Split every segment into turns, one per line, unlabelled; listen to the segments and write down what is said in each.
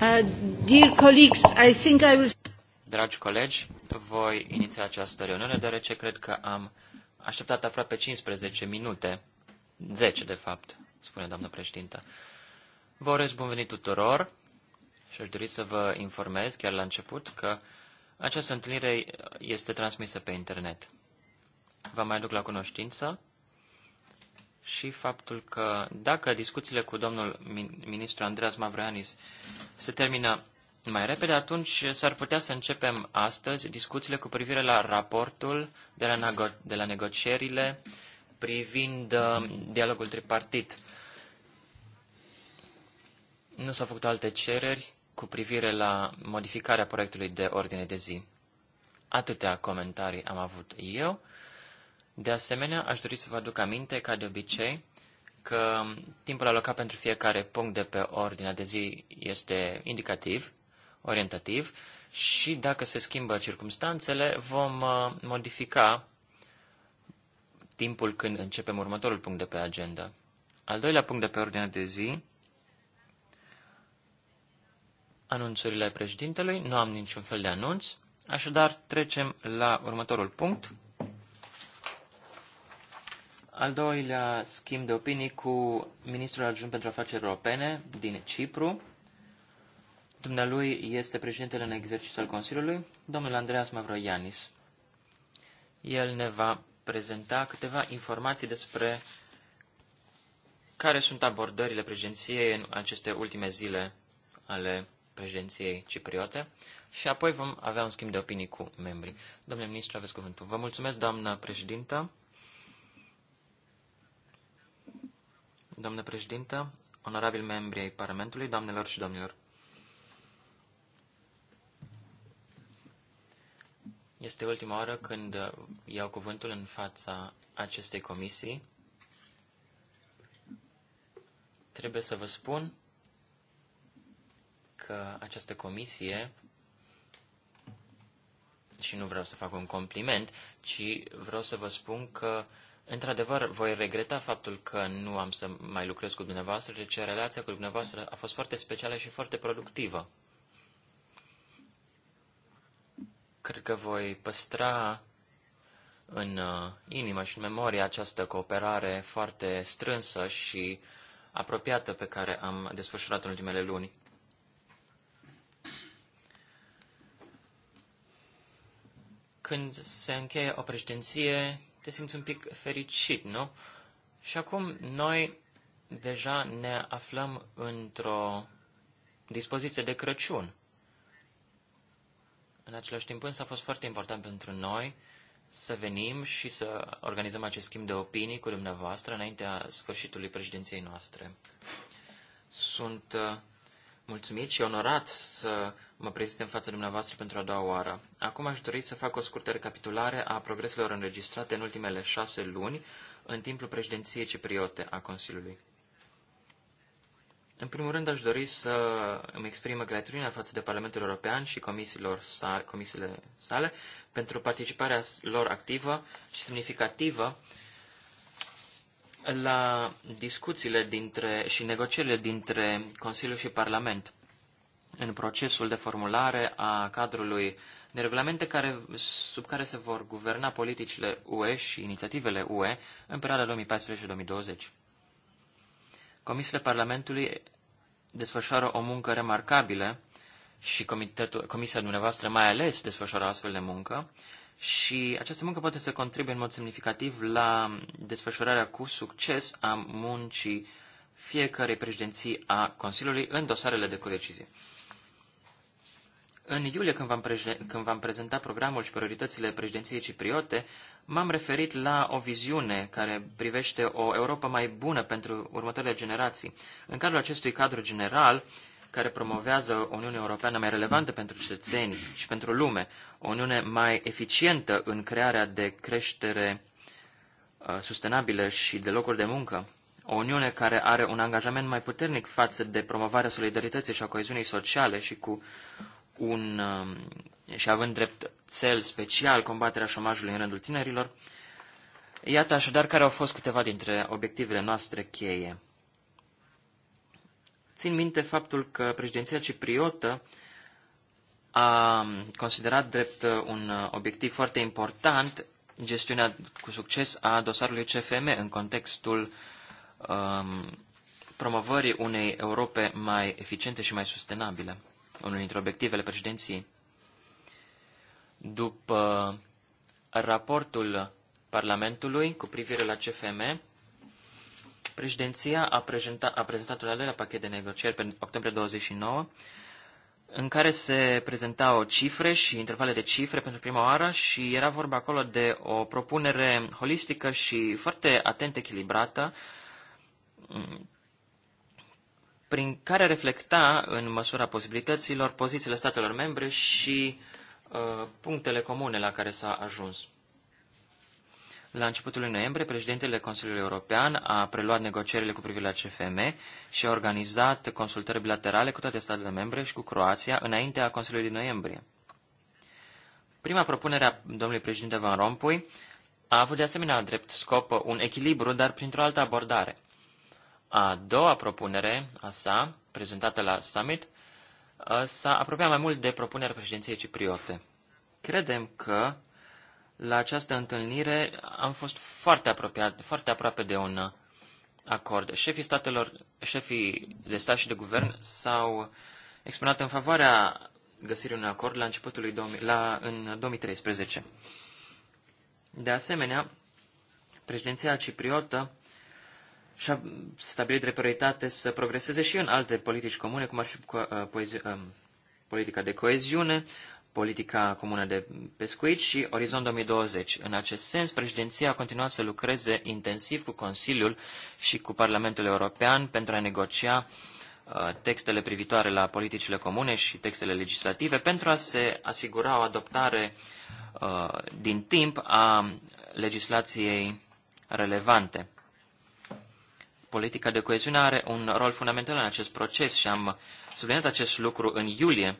Uh,
Dragi colegi, voi iniția această reuniune deoarece cred că am așteptat aproape 15 minute, 10 de fapt, spune doamna președintă. Vă urez bun venit tuturor și aș dori să vă informez chiar la început că această întâlnire este transmisă pe internet. Vă mai duc la cunoștință și faptul că dacă discuțiile cu domnul ministru Andreas Mavroianis se termină mai repede, atunci s-ar putea să începem astăzi discuțiile cu privire la raportul de la, nego- de la negocierile privind uh, dialogul tripartit. Nu s-au făcut alte cereri cu privire la modificarea proiectului de ordine de zi. Atâtea comentarii am avut eu. De asemenea, aș dori să vă aduc aminte, ca de obicei, că timpul alocat pentru fiecare punct de pe ordinea de zi este indicativ, orientativ și dacă se schimbă circumstanțele, vom uh, modifica timpul când începem următorul punct de pe agenda. Al doilea punct de pe ordinea de zi, anunțurile președintelui, nu am niciun fel de anunț, așadar trecem la următorul punct, al doilea schimb de opinii cu ministrul adjunct pentru afaceri europene din Cipru. Dumnealui este președintele în exercițiu al Consiliului, domnul Andreas Mavroianis. El ne va prezenta câteva informații despre care sunt abordările președinției în aceste ultime zile ale președinției cipriote și apoi vom avea un schimb de opinii cu membrii. Domnule ministru, aveți cuvântul. Vă mulțumesc, doamnă președintă. domnule președintă, onorabili membri ai Parlamentului, doamnelor și domnilor. Este ultima oară când iau cuvântul în fața acestei comisii. Trebuie să vă spun că această comisie, și nu vreau să fac un compliment, ci vreau să vă spun că Într-adevăr, voi regreta faptul că nu am să mai lucrez cu dumneavoastră, deci relația cu dumneavoastră a fost foarte specială și foarte productivă. Cred că voi păstra în uh, inimă și în memoria această cooperare foarte strânsă și apropiată pe care am desfășurat în ultimele luni. Când se încheie o președinție, te simți un pic fericit, nu? Și acum noi deja ne aflăm într-o dispoziție de Crăciun. În același timp însă a fost foarte important pentru noi să venim și să organizăm acest schimb de opinii cu dumneavoastră înaintea sfârșitului președinției noastre. Sunt uh, mulțumit și onorat să mă prezint în fața dumneavoastră pentru a doua oară. Acum aș dori să fac o scurtă recapitulare a progreselor înregistrate în ultimele șase luni în timpul președinției cipriote a Consiliului. În primul rând, aș dori să îmi exprim gratitudinea față de Parlamentul European și comisiilor sale, comisiile sale pentru participarea lor activă și semnificativă la discuțiile dintre, și negocierile dintre Consiliu și Parlament în procesul de formulare a cadrului de regulamente care, sub care se vor guverna politicile UE și inițiativele UE în perioada 2014-2020. Comisiile Parlamentului desfășoară o muncă remarcabilă și comitetul, comisia dumneavoastră mai ales desfășoară astfel de muncă și această muncă poate să contribuie în mod semnificativ la desfășurarea cu succes a muncii fiecarei președinții a Consiliului în dosarele de codecizie. În iulie, când v-am, când v-am prezentat programul și prioritățile președinției cipriote, m-am referit la o viziune care privește o Europa mai bună pentru următoarele generații. În cadrul acestui cadru general, care promovează o Uniune Europeană mai relevantă pentru cetățeni și pentru lume, o Uniune mai eficientă în crearea de creștere uh, sustenabilă și de locuri de muncă, o Uniune care are un angajament mai puternic față de promovarea solidarității și a coeziunii sociale și cu un, um, și având drept cel special combaterea șomajului în rândul tinerilor. Iată așadar care au fost câteva dintre obiectivele noastre cheie. Țin minte faptul că președinția cipriotă a considerat drept un obiectiv foarte important gestiunea cu succes a dosarului CFM în contextul um, promovării unei Europe mai eficiente și mai sustenabile unul dintre obiectivele președinției. După raportul Parlamentului cu privire la CFM, președinția a, prezentat a prezentat un al doilea pachet de negocieri pentru octombrie 29, în care se prezentau cifre și intervale de cifre pentru prima oară și era vorba acolo de o propunere holistică și foarte atent echilibrată prin care reflecta, în măsura posibilităților, pozițiile statelor membre și uh, punctele comune la care s-a ajuns. La începutul lui noiembrie, președintele Consiliului European a preluat negocierile cu privire la CFM și a organizat consultări bilaterale cu toate statele membre și cu Croația înaintea Consiliului din noiembrie. Prima propunere a domnului președinte Van Rompuy a avut de asemenea drept scop un echilibru, dar printr-o altă abordare – a doua propunere a sa, prezentată la summit, s-a apropiat mai mult de propunerea președinției cipriote. Credem că la această întâlnire am fost foarte, apropiat, foarte aproape de un acord. Șefii statelor, șefii de stat și de guvern s-au exprimat în favoarea găsirii unui acord la începutul lui 2000, la, în 2013. De asemenea, președinția cipriotă și-a stabilit de prioritate să progreseze și în alte politici comune, cum ar fi uh, um, politica de coeziune, politica comună de pescuit și Orizont 2020. În acest sens, președinția a continuat să lucreze intensiv cu Consiliul și cu Parlamentul European pentru a negocia uh, textele privitoare la politicile comune și textele legislative pentru a se asigura o adoptare uh, din timp a legislației relevante politica de coeziune are un rol fundamental în acest proces și am subliniat acest lucru în iulie.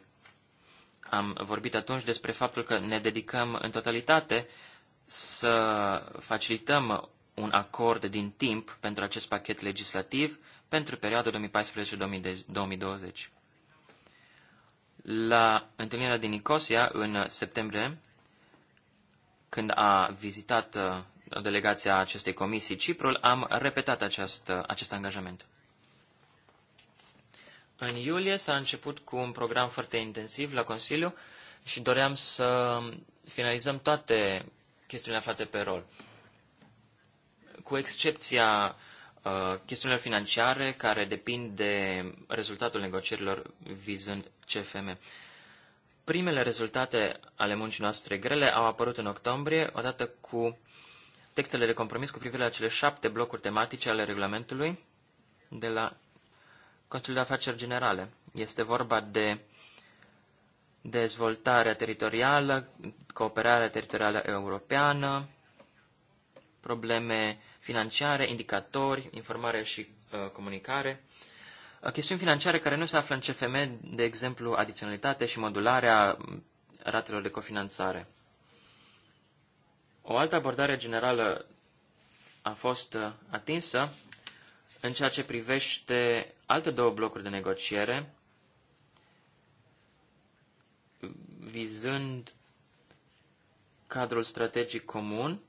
Am vorbit atunci despre faptul că ne dedicăm în totalitate să facilităm un acord din timp pentru acest pachet legislativ pentru perioada 2014-2020. La întâlnirea din Nicosia, în septembrie, când a vizitat delegația acestei comisii Ciprul, am repetat acest, acest angajament. În iulie s-a început cu un program foarte intensiv la Consiliu și doream să finalizăm toate chestiunile aflate pe rol. Cu excepția uh, chestiunilor financiare care depind de rezultatul negocierilor vizând CFM. Primele rezultate ale muncii noastre grele au apărut în octombrie, odată cu textele de compromis cu privire la cele șapte blocuri tematice ale regulamentului de la Consiliul de Afaceri Generale. Este vorba de dezvoltarea teritorială, cooperarea teritorială europeană, probleme financiare, indicatori, informare și uh, comunicare, uh, chestiuni financiare care nu se află în CFM, de exemplu, adiționalitate și modularea ratelor de cofinanțare. O altă abordare generală a fost uh, atinsă în ceea ce privește alte două blocuri de negociere, vizând cadrul strategic comun.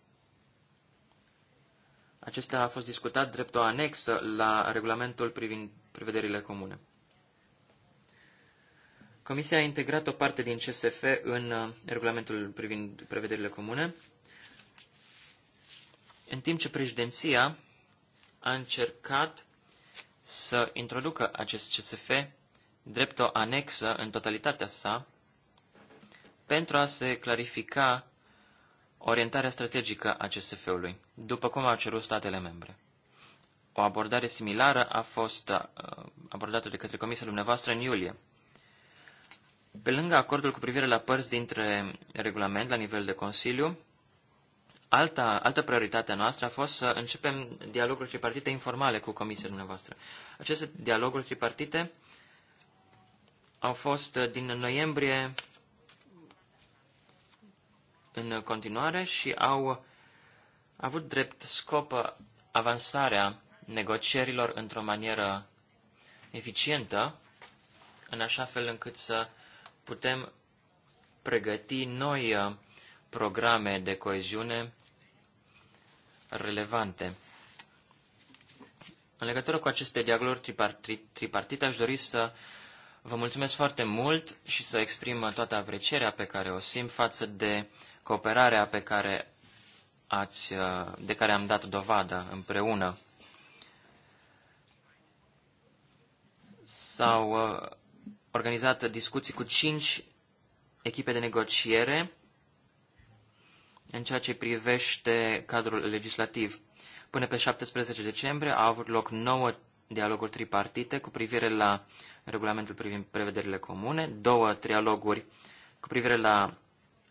Acesta a fost discutat drept o anexă la regulamentul privind prevederile comune. Comisia a integrat o parte din CSF în uh, regulamentul privind prevederile comune în timp ce președinția a încercat să introducă acest CSF drept o anexă în totalitatea sa pentru a se clarifica orientarea strategică a CSF-ului, după cum au cerut statele membre. O abordare similară a fost uh, abordată de către Comisia dumneavoastră în iulie. Pe lângă acordul cu privire la părți dintre regulament la nivel de Consiliu, Alta, altă prioritate a noastră a fost să începem dialoguri tripartite informale cu comisia dumneavoastră. Aceste dialoguri tripartite au fost uh, din noiembrie în continuare și au avut drept scop uh, avansarea negocierilor într-o manieră eficientă, în așa fel încât să putem pregăti noi uh, programe de coeziune relevante. În legătură cu aceste dialoguri tripartite, aș dori să vă mulțumesc foarte mult și să exprim toată aprecierea pe care o simt față de cooperarea pe care ați, uh, de care am dat dovadă împreună. S-au uh, organizat discuții cu cinci echipe de negociere în ceea ce privește cadrul legislativ. Până pe 17 decembrie au avut loc nouă dialoguri tripartite cu privire la regulamentul privind prevederile comune, două trialoguri cu privire la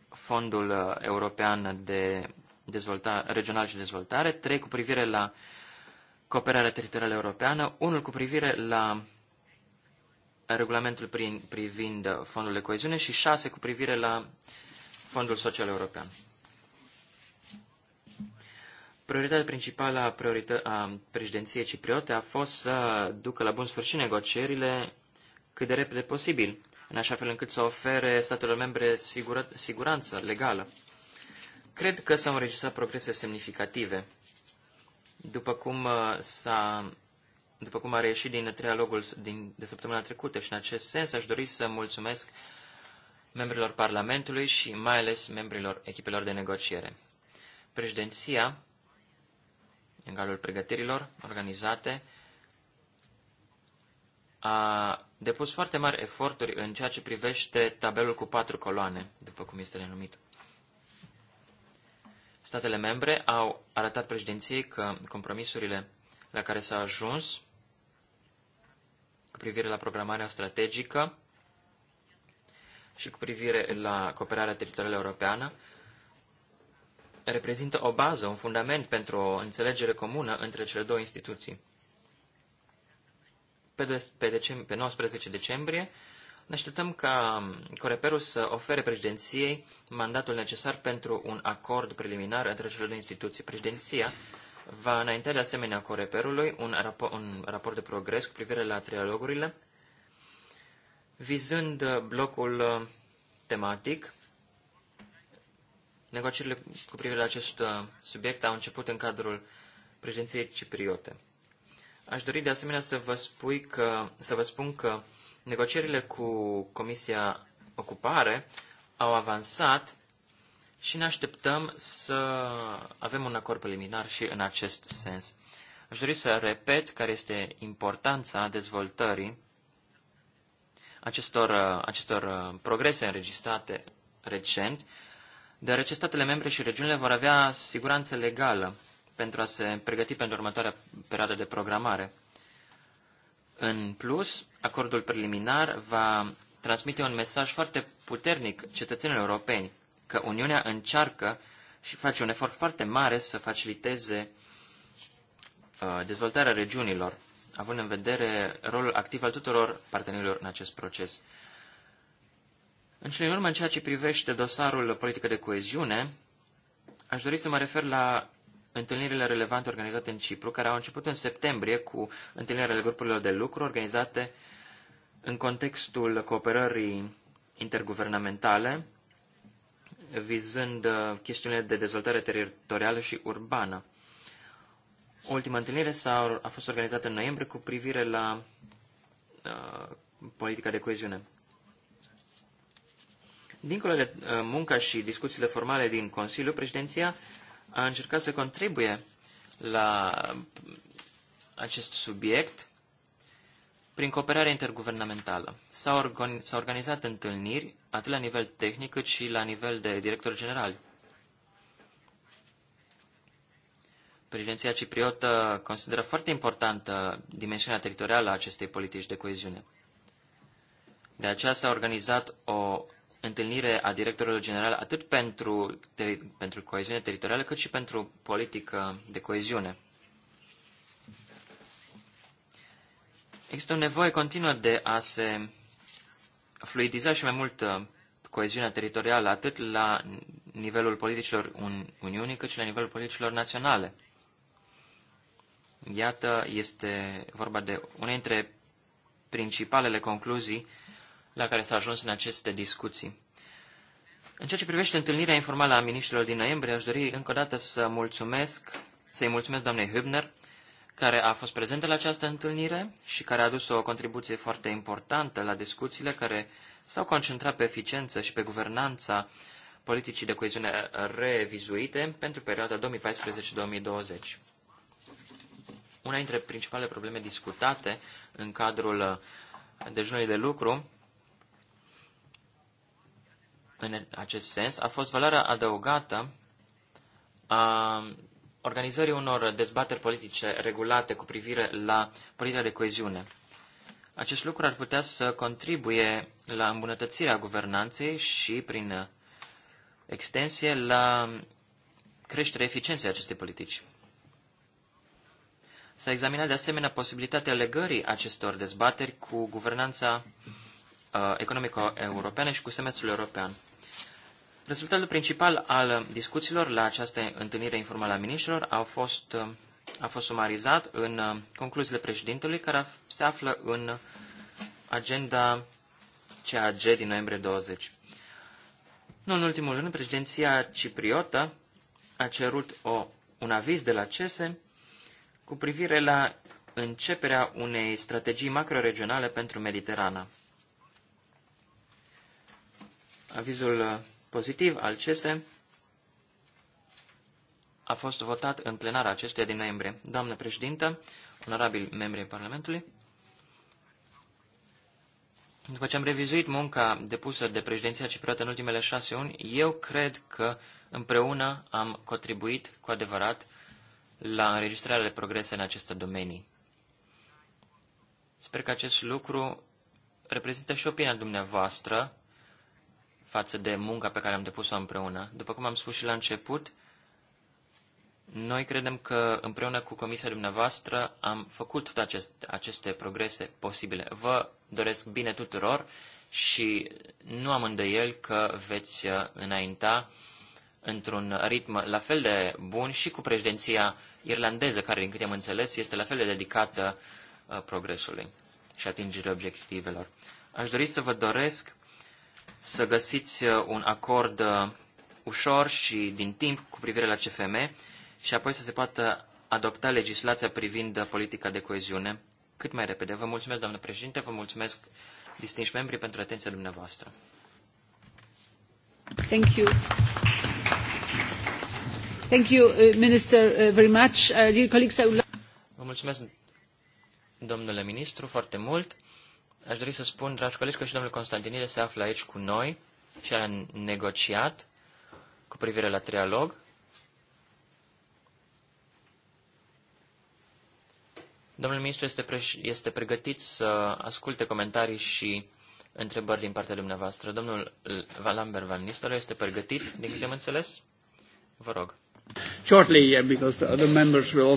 Fondul uh, European de dezvoltare, Regional și Dezvoltare, trei cu privire la cooperarea teritorială europeană, unul cu privire la regulamentul prin, privind uh, fondul de coeziune și șase cu privire la Fondul Social European. Prioritatea principală a, priorită- a președinției cipriote a fost să ducă la bun sfârșit negocierile cât de repede posibil, în așa fel încât să ofere statelor membre sigură, siguranță legală. Cred că s-au înregistrat progrese semnificative. După cum, uh, s-a, după cum a reieșit din trialogul din, de săptămâna trecută și în acest sens aș dori să mulțumesc membrilor Parlamentului și mai ales membrilor echipelor de negociere. Președinția în calul pregătirilor organizate, a depus foarte mari eforturi în ceea ce privește tabelul cu patru coloane, după cum este denumit. Statele membre au arătat președinției că compromisurile la care s-a ajuns cu privire la programarea strategică și cu privire la cooperarea teritorială europeană reprezintă o bază, un fundament pentru o înțelegere comună între cele două instituții. Pe, de, pe, decembrie, pe 19 decembrie ne așteptăm ca Coreperul să ofere președinției mandatul necesar pentru un acord preliminar între cele două instituții. Președinția va înainte de asemenea Coreperului un, rapo- un raport de progres cu privire la trialogurile, vizând blocul tematic Negocierile cu privire la acest uh, subiect au început în cadrul președinției cipriote. Aș dori de asemenea să vă, spui că, să vă spun că negocierile cu Comisia Ocupare au avansat și ne așteptăm să avem un acord preliminar și în acest sens. Aș dori să repet care este importanța dezvoltării acestor, uh, acestor uh, progrese înregistrate recent deoarece statele membre și regiunile vor avea siguranță legală pentru a se pregăti pentru următoarea perioadă de programare. În plus, acordul preliminar va transmite un mesaj foarte puternic cetățenilor europeni că Uniunea încearcă și face un efort foarte mare să faciliteze uh, dezvoltarea regiunilor, având în vedere rolul activ al tuturor partenerilor în acest proces. În cele din urmă, în ceea ce privește dosarul politică de coeziune, aș dori să mă refer la întâlnirile relevante organizate în Cipru, care au început în septembrie cu întâlnirile grupurilor de lucru organizate în contextul cooperării interguvernamentale, vizând uh, chestiunile de dezvoltare teritorială și urbană. Ultima întâlnire a a fost organizată în noiembrie cu privire la uh, politica de coeziune. Dincolo de uh, munca și discuțiile formale din Consiliu, președinția a încercat să contribuie la acest subiect prin cooperare interguvernamentală. S-au, organi- organizat întâlniri atât la nivel tehnic cât și la nivel de director general. Președinția cipriotă consideră foarte importantă dimensiunea teritorială a acestei politici de coeziune. De aceea s-a organizat o întâlnire a directorului general atât pentru, teri, pentru coeziune teritorială, cât și pentru politică de coeziune. Există o nevoie continuă de a se fluidiza și mai mult uh, coeziunea teritorială, atât la nivelul politicilor Uniunii, cât și la nivelul politicilor naționale. Iată, este vorba de una dintre principalele concluzii la care s-a ajuns în aceste discuții. În ceea ce privește întâlnirea informală a miniștrilor din noiembrie, aș dori încă o dată să mulțumesc, să-i mulțumesc doamnei Hübner, care a fost prezentă la această întâlnire și care a adus o contribuție foarte importantă la discuțiile care s-au concentrat pe eficiență și pe guvernanța politicii de coeziune revizuite pentru perioada 2014-2020. Una dintre principalele probleme discutate în cadrul dejunului deci, de lucru în acest sens a fost valoarea adăugată a organizării unor dezbateri politice regulate cu privire la politica de coeziune. Acest lucru ar putea să contribuie la îmbunătățirea guvernanței și, prin extensie, la creșterea eficienței acestei politici. S-a examinat de asemenea posibilitatea legării acestor dezbateri cu guvernanța uh, economică europeană și cu semestrul european. Rezultatul principal al uh, discuțiilor la această întâlnire informală a miniștrilor a fost, uh, a fost sumarizat în uh, concluziile președintelui, care se află în agenda CAG din noiembrie 20. Nu în ultimul rând, președinția cipriotă a cerut o, un aviz de la CESE cu privire la începerea unei strategii macroregionale pentru Mediterana. Avizul pozitiv al CESE a fost votat în plenara acestuia din noiembrie. Doamnă președintă, onorabili membri ai Parlamentului, după ce am revizuit munca depusă de președinția cipriotă în ultimele șase luni, eu cred că împreună am contribuit cu adevărat la înregistrarea de progrese în aceste domenii. Sper că acest lucru reprezintă și opinia dumneavoastră față de munca pe care am depus-o împreună. După cum am spus și la început, noi credem că împreună cu comisia dumneavoastră am făcut toate acest, aceste progrese posibile. Vă doresc bine tuturor și nu am îndoiel că veți uh, înainta într-un ritm la fel de bun și cu președinția irlandeză, care, din câte am înțeles, este la fel de dedicată uh, progresului și atingerii obiectivelor. Aș dori să vă doresc să găsiți uh, un acord uh, ușor și din timp cu privire la CFM și apoi să se poată adopta legislația privind uh, politica de coeziune cât mai repede. Vă mulțumesc, doamnă președinte, vă mulțumesc, distinși membri, pentru atenția dumneavoastră.
Thank you. Thank you, Minister, very much. dear colleagues, I would...
Vă mulțumesc, domnule ministru, foarte mult. Aș dori să spun, dragi colegi, că și domnul Constantinide se află aici cu noi și a negociat cu privire la trialog. Domnul ministru este, pre- este pregătit să asculte comentarii și întrebări din partea dumneavoastră. Domnul Valamber Van Nistelrooy este pregătit, din câte am înțeles? Vă rog.
Shortly, yeah, because the other members will...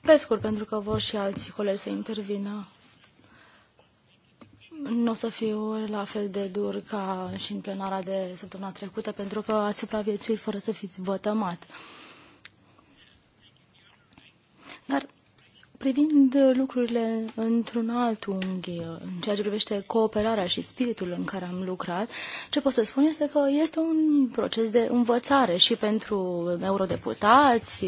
Pe scurt, pentru că vor și alți colegi să intervină nu o să fiu la fel de dur ca și în plenara de săptămâna trecută, pentru că ați supraviețuit fără să fiți vătămat. Dar Privind lucrurile într-un alt unghi, în ceea ce privește cooperarea și spiritul în care am lucrat, ce pot să spun este că este un proces de învățare și pentru eurodeputați,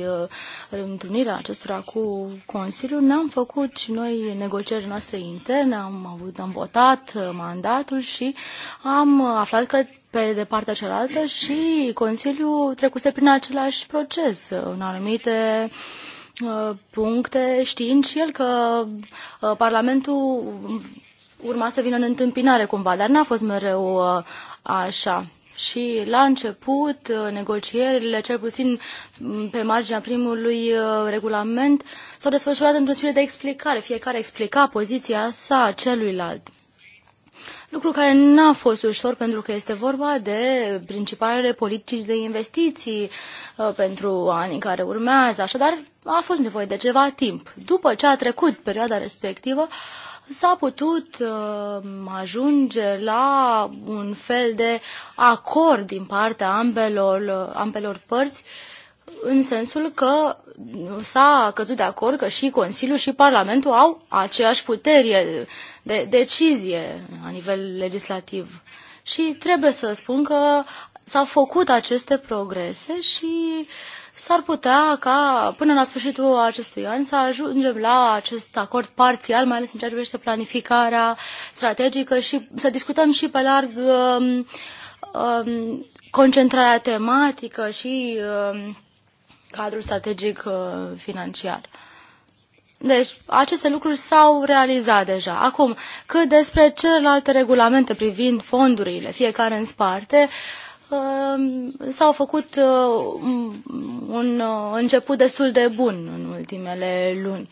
întâlnirea acestora cu Consiliul. Ne-am făcut și noi negocieri noastre interne, am, avut, am votat mandatul și am aflat că pe de partea cealaltă și Consiliul trecuse prin același proces în anumite uh, Uh, puncte, știind și el că uh, Parlamentul urma să vină în întâmpinare cumva, dar n-a fost mereu uh, așa. Și la început, negocierile, cel puțin mm, pe marginea primului regulament, s-au desfășurat într-un spirit de explicare. Fiecare explica poziția sa celuilalt lucru care n-a fost ușor pentru că este vorba de principalele politici de investiții uh, pentru anii care urmează, așadar a fost nevoie de ceva timp. După ce a trecut perioada respectivă, s-a putut uh, ajunge la un fel de acord din partea ambelor, uh, ambelor părți uh, în sensul că s-a căzut de acord că și Consiliul și Parlamentul au aceeași putere de decizie la nivel legislativ. Și trebuie să spun că s-au făcut aceste progrese și s-ar putea ca până la sfârșitul acestui an să ajungem la acest acord parțial, mai ales în ceea ce privește planificarea strategică și să discutăm și pe larg um, um, concentrarea tematică și um, cadrul strategic uh, financiar. Deci, aceste lucruri s-au realizat deja. Acum, cât despre celelalte regulamente privind fondurile, fiecare în sparte, um, s-au făcut uh, un uh, început destul de bun în ultimele luni.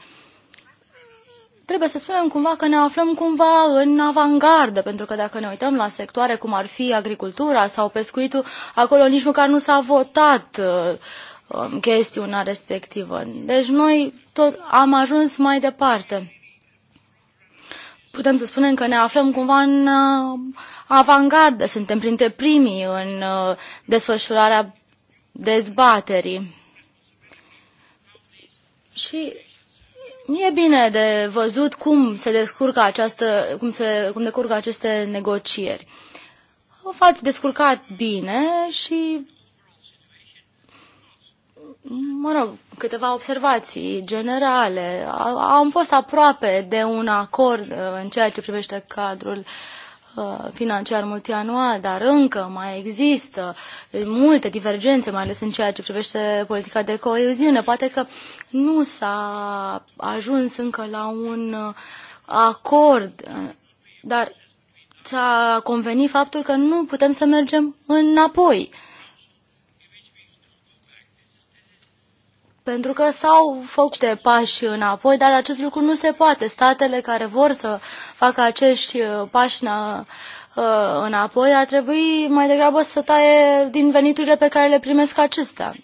Trebuie să spunem cumva că ne aflăm cumva în avangardă, pentru că dacă ne uităm la sectoare cum ar fi agricultura sau pescuitul, acolo nici măcar nu s-a votat uh, Um, chestiunea respectivă. Deci noi tot am ajuns mai departe. Putem să spunem că ne aflăm cumva în uh, avangardă, suntem printre primii în uh, desfășurarea dezbaterii. Și e bine de văzut cum se descurcă această, cum se cum decurcă aceste negocieri. V-ați descurcat bine și mă rog, câteva observații generale. Am fost aproape de un acord uh, în ceea ce privește cadrul uh, financiar multianual, dar încă mai există multe divergențe, mai ales în ceea ce privește politica de coeziune. Poate că nu s-a ajuns încă la un uh, acord, dar s-a convenit faptul că nu putem să mergem înapoi. Uh, pentru că s-au făcut pași înapoi, dar acest lucru nu se poate. Statele care vor să facă acești uh, pași uh, înapoi ar trebui mai degrabă să taie din veniturile pe care le primesc acestea.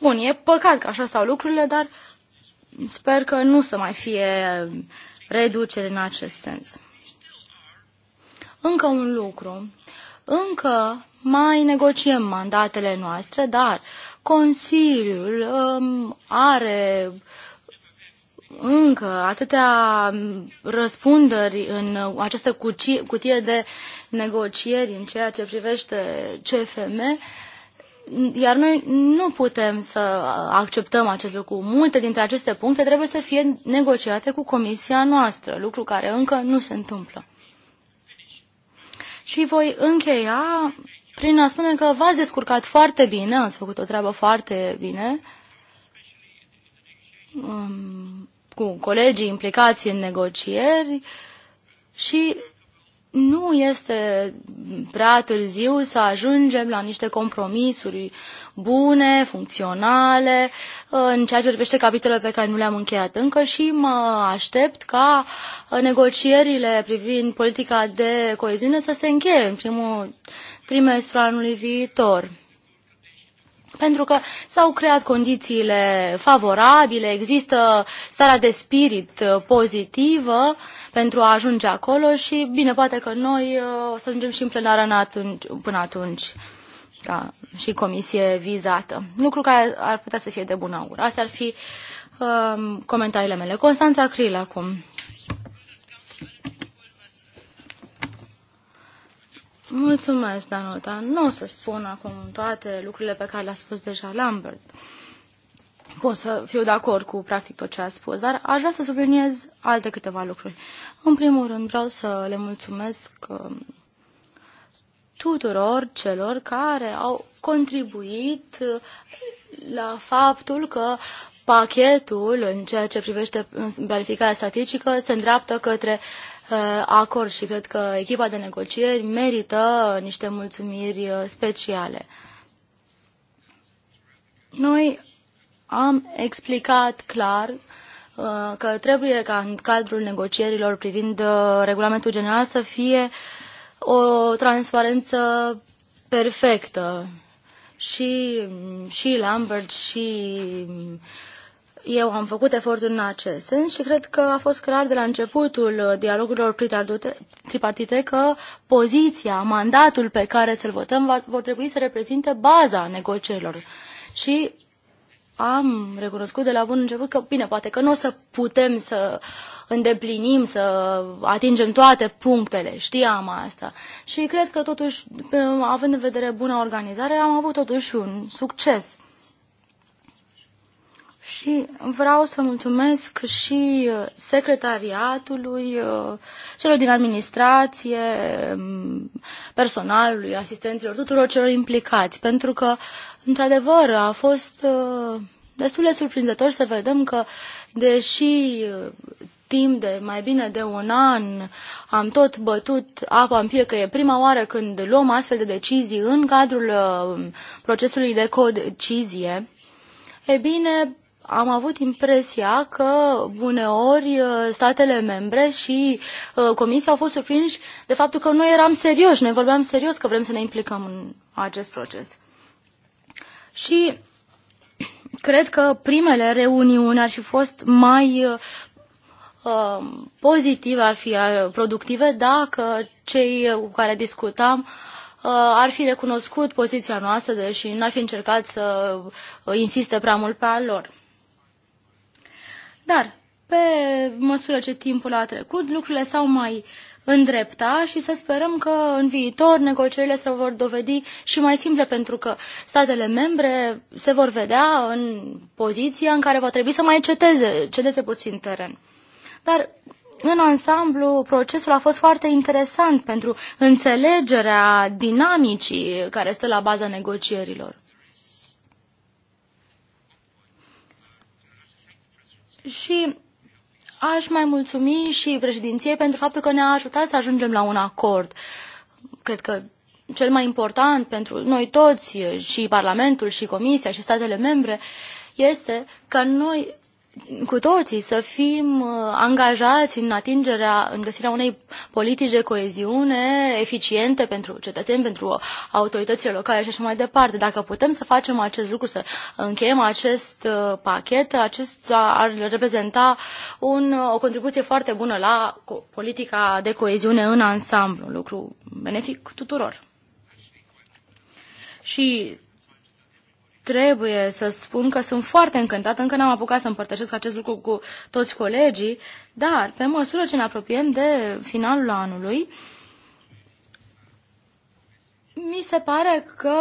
Bun, e păcat că așa stau lucrurile, dar sper că nu să mai fie reduceri în acest sens. Încă un lucru. Încă mai negociem mandatele noastre, dar Consiliul um, are încă atâtea răspunderi în această cutie de negocieri în ceea ce privește CFM, iar noi nu putem să acceptăm acest lucru. Multe dintre aceste puncte trebuie să fie negociate cu comisia noastră, lucru care încă nu se întâmplă. Și voi încheia prin a spune că v-ați descurcat foarte bine, ați făcut o treabă foarte bine um, cu colegii implicați în negocieri și nu este prea târziu să ajungem la niște compromisuri bune, funcționale, uh, în ceea ce privește capitolele pe care nu le-am încheiat încă și mă aștept ca negocierile privind politica de coeziune să se încheie în primul trimestrul anului viitor pentru că s-au creat condițiile favorabile, există starea de spirit uh, pozitivă pentru a ajunge acolo și bine, poate că noi uh, o să ajungem și în plenară în atunci, până atunci ca și comisie vizată. Lucru care ar putea să fie de bună augur. Astea ar fi um, comentariile mele. Constanța Cril acum. Mulțumesc, Danuta. Nu o să spun acum toate lucrurile pe care le-a spus deja Lambert. Pot să fiu de acord cu practic tot ce a spus, dar aș vrea să subliniez alte câteva lucruri. În primul rând vreau să le mulțumesc um, tuturor celor care au contribuit uh, la faptul că pachetul în ceea ce privește planificarea statistică se îndreaptă către uh, Uh, acord și cred că echipa de negocieri merită uh, niște mulțumiri uh, speciale. Noi am explicat clar că trebuie ca în cadrul negocierilor privind regulamentul general să fie o transparență perfectă. Și, mm, și Lambert și mm, eu am făcut eforturi în acest sens și cred că a fost clar de la începutul uh, dialogurilor tripartite că poziția, mandatul pe care să-l votăm va, vor trebui să reprezinte baza negocierilor. Și am recunoscut de la bun început că, bine, poate că nu o să putem să îndeplinim, să atingem toate punctele, știam asta. Și cred că totuși, uh, având în vedere bună organizare, am avut totuși un succes. Și vreau să mulțumesc și uh, secretariatului, uh, celor din administrație, um, personalului, asistenților, tuturor celor implicați, pentru că, într-adevăr, a fost uh, destul de surprinzător să vedem că, deși timp de mai bine de un an am tot bătut apa în pie, că e prima oară când luăm astfel de decizii în cadrul procesului de codecizie, e bine, am avut impresia că uneori uh, statele membre și uh, Comisia au fost surprinși de faptul că noi eram serioși, noi vorbeam serios că vrem să ne implicăm în acest proces. Și cred că primele reuniuni ar fi fost mai uh, pozitive, ar fi productive, dacă cei cu care discutam ar fi recunoscut poziția noastră, deși n-ar fi încercat să insiste prea mult pe a lor. Dar, pe măsură ce timpul a trecut, lucrurile s-au mai îndrepta și să sperăm că în viitor negocierile se vor dovedi și mai simple pentru că statele membre se vor vedea în poziția în care va trebui să mai ceteze, cedeze puțin teren. Dar în ansamblu, procesul a fost foarte interesant pentru înțelegerea dinamicii care stă la baza negocierilor. și aș mai mulțumi și președinției pentru faptul că ne-a ajutat să ajungem la un acord. Cred că cel mai important pentru noi toți, și Parlamentul, și Comisia, și statele membre, este că noi cu toții să fim uh, angajați în atingerea, în găsirea unei politici de coeziune eficiente pentru cetățeni, pentru autoritățile locale și așa mai departe. Dacă putem să facem acest lucru, să încheiem acest uh, pachet, acesta ar reprezenta un, uh, o contribuție foarte bună la politica de coeziune în ansamblu, lucru benefic tuturor. Și trebuie să spun că sunt foarte încântată, încă n-am apucat să împărtășesc acest lucru cu toți colegii, dar pe măsură ce ne apropiem de finalul anului, mi se pare că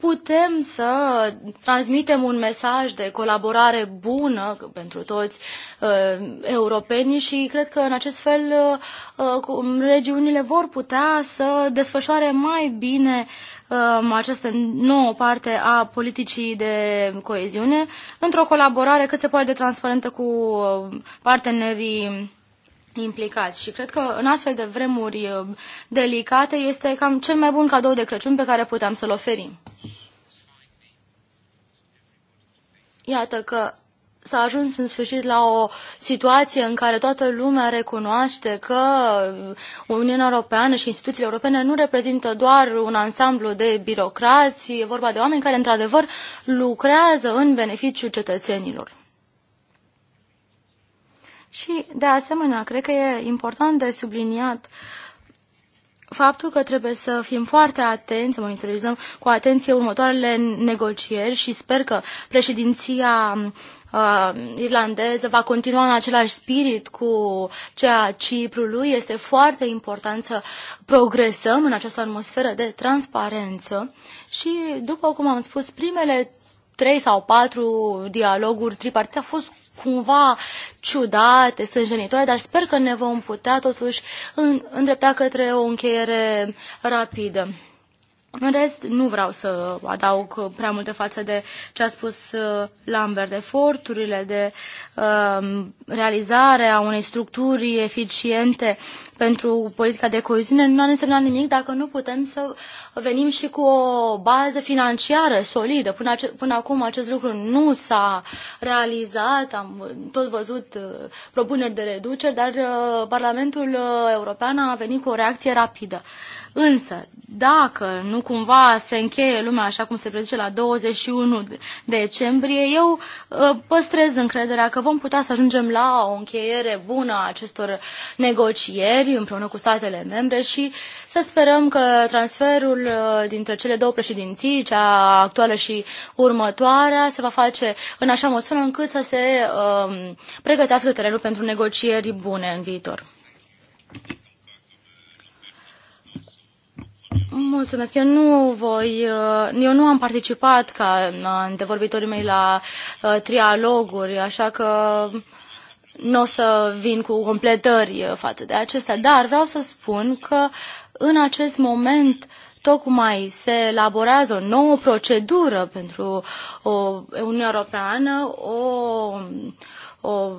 putem să transmitem un mesaj de colaborare bună pentru toți uh, europenii și cred că în acest fel uh, uh regiunile vor putea să desfășoare mai bine uh, această nouă parte a politicii de coeziune într-o colaborare cât se poate de transparentă cu uh, partenerii implicați. Și cred că în astfel de vremuri uh, delicate este cam cel mai bun cadou de Crăciun pe care puteam să-l oferim. Iată că s-a ajuns în sfârșit la o situație în care toată lumea recunoaște că Uniunea Europeană și instituțiile europene nu reprezintă doar un ansamblu de birocrați, e vorba de oameni care într-adevăr lucrează în beneficiul cetățenilor. Și, de asemenea, cred că e important de subliniat faptul că trebuie să fim foarte atenți, să monitorizăm cu atenție următoarele negocieri și sper că președinția uh, irlandeză va continua în același spirit cu ceea Ciprului. Este foarte important să progresăm în această atmosferă de transparență și, după cum am spus, primele trei sau patru dialoguri tripartite au fost cumva ciudate, genitoare, dar sper că ne vom putea totuși îndrepta către o încheiere rapidă. În rest, nu vreau să adaug prea multe față de ce a spus uh, Lambert, eforturile de uh, realizare a unei structuri eficiente pentru politica de coeziune nu a însemnat nimic dacă nu putem să venim și cu o bază financiară solidă. Până, ace- până acum acest lucru nu s-a realizat, am tot văzut uh, propuneri de reduceri, dar uh, Parlamentul uh, European a venit cu o reacție rapidă. Însă, dacă nu cumva se încheie lumea așa cum se prezice la 21 decembrie, eu ă, păstrez încrederea că vom putea să ajungem la o încheiere bună a acestor negocieri împreună cu statele membre și să sperăm că transferul ă, dintre cele două președinții, cea actuală și următoarea, se va face în așa măsură încât să se um, pregătească terenul pentru negocieri bune în viitor. Mulțumesc. Eu nu voi, uh, eu nu am participat ca uh, antevorbitorii mei la uh, trialoguri, așa că nu o să vin cu completări față de acestea, dar vreau să spun că în acest moment tocmai se elaborează o nouă procedură pentru o Uniunea Europeană, o, o,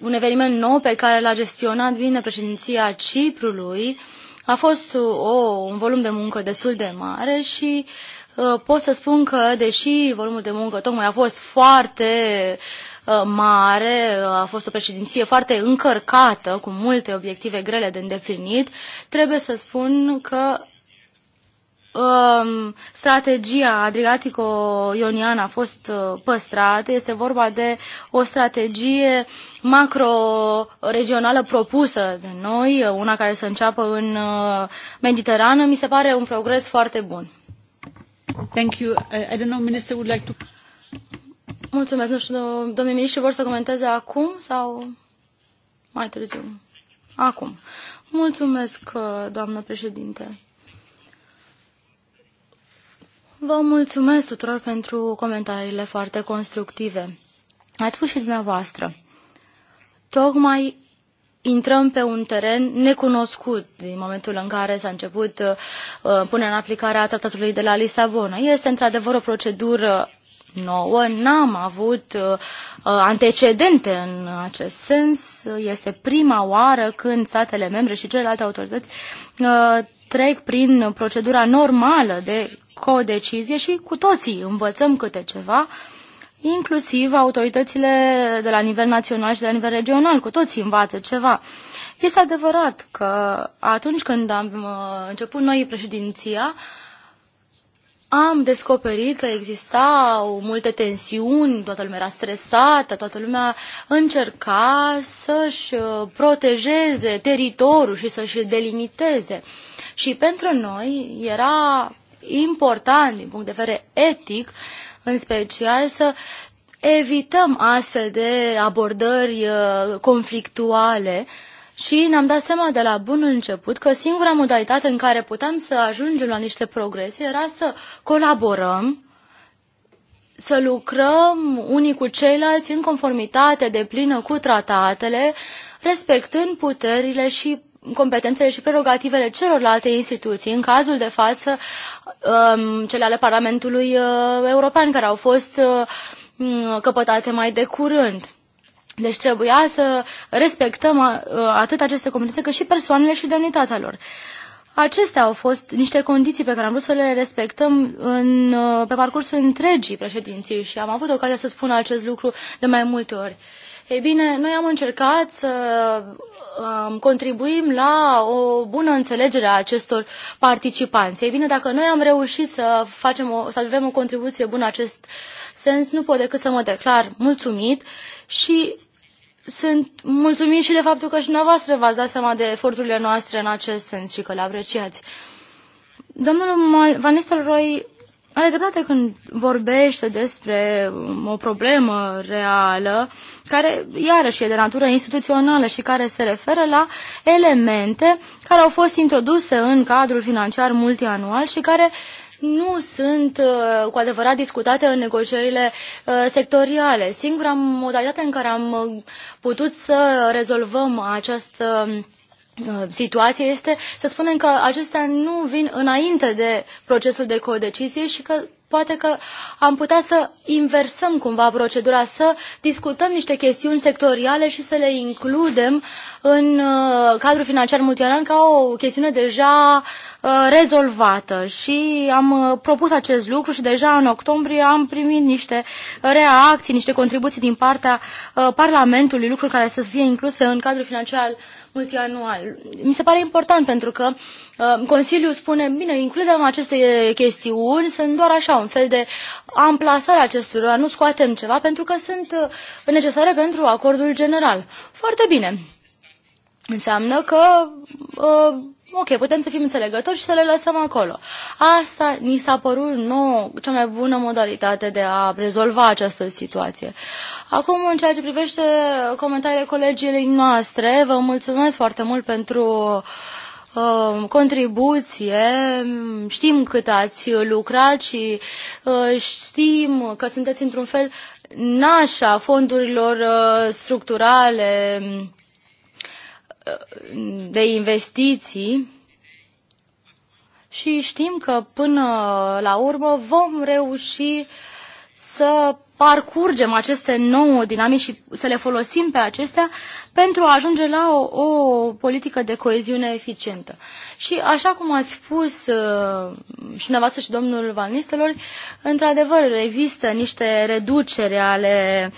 un eveniment nou pe care l-a gestionat bine președinția Ciprului, uh, a fost uh, o, un volum de muncă destul de mare și uh, pot să spun că, deși volumul de muncă tocmai a fost foarte uh, mare, a fost o președinție foarte încărcată, cu multe obiective grele de îndeplinit, trebuie să spun că um, strategia adriatico-ioniană a fost uh, păstrată. Este vorba de o strategie macro-regională propusă de noi, uh, una care să înceapă în uh, Mediterană. Mi se pare un progres foarte bun. Thank you. I don't know, Minister would like to... Mulțumesc. Nu știu, domnul ministru, vor să comenteze acum sau mai târziu? Acum. Mulțumesc, doamnă președinte. Vă mulțumesc tuturor pentru comentariile foarte constructive. Ați spus și dumneavoastră, tocmai intrăm pe un teren necunoscut din momentul în care s-a început uh, punerea în aplicare a tratatului de la Lisabona. Este într-adevăr o procedură nouă, n-am avut uh, uh antecedente în acest sens. Este prima oară când statele membre și celelalte autorități uh, trec prin procedura normală de codecizie și cu toții învățăm câte ceva, inclusiv autoritățile de la nivel național și de la nivel regional, cu toții învață ceva. Este adevărat că atunci când am uh, început noi președinția, am descoperit că existau multe tensiuni, toată lumea era stresată, toată lumea încerca să-și uh, protejeze teritoriul și să-și delimiteze. Și pentru noi era important din punct de vedere etic, în special să evităm astfel de abordări uh, conflictuale și ne-am dat seama de la bun început că singura modalitate în care puteam să ajungem la niște progrese era să colaborăm, să lucrăm unii cu ceilalți în conformitate de plină cu tratatele, respectând puterile și competențele și prerogativele celorlalte instituții, în cazul de față um, cele ale Parlamentului uh, European, care au fost uh, mm, căpătate mai de curând. Deci trebuia să respectăm uh, atât aceste competențe, cât și persoanele și demnitatea lor. Acestea au fost niște condiții pe care am vrut să le respectăm în, pe parcursul întregii președinții și am avut ocazia să spun acest lucru de mai multe ori. Ei bine, noi am încercat să contribuim la o bună înțelegere a acestor participanți. Ei bine, dacă noi am reușit să facem o, să avem o contribuție bună în acest sens, nu pot decât să mă declar mulțumit și sunt mulțumit și de faptul că și dumneavoastră v-ați dat seama de eforturile noastre în acest sens și că le apreciați. Domnul Van Nistelrooy are dreptate când vorbește despre o problemă reală, care iarăși e de natură instituțională și care se referă la elemente care au fost introduse în cadrul financiar multianual și care nu sunt uh, cu adevărat discutate în negocierile uh, sectoriale. Singura modalitate în care am uh, putut să rezolvăm această Uh, situație este să spunem că acestea nu vin înainte de procesul de codecizie și că poate că am putea să inversăm cumva procedura, să discutăm niște chestiuni sectoriale și să le includem în uh, cadrul financiar multianual ca o chestiune deja uh, rezolvată. Și am propus acest lucru și deja în octombrie am primit niște reacții, niște contribuții din partea Parlamentului, lucruri care să fie incluse în cadrul financiar multianual. Mi se pare important pentru că uh, Consiliul spune, bine, includem aceste chestiuni, sunt doar așa, un fel de amplasare acestora, nu scoatem ceva pentru că sunt uh, necesare pentru acordul general. Foarte bine. Înseamnă că uh, ok, putem să fim înțelegători și să le lăsăm acolo. Asta ni s-a părut nouă cea mai bună modalitate de a rezolva această situație. Uh, Acum, în ceea ce privește comentariile colegiilor noastre, vă mulțumesc foarte mult pentru uh, contribuție, știm cât ați lucrat și uh, știm că sunteți într-un fel nașa fondurilor uh, structurale de investiții și știm că până la urmă vom reuși să parcurgem aceste nouă dinamici și să le folosim pe acestea pentru a ajunge la o, o politică de coeziune eficientă. Și așa cum ați spus uh, și nevastă și domnul Van Nistelor, într-adevăr există niște reduceri ale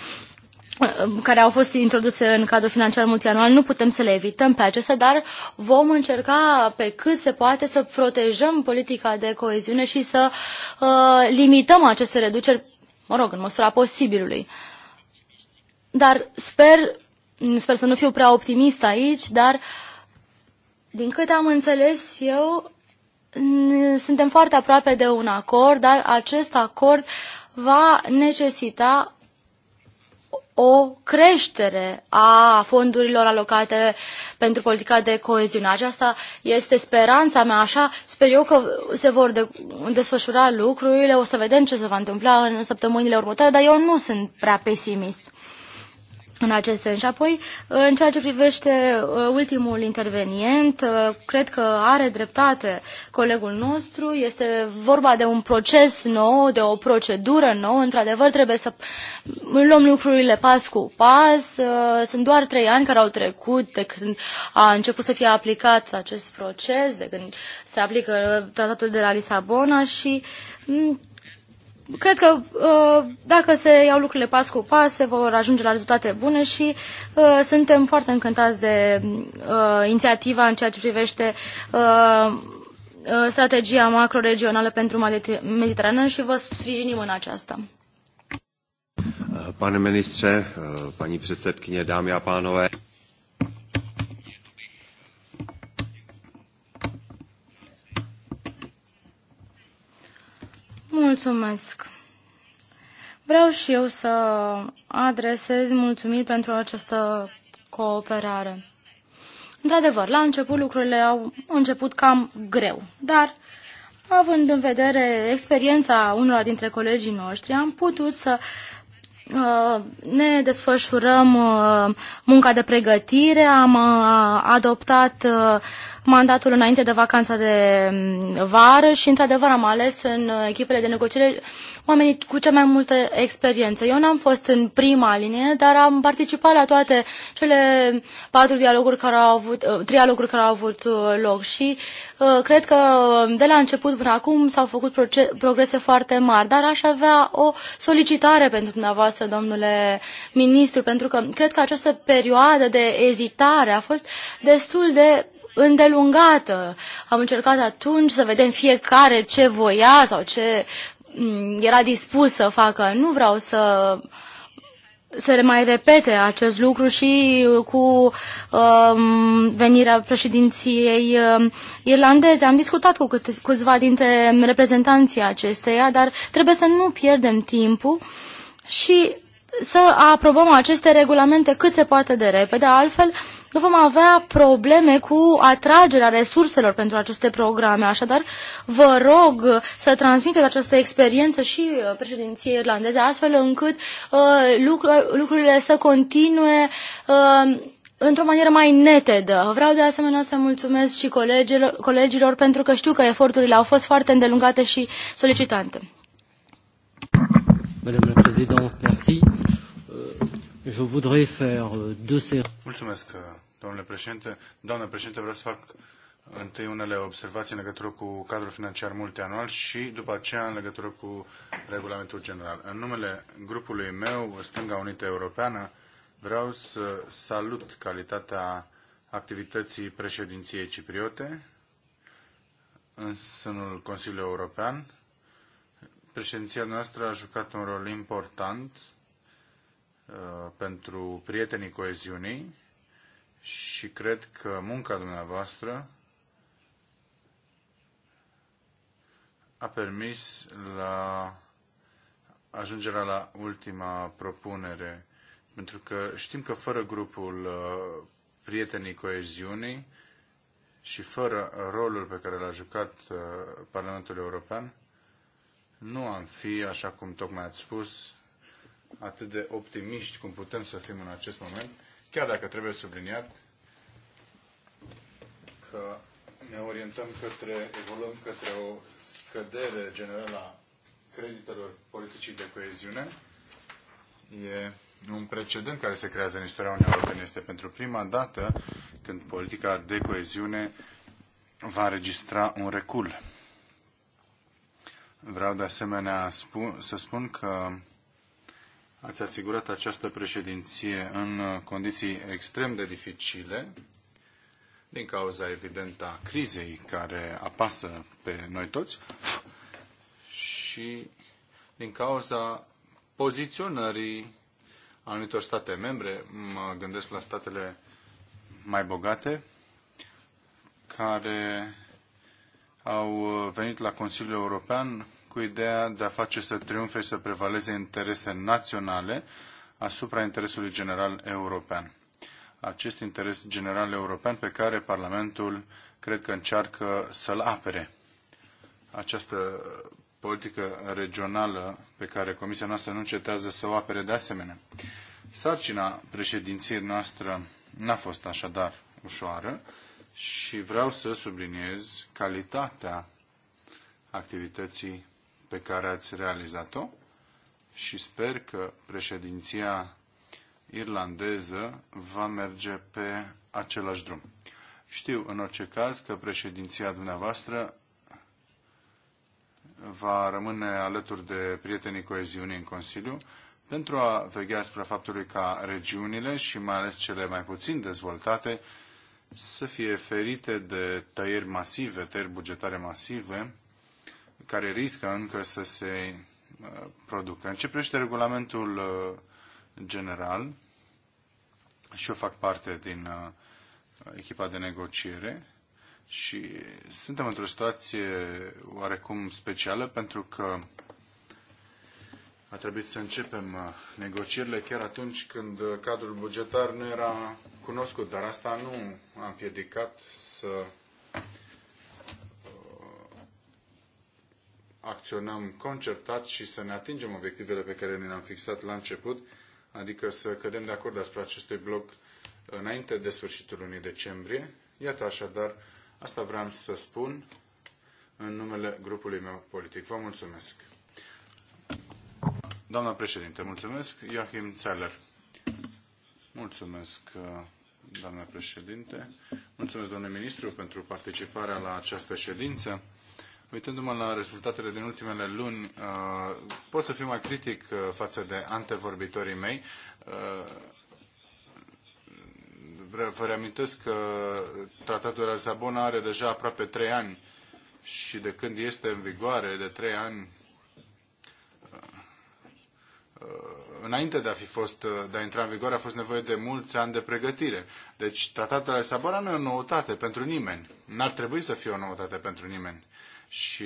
uh, care au fost introduse în cadrul financiar multianual, nu putem să le evităm pe acestea, dar vom încerca pe cât se poate să protejăm politica de coeziune și să uh, limităm aceste reduceri mă rog, în măsura posibilului. Dar sper, sper să nu fiu prea optimist aici, dar din câte am înțeles eu, suntem foarte aproape de un acord, dar acest acord va necesita o creștere a fondurilor alocate pentru politica de coeziune. Aceasta este speranța mea, așa sper eu că se vor de- desfășura lucrurile, o să vedem ce se va întâmpla în săptămânile următoare, dar eu nu sunt prea pesimist în acest sens. Și apoi, în ceea ce privește uh, ultimul intervenient, uh, cred că are dreptate colegul nostru. Este vorba de un proces nou, de o procedură nouă. Într-adevăr, trebuie să luăm lucrurile pas cu pas. Uh, sunt doar trei ani care au trecut de când a început să fie aplicat acest proces, de când se aplică tratatul de la Lisabona și mm, cred că uh, dacă se iau lucrurile pas cu pas, se vor ajunge la rezultate bune și uh, suntem foarte încântați de uh, inițiativa în ceea ce privește strategia macroregională pentru Mediterană și vă sprijinim în aceasta.
Pane ministře, paní předsedkyně, dámy a pánové.
Mulțumesc! Vreau și eu să adresez mulțumiri pentru această cooperare. Într-adevăr, la început lucrurile au început cam greu, dar având în vedere experiența unora dintre colegii noștri, am putut să Uh, ne desfășurăm uh, munca de pregătire, am uh, adoptat mandatul înainte de vacanța de mm, vară și, într-adevăr, am ales în echipele de negociere oamenii cu cea mai multă experiență. Eu n-am fost în prima linie, dar am participat la toate cele patru dialoguri care au avut, trialoguri care au avut loc și cred că um, de la început până acum s-au făcut progrese foarte mari, dar aș avea o solicitare pentru dumneavoastră dumneavoastră, domnule ministru, pentru că cred că această perioadă de ezitare a fost destul de îndelungată. Am încercat atunci să vedem fiecare ce voia sau ce mm, era dispus să facă. Nu vreau să să le mai repete acest lucru și cu um, venirea președinției um, irlandeze. Am discutat cu câte, câțiva dintre reprezentanții acesteia, dar trebuie să nu pierdem timpul uh, și să aprobăm aceste regulamente cât se poate de repede, altfel nu vom avea probleme cu atragerea resurselor pentru aceste programe. Așadar, vă rog să transmiteți această experiență și uh, președinției irlandeze, astfel încât uh, lucr- lucrurile să continue uh, într-o manieră mai netedă. Vreau de asemenea să mulțumesc și colegilor, colegilor pentru că știu că eforturile au fost foarte îndelungate și solicitante.
Madame la Présidente, merci. Euh, je voudrais faire euh, deux séries.
Mulțumesc, uh, domnule președinte. Doamnă președinte, vreau să fac uh, întâi unele observații în legătură cu cadrul financiar multianual și după aceea în legătură cu regulamentul general. În numele grupului meu, Stânga Unită Europeană, vreau să salut calitatea activității președinției cipriote în sânul Consiliului European Președinția noastră a jucat un rol important uh, pentru prietenii coeziunii și cred că munca dumneavoastră a permis la ajungerea la ultima propunere, pentru că știm că fără grupul uh, prietenii coeziunii și fără rolul pe care l-a jucat uh, Parlamentul European, nu am fi, așa cum tocmai ați spus, atât de optimiști cum putem să fim în acest moment, chiar dacă trebuie subliniat că ne orientăm către, evoluăm către o scădere generală a creditelor politicii de coeziune. E un precedent care se creează în istoria Uniunii Europene. Este pentru prima dată când politica de coeziune va registra un recul. Vreau de asemenea spun, să spun că ați asigurat această președinție în condiții extrem de dificile, din cauza evidentă a crizei care apasă pe noi toți și din cauza poziționării anumitor state membre, mă gândesc la statele mai bogate, care au uh, venit la Consiliul European cu ideea de a face să triumfe și să prevaleze interese naționale asupra interesului general european. Acest interes general european pe care Parlamentul cred că încearcă să-l apere. Această politică regională pe care Comisia noastră nu încetează să o apere de asemenea. Sarcina președinției noastră n-a fost așadar ușoară și vreau să subliniez calitatea activității pe care ați realizat-o și sper că președinția irlandeză va merge pe același drum. Știu în orice caz că președinția dumneavoastră va rămâne alături de prietenii coeziunii în Consiliu pentru a veghea asupra faptului ca regiunile și mai ales cele mai puțin dezvoltate să fie ferite de tăieri masive, tăieri bugetare masive, care riscă încă să se uh, producă. În ce privește regulamentul uh, general, și eu fac parte din uh, echipa de negociere și suntem într-o situație oarecum specială pentru că a trebuit să începem negocierile chiar atunci când cadrul bugetar nu era cunoscut, dar asta nu a împiedicat să uh, acționăm concertat și să ne atingem obiectivele pe care ne le-am fixat la început, adică să cădem de acord asupra acestui bloc uh, înainte de sfârșitul lunii decembrie. Iată așadar, asta vreau să spun în numele grupului meu politic. Vă mulțumesc. Doamna președinte, mulțumesc. Joachim Zeller. Mulțumesc. Uh, doamnă președinte. Mulțumesc, domnule ministru, pentru participarea la această ședință. Uitându-mă la rezultatele din ultimele luni, uh, pot să fiu mai critic uh, față de antevorbitorii mei. Uh, vă reamintesc că tratatul de la Zabona are deja aproape trei ani și de când este în vigoare, de trei ani, Uh, înainte de a, fi fost, uh, de a intra în vigoare, a fost nevoie de mulți ani de pregătire. Deci tratatul de Sabora nu e o noutate pentru nimeni. N-ar trebui să fie o noutate pentru nimeni. Și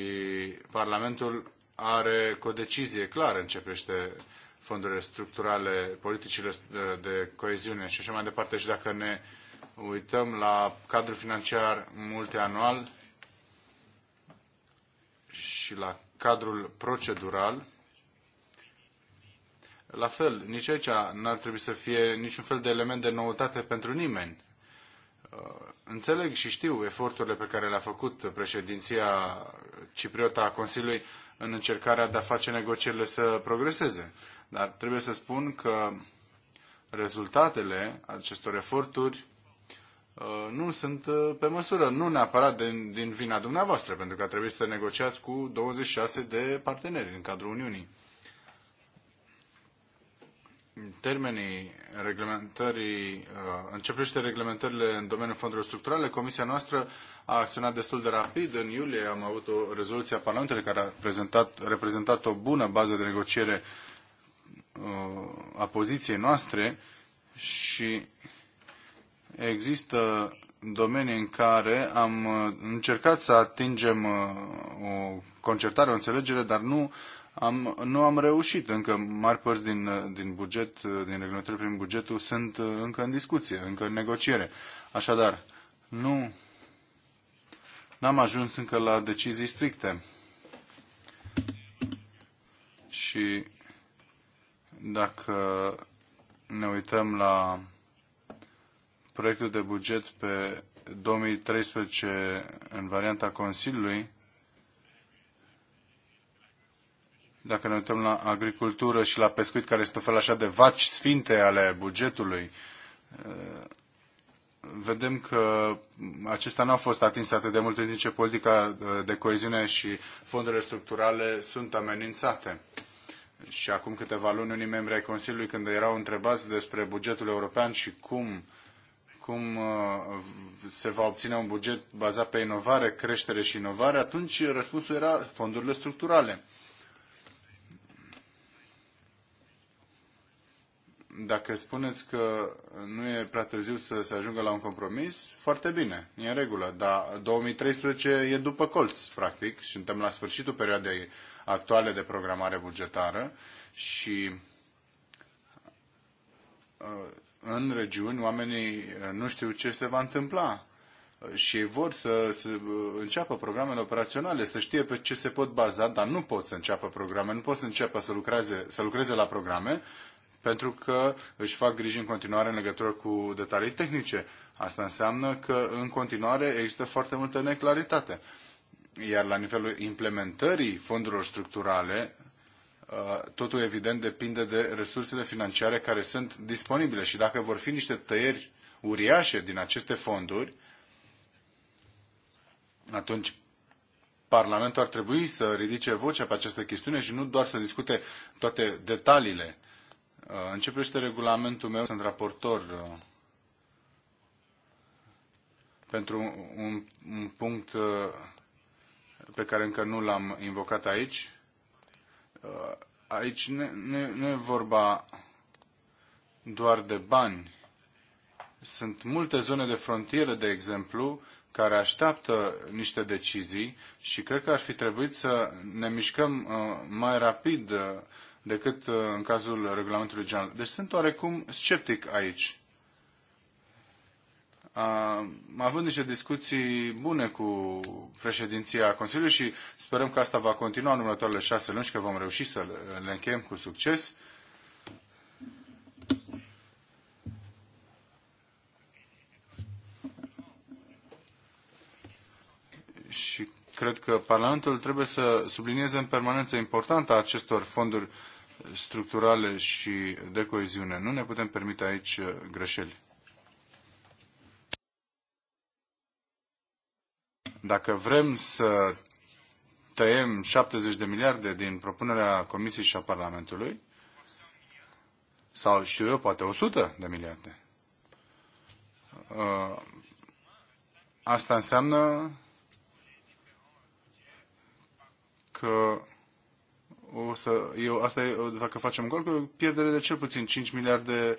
Parlamentul are o decizie clară în ce privește fondurile structurale, politicile uh, de coeziune și așa mai departe. Și dacă ne uităm la cadrul financiar multianual și la cadrul procedural, la fel, nici aici n-ar trebui să fie niciun fel de element de noutate pentru nimeni. Uh, înțeleg și știu eforturile pe care le-a făcut președinția cipriota a Consiliului în încercarea de a face negocierile să progreseze. Dar trebuie să spun că rezultatele acestor eforturi uh, nu sunt uh, pe măsură, nu neapărat din, din vina dumneavoastră, pentru că a trebuit să negociați cu 26 de parteneri în cadrul Uniunii termenii reglementării, uh, începește reglementările în domeniul fondurilor structurale, Comisia noastră a acționat destul de rapid. În iulie am avut o rezoluție a Parlamentului care a prezentat, reprezentat o bună bază de negociere uh, a poziției noastre și există domenii în care am uh, încercat să atingem o concertare, o înțelegere, dar nu am, nu am reușit încă. Mari părți din, din buget, din reglementări prin bugetul, sunt uh, încă în discuție, încă în negociere. Așadar, nu n-am ajuns încă la decizii stricte. Și dacă ne uităm la proiectul de buget pe 2013 în varianta Consiliului, Dacă ne uităm la agricultură și la pescuit, care este o fel așa de vaci sfinte ale bugetului, eh, vedem că acestea nu au fost atinse atât de mult în timp ce politica de coeziune și fondurile structurale sunt amenințate. Și acum câteva luni, unii membri ai Consiliului, când erau întrebați despre bugetul european și cum, cum eh, se va obține un buget bazat pe inovare, creștere și inovare, atunci răspunsul era fondurile structurale. Dacă spuneți că nu e prea târziu să se ajungă la un compromis, foarte bine, e în regulă, dar 2013 e după colț, practic, și suntem la sfârșitul perioadei actuale de programare bugetară și uh, în regiuni oamenii uh, nu știu ce se va întâmpla uh, și ei vor să, să înceapă programele operaționale, să știe pe ce se pot baza, dar nu pot să înceapă programe, nu pot să înceapă să lucreze, să lucreze la programe pentru că își fac griji în continuare în legătură cu detalii tehnice. Asta înseamnă că în continuare există foarte multă neclaritate. Iar la nivelul implementării fondurilor structurale, ă, totul evident depinde de resursele financiare care sunt disponibile și dacă vor fi niște tăieri uriașe din aceste fonduri, atunci Parlamentul ar trebui să ridice vocea pe această chestiune și nu doar să discute toate detaliile Uh, în ce regulamentul meu, sunt raportor uh, pentru un, un punct uh, pe care încă nu l-am invocat aici. Aici nu, nu e vorba doar de bani. Sunt multe zone de frontieră, de exemplu, care așteaptă niște decizii și cred că ar fi trebuit să ne mișcăm mai rapid decât uh, în cazul regulamentului general. Deci sunt oarecum sceptic aici. Am avut niște discuții bune cu președinția Consiliului și sperăm că asta va continua în următoarele șase luni și că vom reuși să le încheiem cu succes. Și cred că Parlamentul trebuie să sublinieze în permanență importanța acestor fonduri structurale și de coeziune. Nu ne putem permite aici greșeli. Dacă vrem să tăiem 70 de miliarde din propunerea Comisiei și a Parlamentului, sau știu eu, poate 100 de miliarde, ă, asta înseamnă că o să, eu, asta e, dacă facem gol, pierdere de cel puțin 5 miliarde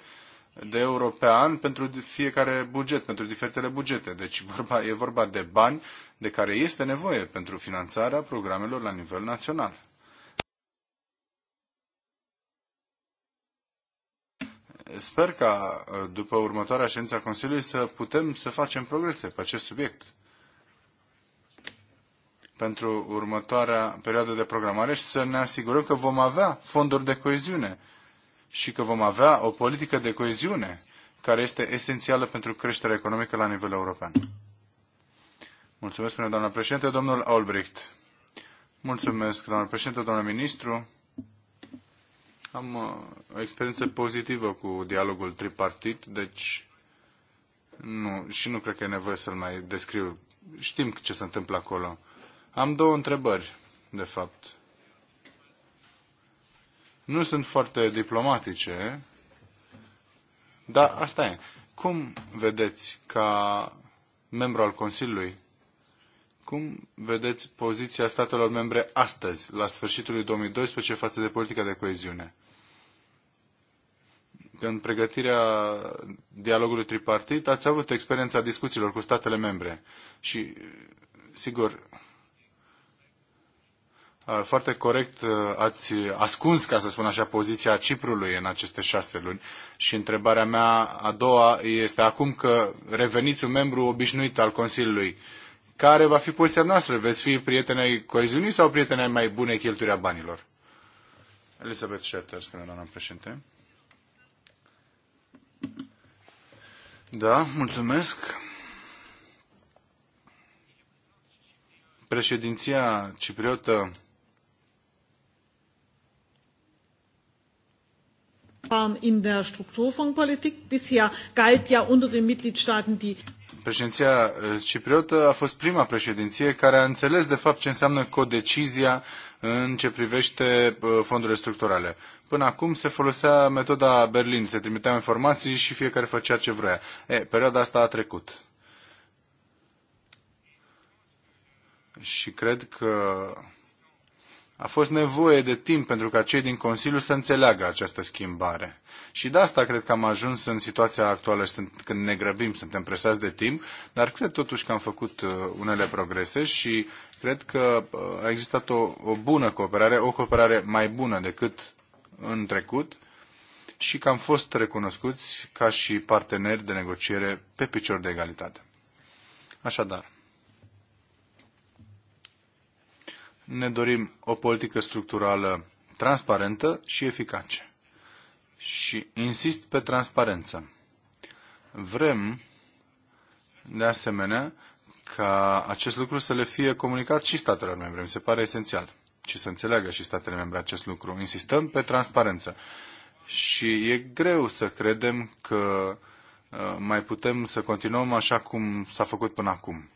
de euro pe an pentru fiecare buget, pentru diferitele bugete. Deci vorba, e vorba de bani de care este nevoie pentru finanțarea programelor la nivel național. Sper ca după următoarea ședință a Consiliului să putem să facem progrese pe acest subiect pentru următoarea perioadă de programare și să ne asigurăm că vom avea fonduri de coeziune și că vom avea o politică de coeziune care este esențială pentru creșterea economică la nivel european. Mulțumesc, spune doamna președinte. Domnul Albrecht. Mulțumesc, doamna președinte, doamna ministru. Am uh, o experiență pozitivă cu dialogul tripartit, deci nu, și nu cred că e nevoie să-l mai descriu. Știm ce se întâmplă acolo. Am două întrebări, de fapt. Nu sunt foarte diplomatice, dar asta e. Cum vedeți ca membru al Consiliului cum vedeți poziția statelor membre astăzi, la sfârșitul lui 2012, față de politica de coeziune? În pregătirea dialogului tripartit ați avut experiența discuțiilor cu statele membre și, sigur, Uh, foarte corect uh, ați ascuns, ca să spun așa, poziția Ciprului în aceste șase luni. Și întrebarea mea a doua este acum că reveniți un membru obișnuit al Consiliului. Care va fi poziția noastră? Veți fi prieteni ai coeziunii sau prieteni ai mai bune cheltuiri a banilor? Elizabeth Schetter, spune doamna președinte. Da, mulțumesc. Președinția cipriotă
in der Strukturfondspolitik. Bisher galt ja unter den Mitgliedstaaten die
Președinția eh, cipriotă a fost prima președinție care a înțeles de fapt ce înseamnă codecizia în ce privește eh, fondurile structurale. Până acum se folosea metoda Berlin, se trimiteau informații și fiecare făcea ce vrea. E, perioada asta a trecut. Și cred că a fost nevoie de timp pentru ca cei din Consiliu să înțeleagă această schimbare. Și de asta cred că am ajuns în situația actuală când ne grăbim, suntem presați de timp, dar cred totuși că am făcut uh, unele progrese și cred că uh, a existat o, o bună cooperare, o cooperare mai bună decât în trecut și că am fost recunoscuți ca și parteneri de negociere pe picior de egalitate. Așadar, ne dorim o politică structurală transparentă și eficace. Și insist pe transparență. Vrem, de asemenea, ca acest lucru să le fie comunicat și statelor membre. Mi se pare esențial și să înțeleagă și statele membre acest lucru. Insistăm pe transparență. Și e greu să credem că uh, mai putem să continuăm așa cum s-a făcut până acum.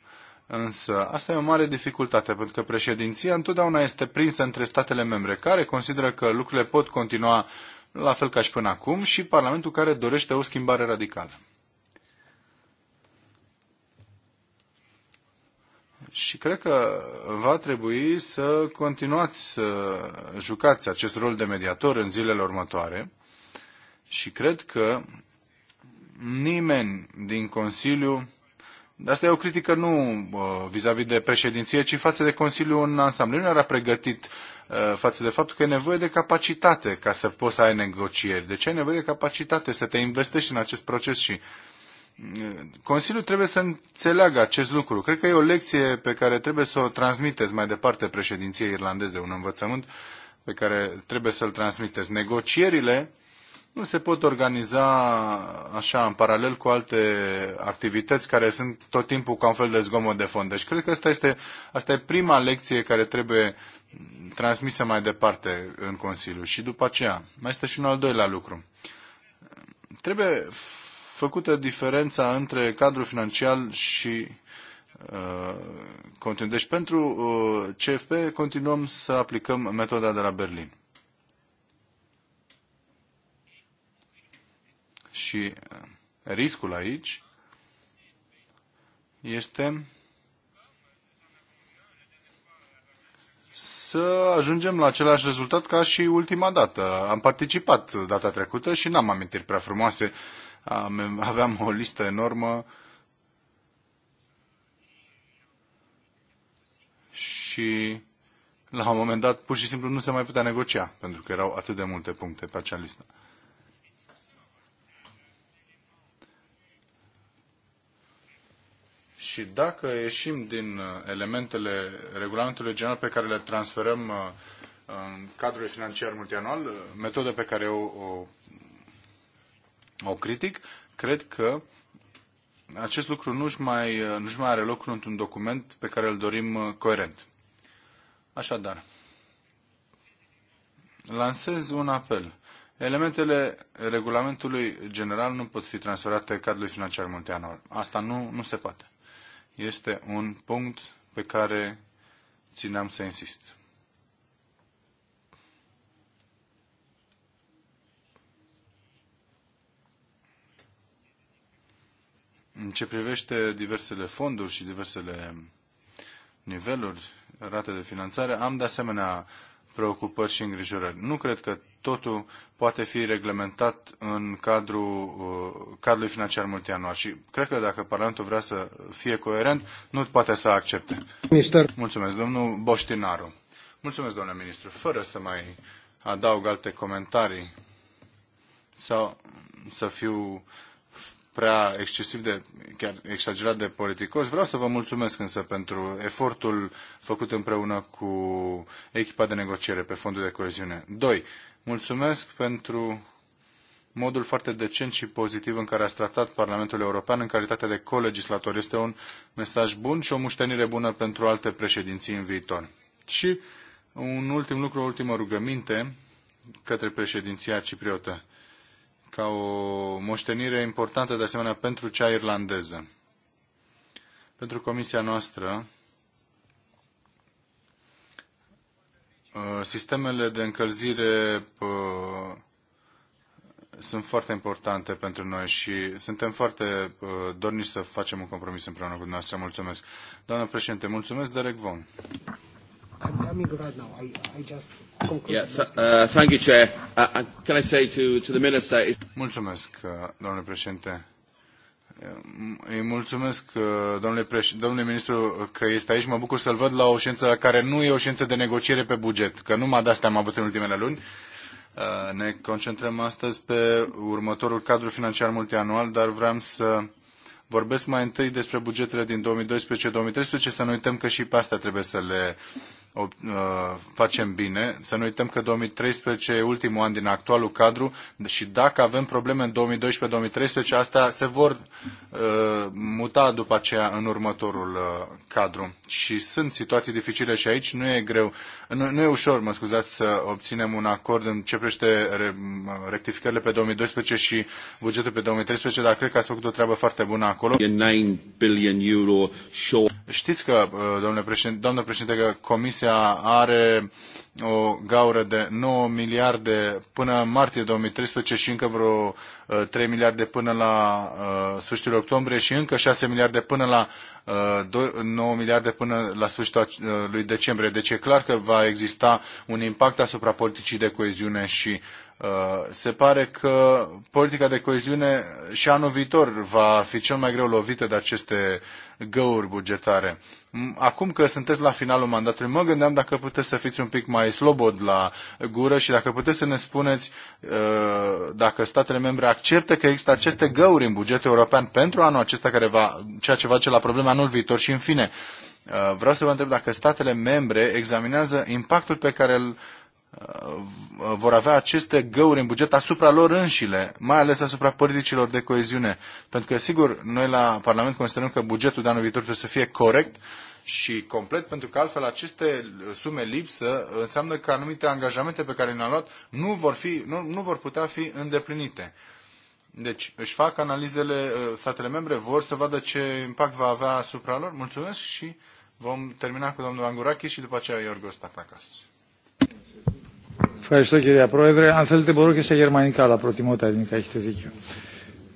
Însă asta e o mare dificultate, pentru că președinția întotdeauna este prinsă între statele membre care consideră că lucrurile pot continua la fel ca și până acum și Parlamentul care dorește o schimbare radicală. Și cred că va trebui să continuați să jucați acest rol de mediator în zilele următoare și cred că nimeni din Consiliu de asta e o critică nu vis-a-vis -vis de președinție, ci față de Consiliu în ansamblu. Nu era pregătit uh, față de faptul că e nevoie de capacitate ca să poți să ai negocieri. Deci ai nevoie de capacitate să te investești în acest proces și uh, Consiliul trebuie să înțeleagă acest lucru. Cred că e o lecție pe care trebuie să o transmiteți mai departe președinției irlandeze, un învățământ pe care trebuie să-l transmiteți. Negocierile nu se pot organiza așa în paralel cu alte activități care sunt tot timpul ca un fel de zgomot de fond. Deci cred că asta este, asta e prima lecție care trebuie transmisă mai departe în Consiliu. Și după aceea, mai este și un al doilea lucru. Trebuie făcută diferența între cadrul financiar și uh, continuu. Deci pentru uh, CFP continuăm să aplicăm metoda de la Berlin. Și uh, riscul aici este să ajungem la același rezultat ca și ultima dată. Am participat data trecută și n-am amintiri prea frumoase. aveam o listă enormă și la un moment dat pur și simplu nu se mai putea negocia, pentru că erau atât de multe puncte pe acea listă. și dacă ieșim din uh, elementele regulamentului general pe care le transferăm uh, în cadrul financiar multianual, uh, metodă pe care o, o, o critic, cred că acest lucru nu-și mai, nu mai are loc într-un document pe care îl dorim coerent. Așadar, lansez un apel. Elementele regulamentului general nu pot fi transferate cadrului financiar multianual. Asta nu, nu se poate este un punct pe care țineam să insist. În ce privește diversele fonduri și diversele niveluri, rate de finanțare, am de asemenea preocupări și îngrijorări. Nu cred că totul poate fi reglementat în cadrul uh, cadrului financiar multianual și cred că dacă Parlamentul vrea să fie coerent, nu poate să accepte. Minister. Mulțumesc, domnul Boștinaru. Mulțumesc, domnule ministru. Fără să mai adaug alte comentarii sau să fiu prea excesiv de, chiar exagerat de politicos. Vreau să vă mulțumesc însă pentru efortul făcut împreună cu echipa de negociere pe fondul de coeziune. 2. Mulțumesc pentru modul foarte decent și pozitiv în care a tratat Parlamentul European în calitate de colegislator. Este un mesaj bun și o muștenire bună pentru alte președinții în viitor. Și un ultim lucru, o ultimă rugăminte către președinția cipriotă ca o moștenire importantă de asemenea pentru cea irlandeză. Pentru comisia noastră, uh, sistemele de încălzire uh, sunt foarte importante pentru noi și suntem foarte uh, dorniți să facem un compromis împreună cu dumneavoastră. Mulțumesc. Doamnă președinte, mulțumesc, Derek Vaughan.
I'm coming right now. I, I just concluded. Yeah, th-
uh, thank you, Chair. Uh, uh, can I say to, to the Minister... Mulțumesc, uh, domnule președinte. Uh, îi mulțumesc, domnule, preș- domnule ministru, că este aici. Mă bucur să-l văd la o ședință care nu e o ședință de negociere pe buget, că numai de asta am avut în ultimele luni. Ne concentrăm astăzi pe următorul cadru financiar multianual, dar vreau să vorbesc mai întâi despre bugetele din 2012-2013, să nu uităm că și pe astea trebuie să le Uh, facem bine. Să nu uităm că 2013 e ultimul an din actualul cadru și dacă avem probleme în 2012-2013, astea se vor uh, muta după aceea în următorul uh, cadru. Și sunt situații dificile și aici nu e greu, nu, nu e ușor, mă scuzați, să obținem un acord în ce privește rectificările pe 2012 și bugetul pe 2013, dar cred că ați făcut o treabă foarte bună acolo. 9 billion euro Știți că, domnule președinte, doamnă președinte, că Comisia Comisia are o gaură de 9 miliarde până în martie 2013 și încă vreo 3 uh, uh, uh, miliarde până la sfârșitul octombrie și încă 6 miliarde până la 9 miliarde până la sfârșitul lui decembrie. Deci e clar că va exista un impact asupra politicii de coeziune și uh, Uh, se pare că politica de coeziune și anul viitor va fi cel mai greu lovită de aceste găuri bugetare. Mm, acum că sunteți la finalul mandatului, mă gândeam dacă puteți să fiți un pic mai slobod la gură și dacă puteți să ne spuneți uh, dacă statele membre acceptă că există aceste găuri în bugetul european pentru anul acesta, care va, ceea ce va ce la probleme anul viitor și în fine. Uh, vreau să vă întreb dacă statele membre examinează impactul pe care îl Uh, vor avea aceste găuri în buget asupra lor înșile, mai ales asupra politicilor de coeziune. Pentru că, sigur, noi la Parlament considerăm că bugetul de anul viitor trebuie să fie corect și complet, pentru că altfel aceste sume lipsă înseamnă că anumite angajamente pe care le-am luat nu vor, fi, nu, nu vor putea fi îndeplinite. Deci își fac analizele, uh, statele membre vor să vadă ce impact va avea asupra lor. Mulțumesc și vom termina cu domnul Angurachi și după aceea Iorgos Taclacas.
Ευχαριστώ κυρία Πρόεδρε. Αν θέλετε μπορώ και στα γερμανικά, αλλά προτιμώ τα ελληνικά, έχετε δίκιο.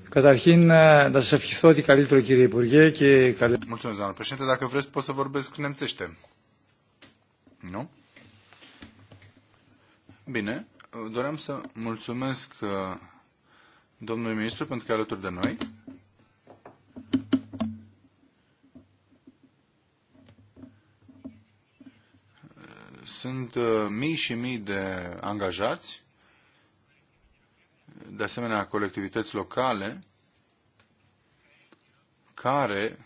Καταρχήν, να σας ευχηθώ ότι καλύτερο κύριε Υπουργέ και καλή... Mulțumesc, doamnă președinte. Dacă vreți, pot să vorbesc nemțește. Nu? Bine. Doream să mulțumesc domnului ministru pentru că e alături de noi. Sunt uh, mii și mii de angajați, de asemenea colectivități locale, care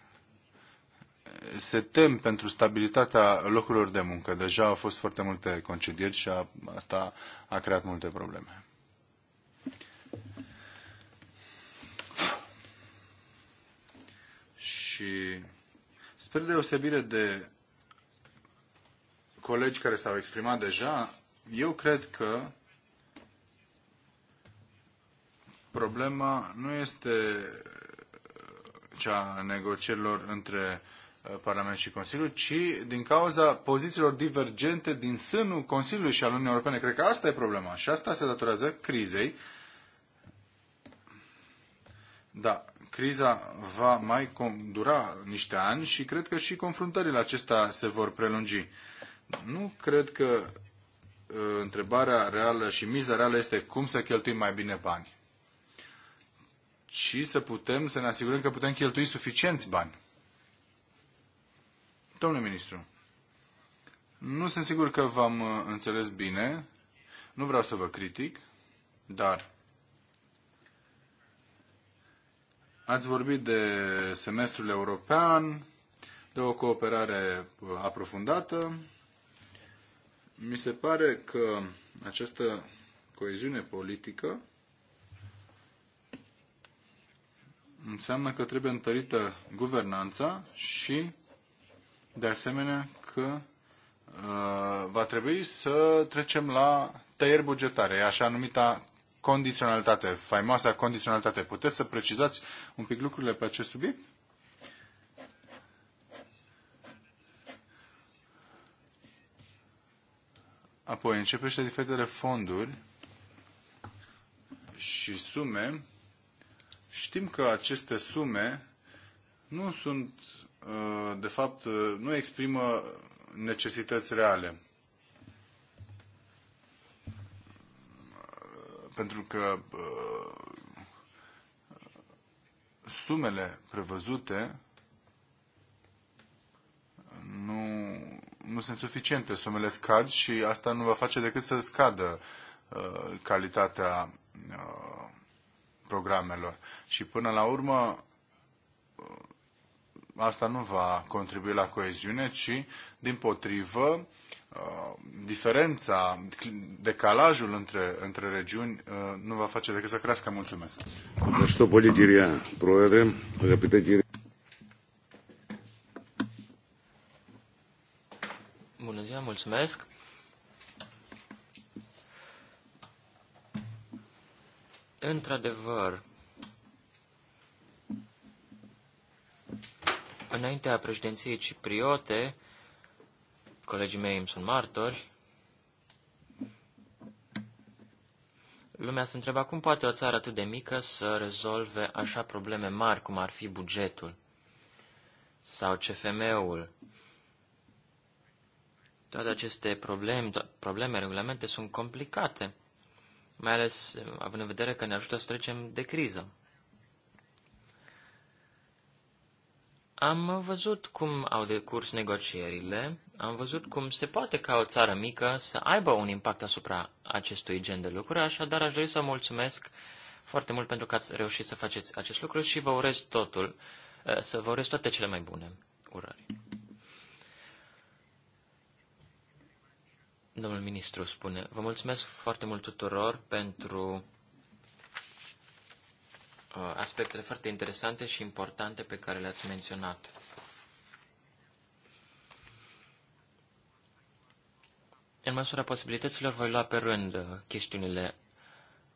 se tem pentru stabilitatea locurilor de muncă. Deja au fost foarte multe concedieri și a, asta a creat multe probleme. Și spre deosebire de colegi care s-au exprimat deja, eu cred că problema nu este cea a negocierilor între uh, Parlament și Consiliu, ci din cauza pozițiilor divergente din sânul Consiliului și al Uniunii Europene. Cred că asta e problema și asta se datorează crizei. Da, criza va mai dura niște ani și cred că și confruntările acestea se vor prelungi. Nu cred că uh, întrebarea reală și miza reală este cum să cheltuim mai bine bani. Și să putem, să ne asigurăm că putem cheltui suficienți bani. Domnule ministru, nu sunt sigur că v-am uh, înțeles bine. Nu vreau să vă critic, dar ați vorbit de semestrul european, de o cooperare uh, aprofundată mi se pare că această coeziune politică înseamnă că trebuie întărită guvernanța și, de asemenea, că uh, va trebui să trecem la tăieri bugetare, așa numita condiționalitate, faimoasa condiționalitate. Puteți să precizați un pic lucrurile pe acest subiect? Apoi să diferitele fonduri și sume. Știm că aceste sume nu sunt, uh, de fapt, uh, nu exprimă necesități reale. Pentru că uh, sumele prevăzute nu nu sunt suficiente, sumele scad și asta nu va face decât să scadă uh, calitatea uh, programelor. Și până la urmă, uh, asta nu va contribui la coeziune, ci, din potrivă, diferența, decalajul între, între regiuni nu va face decât să crească. Mulțumesc.
Ευχαριστώ
președinte, mulțumesc. Într-adevăr, înaintea președinției cipriote, colegii mei îmi sunt martori, lumea se întreba cum poate o țară atât de mică să rezolve așa probleme mari cum ar fi bugetul sau CFM-ul toate aceste probleme, to- probleme, regulamente sunt complicate, mai ales eh, având în vedere că ne ajută să trecem de criză. Am văzut cum au decurs negocierile, am văzut cum se poate ca o țară mică să aibă un impact asupra acestui gen de lucruri, așadar aș dori să mulțumesc foarte mult pentru că ați reușit să faceți acest lucru și vă urez totul, eh, să vă urez toate cele mai bune urări. Domnul ministru spune, vă mulțumesc foarte mult tuturor pentru uh, aspectele foarte interesante și importante pe care le-ați menționat. În măsura posibilităților voi lua pe rând chestiunile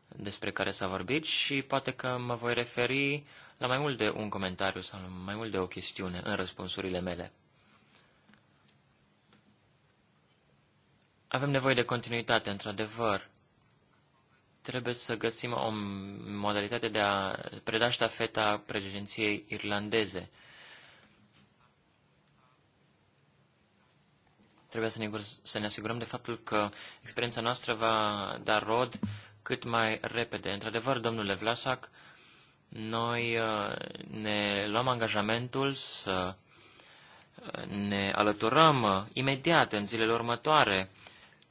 despre care s-a vorbit și poate că mă voi referi la mai mult de un comentariu sau mai mult de o chestiune în răspunsurile mele. Avem nevoie de continuitate, într-adevăr. Trebuie să găsim o modalitate de a preda ștafeta președinției irlandeze. Trebuie să ne, să ne asigurăm de faptul că experiența noastră va da rod cât mai repede. Într-adevăr, domnule Vlasac, noi uh, ne luăm angajamentul să uh, ne alăturăm uh, imediat în zilele următoare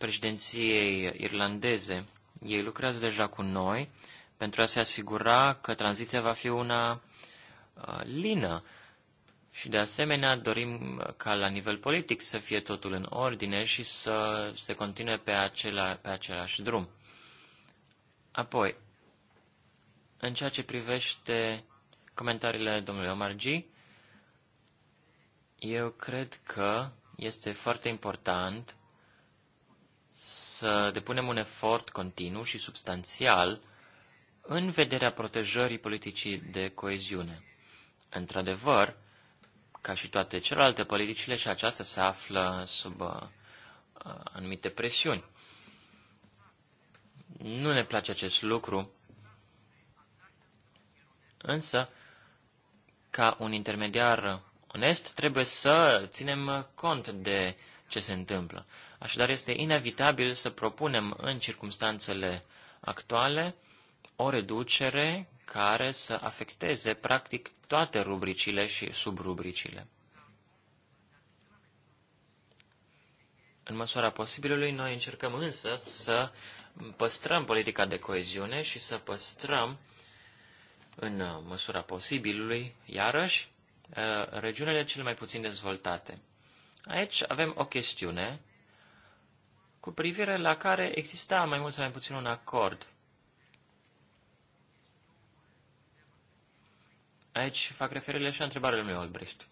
președinției irlandeze. Ei lucrează deja cu noi pentru a se asigura că tranziția va fi una uh, lină. Și de asemenea dorim uh, ca la nivel politic să fie totul în ordine și să se continue pe, acela, pe același drum. Apoi, în ceea ce privește comentariile domnului Omar G, eu cred că este foarte important să depunem un efort continuu și substanțial în vederea protejării politicii de coeziune. Într-adevăr, ca și toate celelalte politicile, și aceasta se află sub uh, anumite presiuni. Nu ne place acest lucru, însă, ca un intermediar onest, trebuie să ținem cont de ce se întâmplă. Așadar, este inevitabil să propunem în circumstanțele actuale o reducere care să afecteze practic toate rubricile și subrubricile. În măsura posibilului, noi încercăm însă să păstrăm politica de coeziune și să păstrăm, în măsura posibilului, iarăși, eh, regiunile cele mai puțin dezvoltate. Aici avem o chestiune cu privire la care exista mai mult sau mai puțin un acord. Aici fac referire și la întrebarea lui Olbrecht.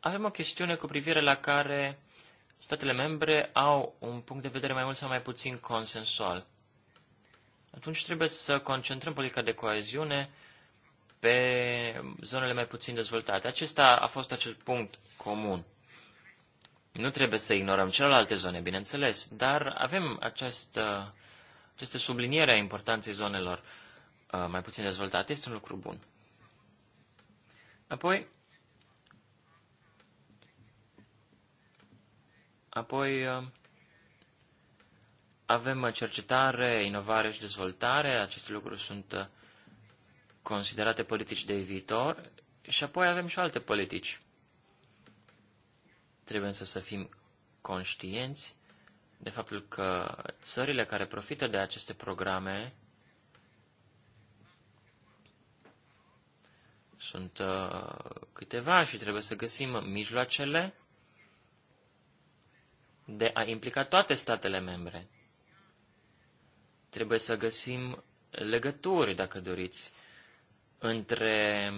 Avem o chestiune cu privire la care statele membre au un punct de vedere mai mult sau mai puțin consensual. Atunci trebuie să concentrăm politica de coeziune pe zonele mai puțin dezvoltate. Acesta a fost acel punct comun. Nu trebuie să ignorăm celelalte zone, bineînțeles, dar avem această, această subliniere a importanței zonelor uh, mai puțin dezvoltate. Este un lucru bun. Apoi, apoi uh, avem cercetare, inovare și dezvoltare. Aceste lucruri sunt uh, considerate politici de viitor și apoi avem și alte politici. Trebuie să să fim conștienți de faptul că țările care profită de aceste programe sunt uh, câteva și trebuie să găsim mijloacele de a implica toate statele membre. Trebuie să găsim legături, dacă doriți, între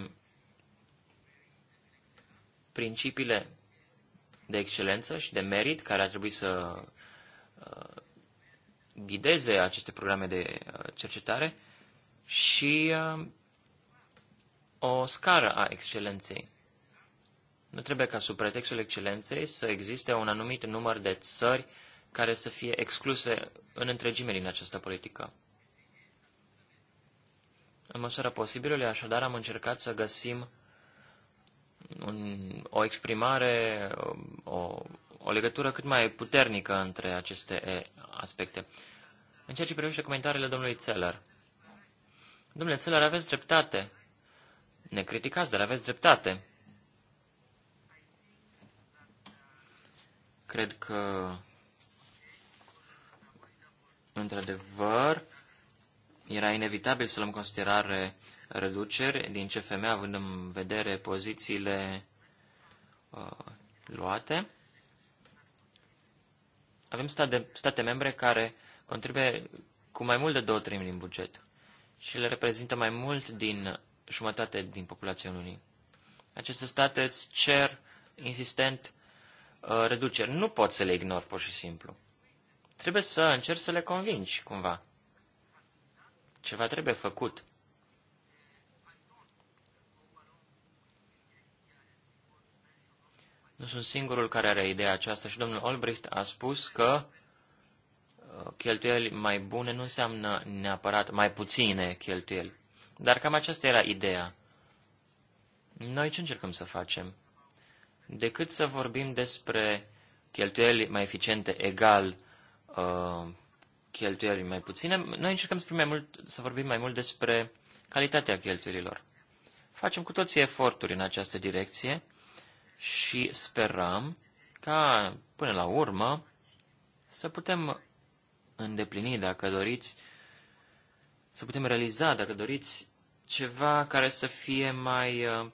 principiile de excelență și de merit care ar trebui să uh, ghideze aceste programe de uh, cercetare și uh, o scară a excelenței. Nu trebuie ca sub pretextul excelenței să existe un anumit număr de țări care să fie excluse în întregime din această politică. În măsura posibilului, așadar, am încercat să găsim un, o exprimare, o, o legătură cât mai puternică între aceste aspecte. În ceea ce privește comentariile domnului Țeller. Domnule Țeller, aveți dreptate. Ne criticați, dar aveți dreptate. Cred că, într-adevăr, era inevitabil să luăm considerare reduceri din CFM, având în vedere pozițiile uh, luate. Avem state, state membre care contribuie cu mai mult de două treimi din buget și le reprezintă mai mult din jumătate din populația Uniunii. Aceste state îți cer insistent uh, reduceri. Nu poți să le ignori pur și simplu. Trebuie să încerci să le convingi cumva. Ceva trebuie făcut. Nu sunt singurul care are ideea aceasta și domnul Olbricht a spus că uh, cheltuieli mai bune nu înseamnă neapărat mai puține cheltuieli. Dar cam aceasta era ideea. Noi ce încercăm să facem? Decât să vorbim despre cheltuieli mai eficiente egal uh, cheltuieli mai puține, noi încercăm să, mai mult, să vorbim mai mult despre calitatea cheltuielilor. Facem cu toții eforturi în această direcție și sperăm ca, până la urmă, să putem îndeplini, dacă doriți, să putem realiza, dacă doriți, ceva care să fie mai uh,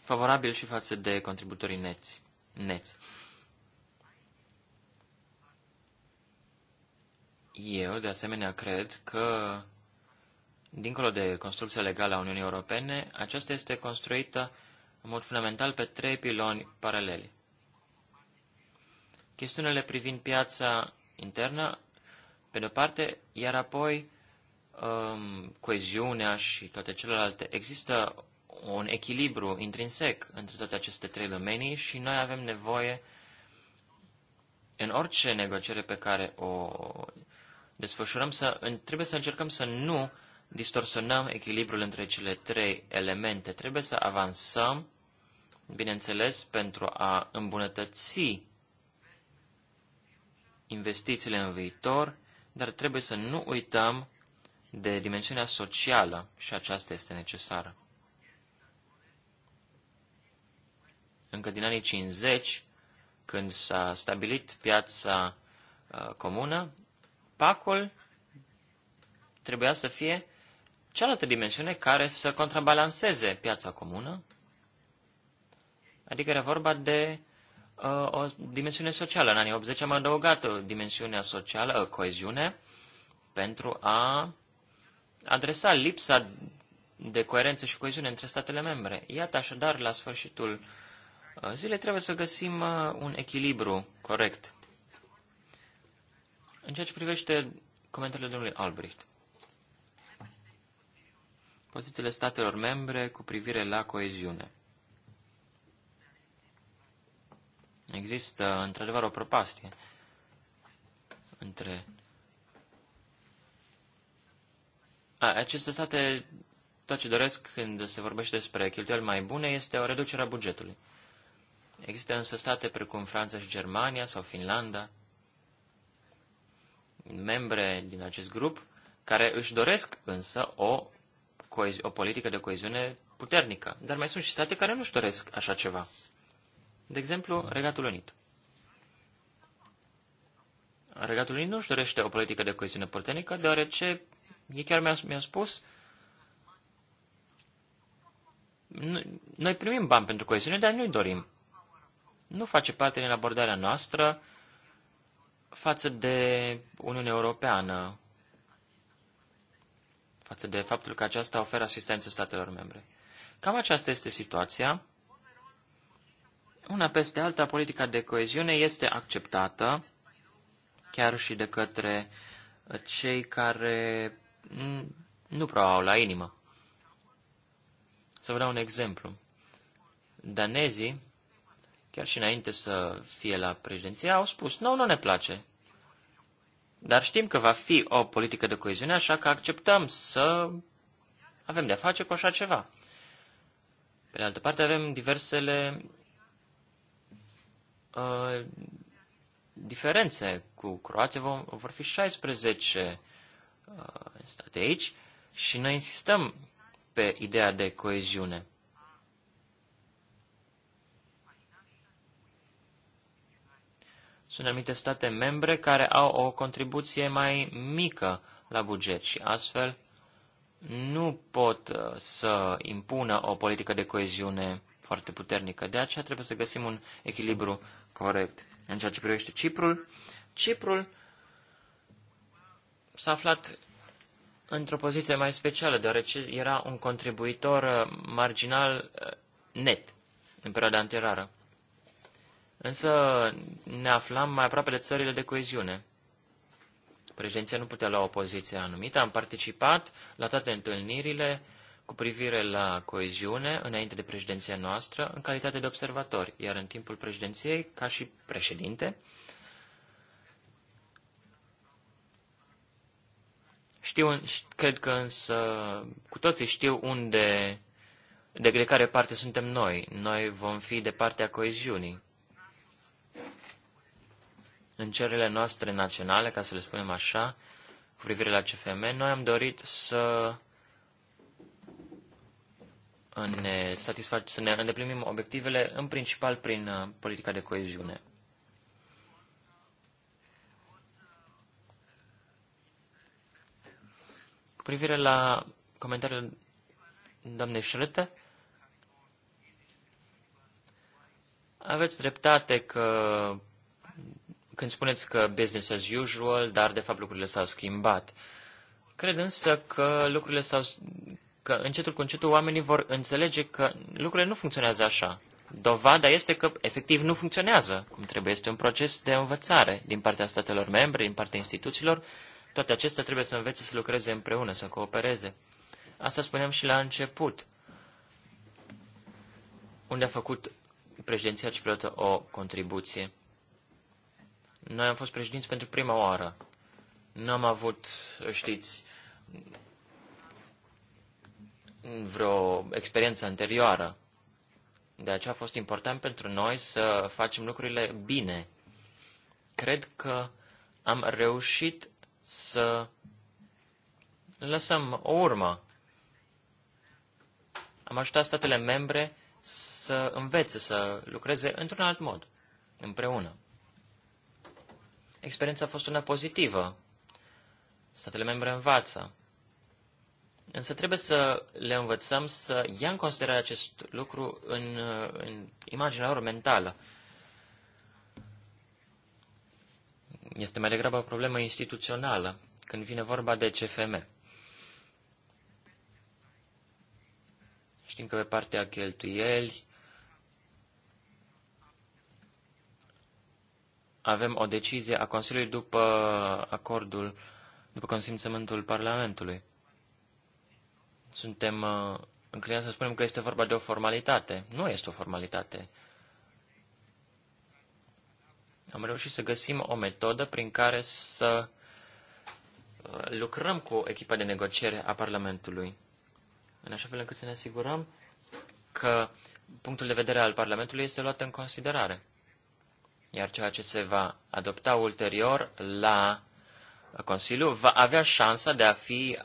favorabil și față de contributorii neți. neți. Eu, de asemenea, cred că, dincolo de construcția legală a Uniunii Europene, aceasta este construită în mod fundamental pe trei piloni paraleli. Chestiunile privind piața internă, pe de-o parte, iar apoi um, coeziunea și toate celelalte. Există un echilibru intrinsec între toate aceste trei domenii și noi avem nevoie, în orice negociere pe care o desfășurăm, să, trebuie să încercăm să nu distorsionăm echilibrul între cele trei elemente. Trebuie să avansăm, bineînțeles, pentru a îmbunătăți investițiile în viitor, dar trebuie să nu uităm de dimensiunea socială și aceasta este necesară. Încă din anii 50, când s-a stabilit piața uh, comună, Pacul trebuia să fie cealaltă dimensiune care să contrabalanceze piața comună, adică era vorba de uh, o dimensiune socială. În anii 80 am adăugat dimensiunea socială, uh, coeziune, pentru a adresa lipsa de coerență și coeziune între statele membre. Iată așadar, la sfârșitul uh, zilei trebuie să găsim uh, un echilibru corect. În ceea ce privește comentariile domnului Albrecht, pozițiile statelor membre cu privire la coeziune. Există, într-adevăr, o propastie între... A, aceste state, tot ce doresc când se vorbește despre cheltuieli mai bune, este o reducere a bugetului. Există însă state precum Franța și Germania sau Finlanda, membre din acest grup care își doresc însă o, o politică de coeziune puternică. Dar mai sunt și state care nu-și doresc așa ceva. De exemplu, Regatul Unit. Regatul Unit nu-și dorește o politică de coeziune puternică, deoarece ei chiar mi-au mi spus noi primim bani pentru coeziune, dar nu-i dorim. Nu face parte din abordarea noastră, față de Uniunea Europeană, față de faptul că aceasta oferă asistență statelor membre. Cam aceasta este situația. Una peste alta, politica de coeziune este acceptată chiar și de către cei care nu prea au la inimă. Să vă dau un exemplu. Danezii chiar și înainte să fie la președinție, au spus, nu, nu ne place. Dar știm că va fi o politică de coeziune, așa că acceptăm să avem de-a face cu așa ceva. Pe de altă parte, avem diversele uh, diferențe. Cu Croația vom, vor fi 16 uh, state aici și noi insistăm pe ideea de coeziune. Sunt anumite state membre care au o contribuție mai mică la buget și astfel nu pot uh, să impună o politică de coeziune foarte puternică. De aceea trebuie să găsim un echilibru corect. În ceea ce privește Ciprul, Ciprul s-a aflat într-o poziție mai specială, deoarece era un contribuitor uh, marginal uh, net în perioada anterioară. Însă ne aflam mai aproape de țările de coeziune. Președinția nu putea lua o poziție anumită. Am participat la toate întâlnirile cu privire la coeziune înainte de președinția noastră în calitate de observatori, iar în timpul președinției, ca și președinte, Știu, cred că însă cu toții știu unde, de care parte suntem noi. Noi vom fi de partea coeziunii în cererile noastre naționale, ca să le spunem așa, cu privire la CFM, noi am dorit să ne, satisfac, să ne îndeplinim obiectivele în principal prin uh, politica de coeziune. Cu privire la comentariul doamnei Șrâte, aveți dreptate că când spuneți că business as usual, dar de fapt lucrurile s-au schimbat. Cred însă că lucrurile s-au, că încetul cu încetul oamenii vor înțelege că lucrurile nu funcționează așa. Dovada este că efectiv nu funcționează cum trebuie. Este un proces de învățare din partea statelor membre, din partea instituțiilor. Toate acestea trebuie să învețe să lucreze împreună, să coopereze. Asta spuneam și la început, unde a făcut președinția cipriotă o contribuție. Noi am fost președinți pentru prima oară. Nu am avut, știți, vreo experiență anterioară. De deci aceea a fost important pentru noi să facem lucrurile bine. Cred că am reușit să lăsăm o urmă. Am ajutat statele membre să învețe, să lucreze într-un alt mod, împreună experiența a fost una pozitivă. Statele membre învață. Însă trebuie să le învățăm să ia în considerare acest lucru în, în imaginea lor mentală. Este mai degrabă o problemă instituțională când vine vorba de CFM. Știm că pe partea cheltuieli avem o decizie a Consiliului după acordul, după consimțământul Parlamentului. Suntem uh, înclinați să spunem că este vorba de o formalitate. Nu este o formalitate. Am reușit să găsim o metodă prin care să uh, lucrăm cu echipa de negociere a Parlamentului, în așa fel încât să ne asigurăm că punctul de vedere al Parlamentului este luat în considerare iar ceea ce se va adopta ulterior la Consiliu va avea șansa de a fi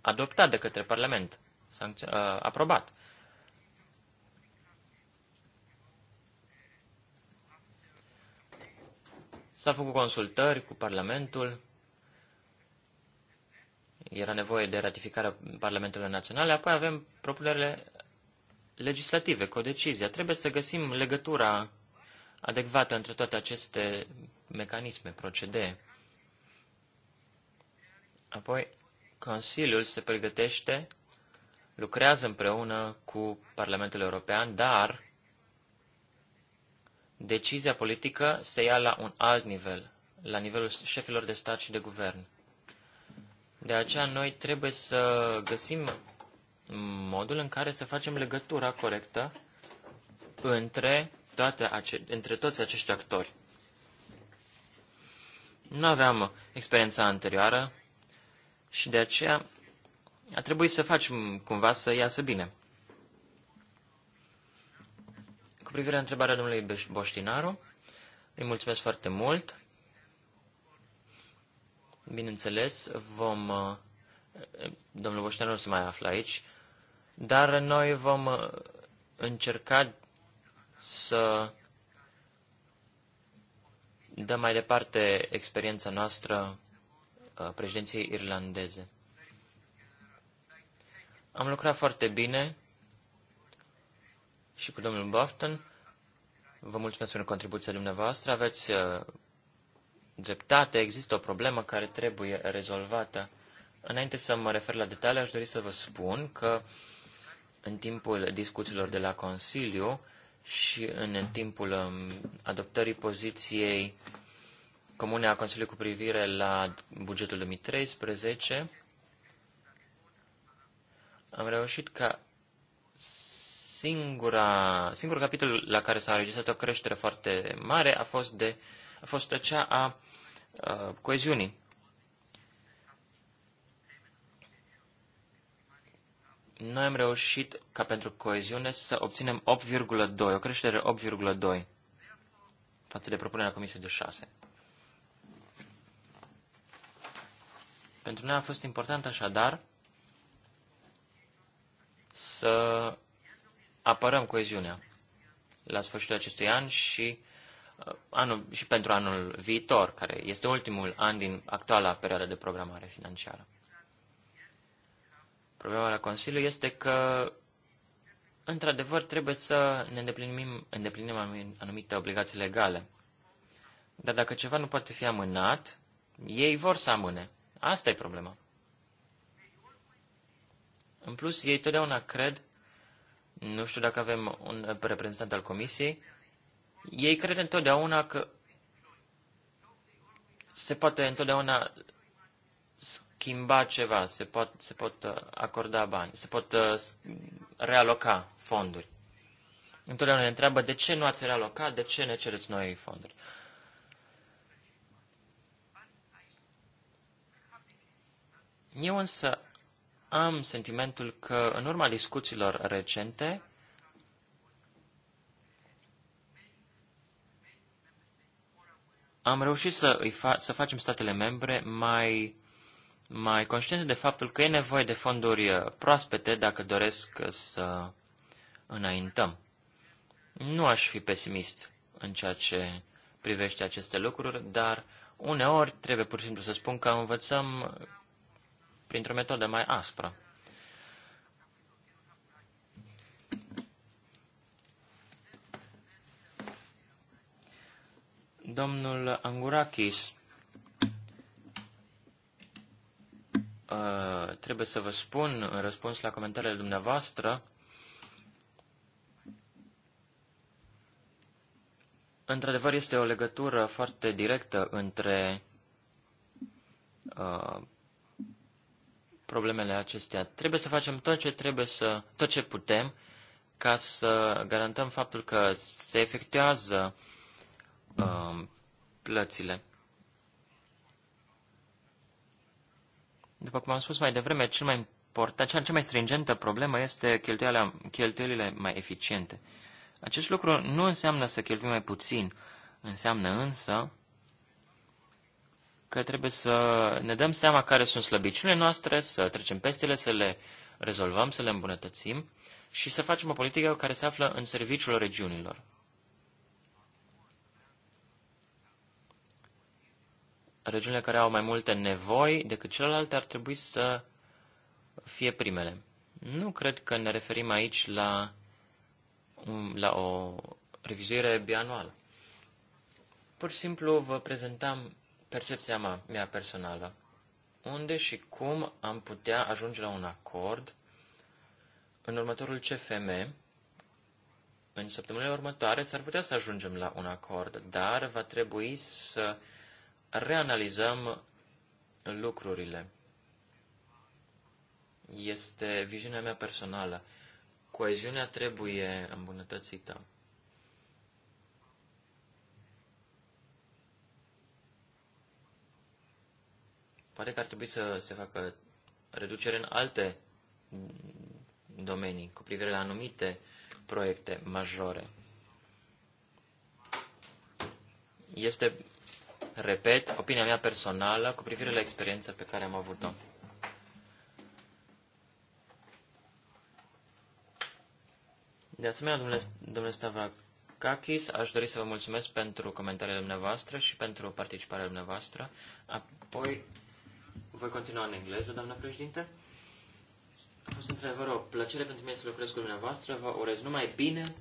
adoptat de către Parlament, uh, aprobat. S-a făcut consultări cu Parlamentul, era nevoie de ratificarea Parlamentului Naționale, apoi avem propunerile legislative, codecizia. Trebuie să găsim legătura adecvată între toate aceste mecanisme, procedee. Apoi, Consiliul se pregătește, lucrează împreună cu Parlamentul European, dar decizia politică se ia la un alt nivel, la nivelul șefilor de stat și de guvern. De aceea noi trebuie să găsim modul în care să facem legătura corectă între toate ace- între toți acești actori. Nu aveam experiența anterioară și de aceea a trebuit să facem cumva să iasă bine. Cu privire la întrebarea domnului Boștinaru, îi mulțumesc foarte mult. Bineînțeles, vom... Uh, domnul Boștinaru nu se mai află aici, dar noi vom uh, încerca să dăm mai departe experiența noastră uh, președinției irlandeze. Am lucrat foarte bine și cu domnul Bofton. Vă mulțumesc pentru contribuția dumneavoastră. Aveți uh, dreptate, există o problemă care trebuie rezolvată. Înainte să mă refer la detalii, aș dori să vă spun că în timpul discuțiilor de la Consiliu și în timpul um, adoptării poziției comune a Consiliului cu privire la bugetul 2013, am reușit ca singura, singurul capitol la care s-a înregistrat o creștere foarte mare a fost, de, a fost cea a, a uh, coeziunii. Noi am reușit ca pentru coeziune să obținem 8,2, o creștere 8,2 față de propunerea Comisiei de 6. Pentru noi a fost important așadar să apărăm coeziunea la sfârșitul acestui an și, uh, anul, și pentru anul viitor, care este ultimul an din actuala perioadă de programare financiară. Problema la Consiliu este că, într-adevăr, trebuie să ne îndeplinim, îndeplinim anumite obligații legale. Dar dacă ceva nu poate fi amânat, ei vor să amâne. Asta e problema. În plus, ei totdeauna cred, nu știu dacă avem un reprezentant al comisiei, ei cred întotdeauna că se poate întotdeauna schimba ceva, se pot, se pot uh, acorda bani, se pot uh, realoca fonduri. Întotdeauna ne întreabă de ce nu ați realocat, de ce ne cereți noi fonduri. Eu însă am sentimentul că, în urma discuțiilor recente, am reușit să, îi fa- să facem statele membre mai mai conștiente de faptul că e nevoie de fonduri uh, proaspete dacă doresc uh, să înaintăm. Nu aș fi pesimist în ceea ce privește aceste lucruri, dar uneori trebuie pur și simplu să spun că învățăm printr-o metodă mai aspră. Domnul Angurakis Uh, trebuie să vă spun în răspuns la comentariile dumneavoastră, într-adevăr este o legătură foarte directă între uh, problemele acestea. Trebuie să facem tot ce trebuie să, tot ce putem ca să garantăm faptul că se efectuează uh, plățile. După cum am spus mai devreme, cel mai important, cea, cea mai stringentă problemă este cheltuielile mai eficiente. Acest lucru nu înseamnă să cheltuim mai puțin, înseamnă însă că trebuie să ne dăm seama care sunt slăbiciunile noastre, să trecem peste ele, să le rezolvăm, să le îmbunătățim și să facem o politică care se află în serviciul regiunilor. regiunile care au mai multe nevoi decât celelalte ar trebui să fie primele. Nu cred că ne referim aici la, la o revizuire bianuală. Pur și simplu vă prezentam percepția mea, mea personală. Unde și cum am putea ajunge la un acord în următorul CFM, în săptămânile următoare s-ar putea să ajungem la un acord, dar va trebui să reanalizăm lucrurile. Este viziunea mea personală. Coeziunea trebuie îmbunătățită. Pare că ar trebui să se facă reducere în alte domenii, cu privire la anumite proiecte majore. Este repet opinia mea personală cu privire la experiența pe care am avut-o. De asemenea, domnule, domnule Stavrakakis, aș dori să vă mulțumesc pentru comentariile dumneavoastră și pentru participarea dumneavoastră. Apoi, voi continua în engleză, doamna președinte. A fost într-adevăr o plăcere pentru mine să lucrez cu dumneavoastră. Vă urez numai bine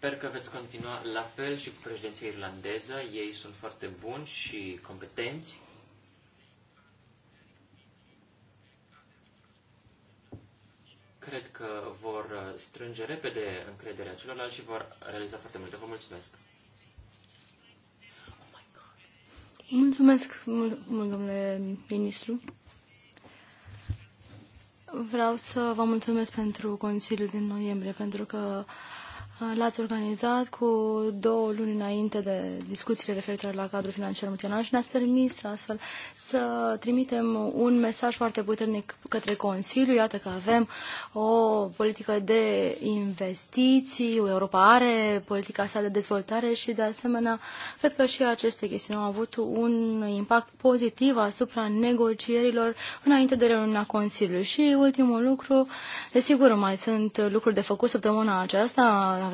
Sper că veți continua la fel și cu președinția irlandeză. Ei sunt foarte buni și competenți. Cred că vor strânge repede încrederea celorlalți și vor realiza foarte multe. Vă mulțumesc!
Mulțumesc mult, domnule ministru. Vreau să vă mulțumesc pentru Consiliul din noiembrie, pentru că uh, Uh, l-ați organizat cu două luni înainte de discuțiile referitoare la cadrul financiar multianual și ne-ați permis astfel să trimitem un mesaj foarte puternic către Consiliu. Iată că avem o politică de investiții, Europa are politica sa de dezvoltare și de asemenea cred că și aceste chestiuni au avut un impact pozitiv asupra negocierilor înainte de reuniunea Consiliului. Și ultimul lucru, desigur mai sunt lucruri de făcut săptămâna aceasta,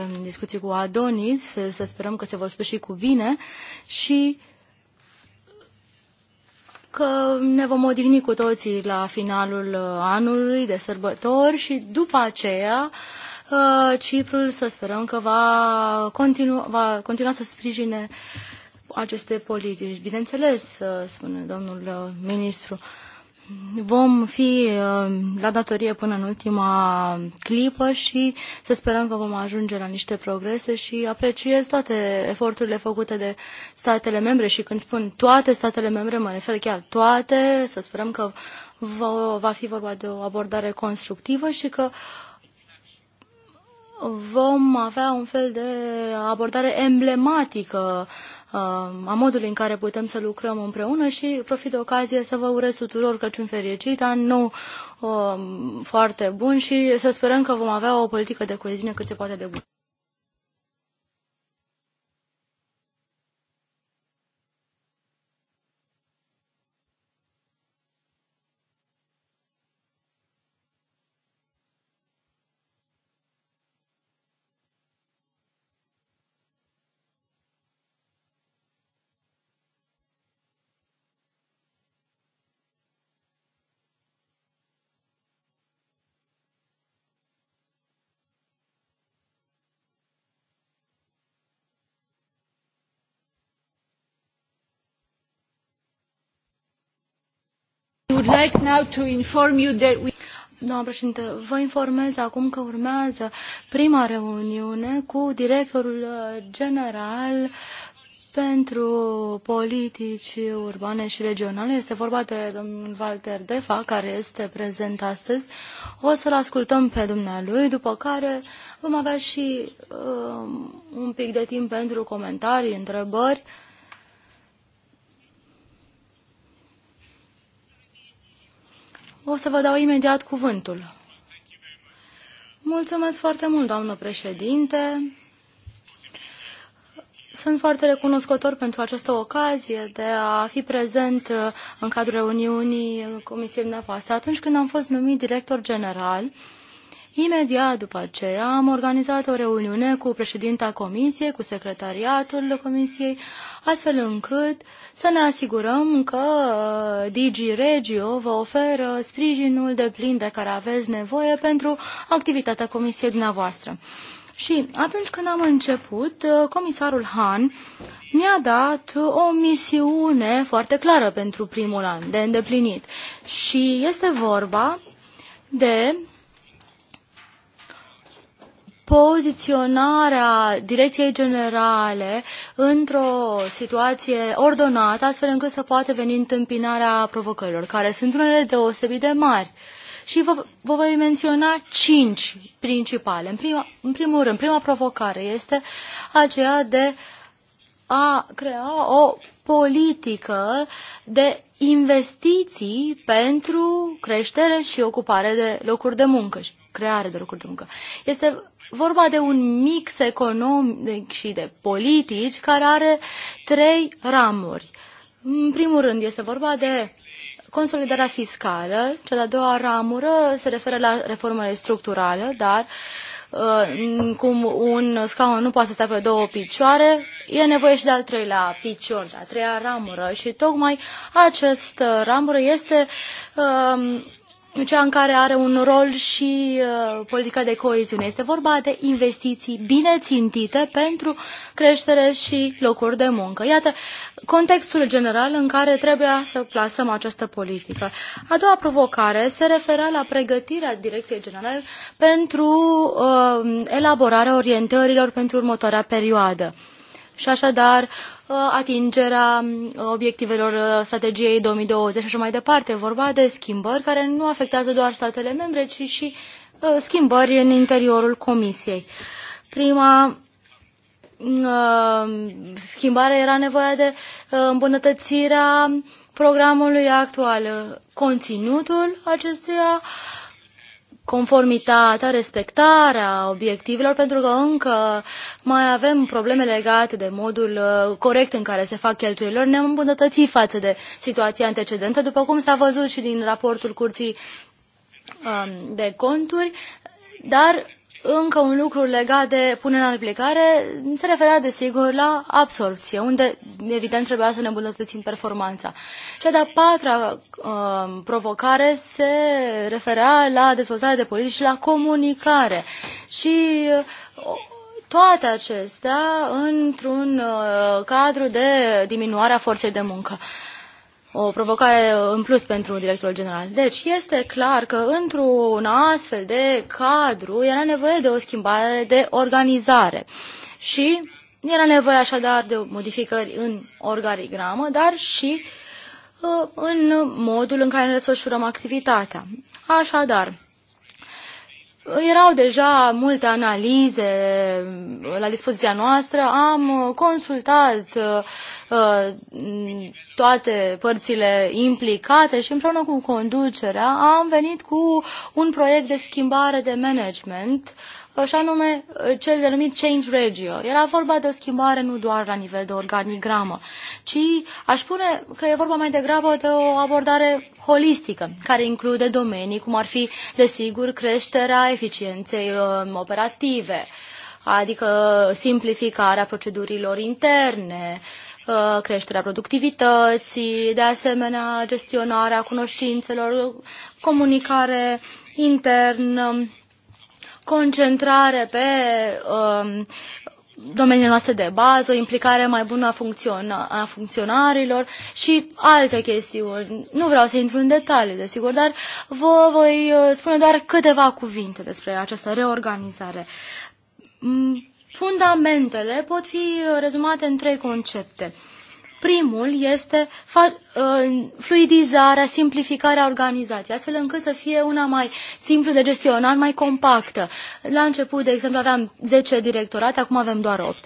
avem discuții cu Adonis, să sperăm că se vor sfârși cu bine și că ne vom odihni cu toții la finalul anului de sărbători și după aceea uh, Ciprul să sperăm că va continua, va continua să sprijine aceste politici. Bineînțeles, uh, spune domnul uh, ministru vom fi uh, la datorie până în ultima clipă și să sperăm că vom ajunge la niște progrese și apreciez toate eforturile făcute de statele membre și când spun toate statele membre, mă refer chiar toate, să sperăm că va fi vorba de o abordare constructivă și că vom avea un fel de abordare emblematică a modului în care putem să lucrăm împreună și profit de ocazie să vă urez tuturor Crăciun fericit, an nou uh, foarte bun și să sperăm că vom avea o politică de coeziune cât se poate de bună. doamnă președintă vă informez acum că urmează prima reuniune cu directorul uh, general pentru politici urbane și regionale. Este vorba de domnul Walter Defa, care este prezent astăzi. O să-l ascultăm pe dumnealui, după care vom avea și uh, un pic de timp pentru comentarii, întrebări. O să vă dau imediat cuvântul. Mulțumesc foarte mult, doamnă președinte. Sunt foarte recunoscător pentru această ocazie de a fi prezent uh, în cadrul reuniunii Comisiei dumneavoastră. Atunci când am fost numit director general, Imediat după aceea am organizat o reuniune cu președinta comisiei, cu secretariatul comisiei, astfel încât să ne asigurăm că uh, Digi Regio vă oferă sprijinul de plin de care aveți nevoie pentru activitatea comisiei dumneavoastră. Și atunci când am început, uh, comisarul Han mi-a dat o misiune foarte clară pentru primul an de îndeplinit. Și este vorba de poziționarea direcției generale într-o situație ordonată, astfel încât să poată veni întâmpinarea provocărilor, care sunt unele deosebit de mari. Și vă, vă voi menționa cinci principale. În, prima, în primul rând, prima provocare este aceea de a crea o politică de investiții pentru creștere și ocupare de locuri de muncă. Și creare de locuri de muncă. Este vorba de un mix economic și de politici care are trei ramuri. În primul rând este vorba de consolidarea fiscală, cea de-a doua ramură se referă la reformele structurale, dar uh, cum un scaun nu poate să stea pe două picioare, e nevoie și de al treilea picior, de a treia ramură și tocmai această ramură este uh, cea în care are un rol și uh, politica de coeziune. Este vorba de investiții bine țintite pentru creștere și locuri de muncă. Iată contextul general în care trebuia să plasăm această politică. A doua provocare se referă la pregătirea Direcției Generale pentru uh, elaborarea orientărilor pentru următoarea perioadă. Și așadar, atingerea uh, obiectivelor uh, strategiei 2020 și așa mai departe. Vorba de schimbări care nu afectează doar statele membre, ci și uh, schimbări în interiorul Comisiei. Prima schimbare era nevoia de îmbunătățirea programului actual, conținutul acestuia, conformitatea, respectarea obiectivelor, pentru că încă mai avem probleme legate de modul uh, corect în care se fac cheltuielile. Ne-am îmbunătățit față de situația antecedentă, după cum s-a văzut și din raportul Curții um, de conturi, dar încă un lucru legat de punerea în aplicare se referea, desigur, la absorpție, unde, evident, trebuia să ne îmbunătățim performanța. Cea de-a patra uh, provocare se referea la dezvoltarea de politici și la comunicare. Și uh, toate acestea într-un uh, cadru de diminuare a forței de muncă. Uh, o provocare în plus pentru directorul general. Deci este clar că într-un astfel de cadru era nevoie de o schimbare de organizare și era nevoie așadar de modificări în organigramă, dar și uh, în modul în care ne desfășurăm activitatea. Așadar, erau deja multe analize la dispoziția noastră, am uh, consultat uh, uh, toate părțile implicate și împreună cu conducerea am venit cu un proiect de schimbare de management așa anume uh, cel denumit Change Regio. Era vorba de o schimbare nu doar la nivel de organigramă, ci aș spune că e vorba mai degrabă de o abordare holistică, care include domenii cum ar fi, desigur, creșterea eficienței uh, operative, adică simplificarea procedurilor interne, uh, creșterea productivității, de asemenea gestionarea cunoștințelor, comunicare internă, concentrare pe um, domeniile noastre de bază, o implicare mai bună a, a funcționarilor și alte chestiuni. Nu vreau să intru în detalii, desigur, dar vă voi uh, spune doar câteva cuvinte despre această reorganizare. Mm, fundamentele pot fi rezumate în trei concepte. Uh, Primul este uh, fluidizarea, simplificarea organizației, astfel încât să fie una mai simplu de gestionat, mai compactă. La început, de exemplu, aveam 10 directorate, acum avem doar 8.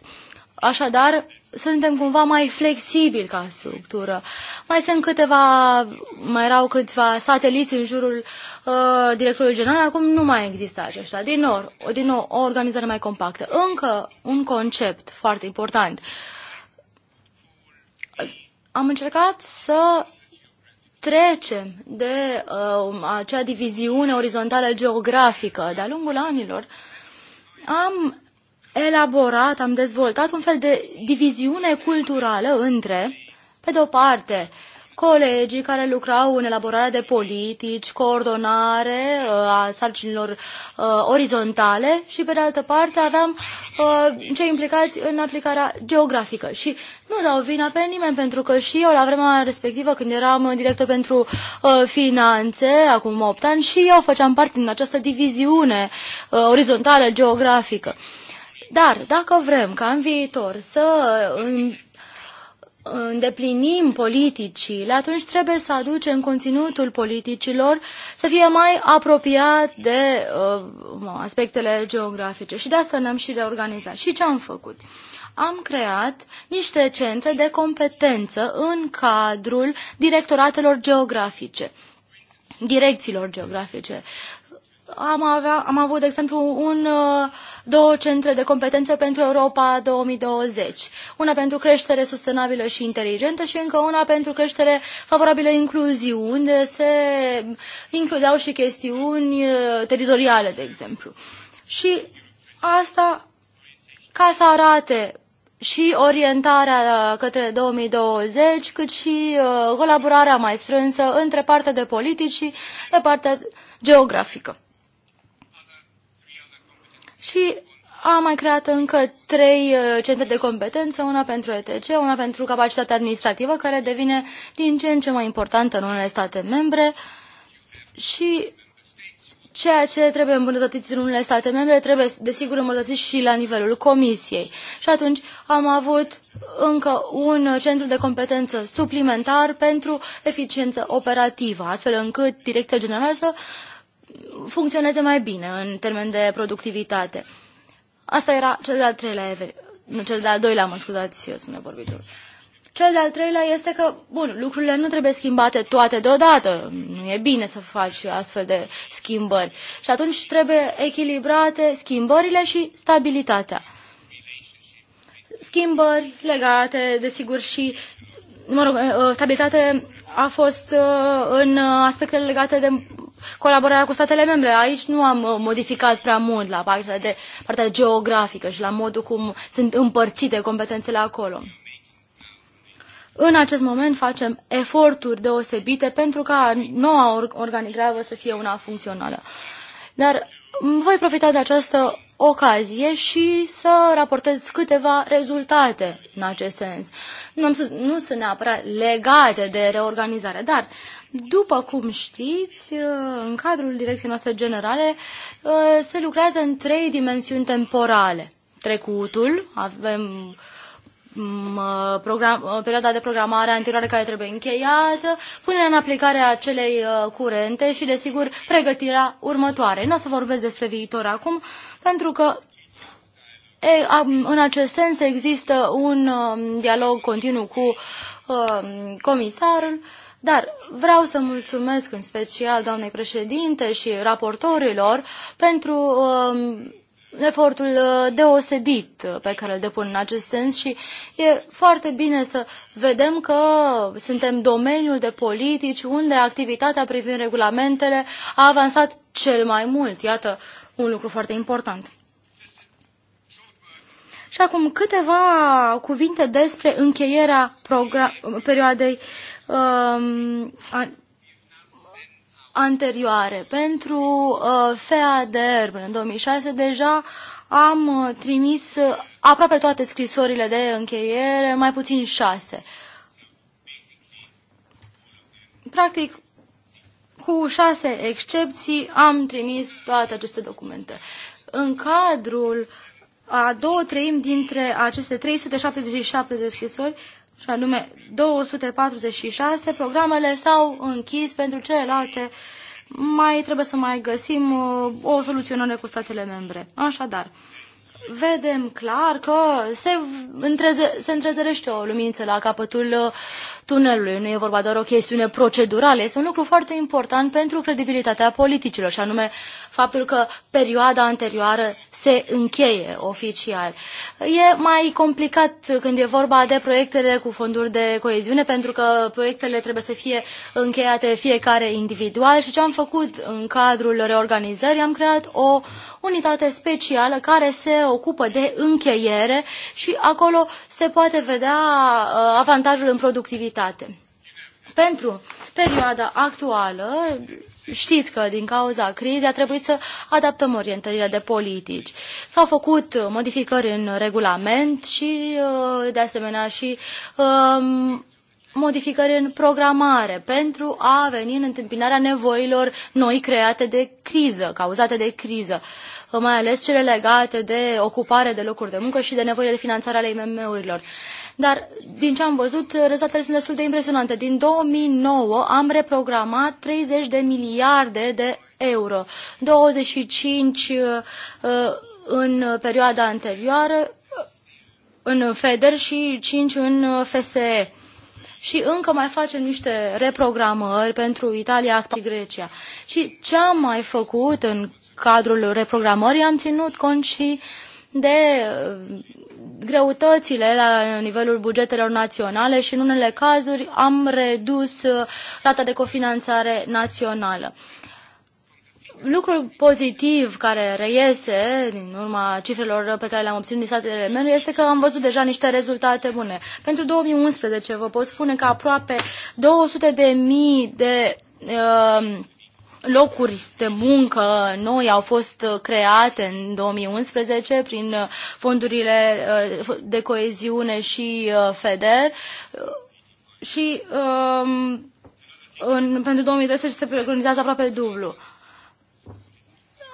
Așadar, suntem cumva mai flexibili ca structură. Mai sunt câteva, mai erau câțiva sateliți în jurul uh, directorului general, acum nu mai există aceștia. Din nou, din nou, o organizare mai compactă. Încă un concept foarte important. Uh, am încercat să trecem de uh, acea diviziune orizontală geografică. De-a lungul anilor am elaborat, am dezvoltat un fel de diviziune culturală între, pe de o parte, colegii care lucrau în elaborarea de politici, coordonare uh, a sarcinilor uh, orizontale și, pe de altă parte, aveam uh, cei implicați în aplicarea geografică. Și nu dau vina pe nimeni, pentru că și eu, la vremea respectivă, când eram director pentru finanțe, acum 8 ani, și eu făceam parte din această diviziune orizontală geografică. Dar dacă vrem ca în viitor să îndeplinim politicile, atunci trebuie să aducem conținutul politicilor să fie mai apropiat de uh, aspectele geografice. Și de asta ne-am și de organizat. Și ce am făcut? Am creat niște centre de competență în cadrul directoratelor geografice direcțiilor geografice am, avea, am avut, de exemplu, un, uh, două centre de competențe pentru Europa 2020. Una pentru creștere sustenabilă și inteligentă și încă una pentru creștere favorabilă incluziv, unde se includeau și chestiuni uh, teritoriale, de exemplu. Și asta ca să arate și orientarea către 2020, cât și uh, colaborarea mai strânsă între partea de politici și de partea geografică și a mai creat încă trei uh, centre de competență, una pentru ETC, una pentru capacitatea administrativă, care devine din ce în ce mai importantă în unele state membre și ceea ce trebuie îmbunătățit în unele state membre trebuie, desigur, îmbunătățit și la nivelul comisiei. Și atunci am avut încă un centru de competență suplimentar pentru eficiență operativă, astfel încât direcția generală să funcționeze mai bine în termen de productivitate. Asta era cel de-al treilea, nu, cel de-al doilea, mă scuzați, spune vorbitorul. Cel de-al treilea este că, bun, lucrurile nu trebuie schimbate toate deodată. Nu e bine să faci astfel de schimbări. Și atunci trebuie echilibrate schimbările și stabilitatea. Schimbări legate, desigur, și mă rog, stabilitate a fost uh, în aspectele legate de colaborarea cu statele membre. Aici nu am uh, modificat prea mult la partea, de, partea geografică și la modul cum sunt împărțite competențele acolo. În acest moment facem eforturi deosebite pentru ca noua organigramă să fie una funcțională. Dar voi profita de această ocazie și să raportez câteva rezultate în acest sens. Nu, nu sunt neapărat legate de reorganizare, dar după cum știți, uh, în cadrul direcției noastre generale uh, se lucrează în trei dimensiuni temporale. Trecutul, avem uh, Mm, program, uh, perioada de programare anterioară care trebuie încheiată, punerea în aplicare a celei uh, curente și, desigur, pregătirea următoare. Nu o să vorbesc despre viitor acum, pentru că e, în acest sens există un um, dialog continuu cu um, comisarul, dar vreau să mulțumesc în special doamnei președinte și raportorilor pentru uh, efortul uh, deosebit uh, pe care îl depun în acest sens și e foarte bine să vedem că suntem domeniul de politici unde activitatea privind regulamentele a avansat cel mai mult. Iată un lucru foarte important. Și acum câteva cuvinte despre încheierea perioadei um, anterioare. Pentru uh, de până în 2006 deja am uh, trimis uh, aproape toate scrisorile de încheiere, mai puțin șase. Practic, cu șase excepții, am trimis toate aceste documente. În cadrul a două treimi dintre aceste 377 de scrisori și anume 246, programele s-au închis pentru celelalte. Mai trebuie să mai găsim uh, o soluționare cu statele membre. Așadar, vedem clar că se, întreze, se întrezărește o luminiță la capătul uh, tunelului. Nu e vorba doar o chestiune procedurală, este un lucru foarte important pentru credibilitatea politicilor, și anume faptul că perioada anterioară se încheie oficial. E mai complicat când e vorba de proiectele cu fonduri de coeziune, pentru că proiectele trebuie să fie încheiate fiecare individual și ce am făcut în cadrul reorganizării, am creat o unitate specială care se ocupă de încheiere și acolo se poate vedea uh, avantajul în productivitate. Pentru perioada actuală, știți că din cauza crizei a trebuit să adaptăm orientările de politici. S-au făcut modificări în regulament și, uh, de asemenea, și um, modificări în programare pentru a veni în întâmpinarea nevoilor noi create de criză, cauzate de criză. Uh, mai ales cele legate de ocupare de locuri de muncă și de nevoile de finanțare ale IMM-urilor. Dar, din ce am văzut, rezultatele sunt destul de impresionante. Din 2009 am reprogramat 30 de miliarde de euro, 25 uh, uh, în perioada anterioară, în FEDER și 5 în FSE. Și încă mai facem niște reprogramări pentru Italia, Spania și Grecia. Și ce am mai făcut în cadrul reprogramării am ținut cont și de uh, greutățile la nivelul bugetelor naționale și în unele cazuri am redus uh, rata de cofinanțare națională. Lucrul pozitiv care reiese din urma cifrelor pe care le-am obținut din statele mele este că am văzut deja niște rezultate bune. Pentru 2011 vă pot spune că aproape 200 de mii de uh, locuri de muncă noi au fost uh, create în 2011 prin uh, fondurile uh, de coeziune și FEDER și um, în, pentru 2012 se preconizează aproape dublu.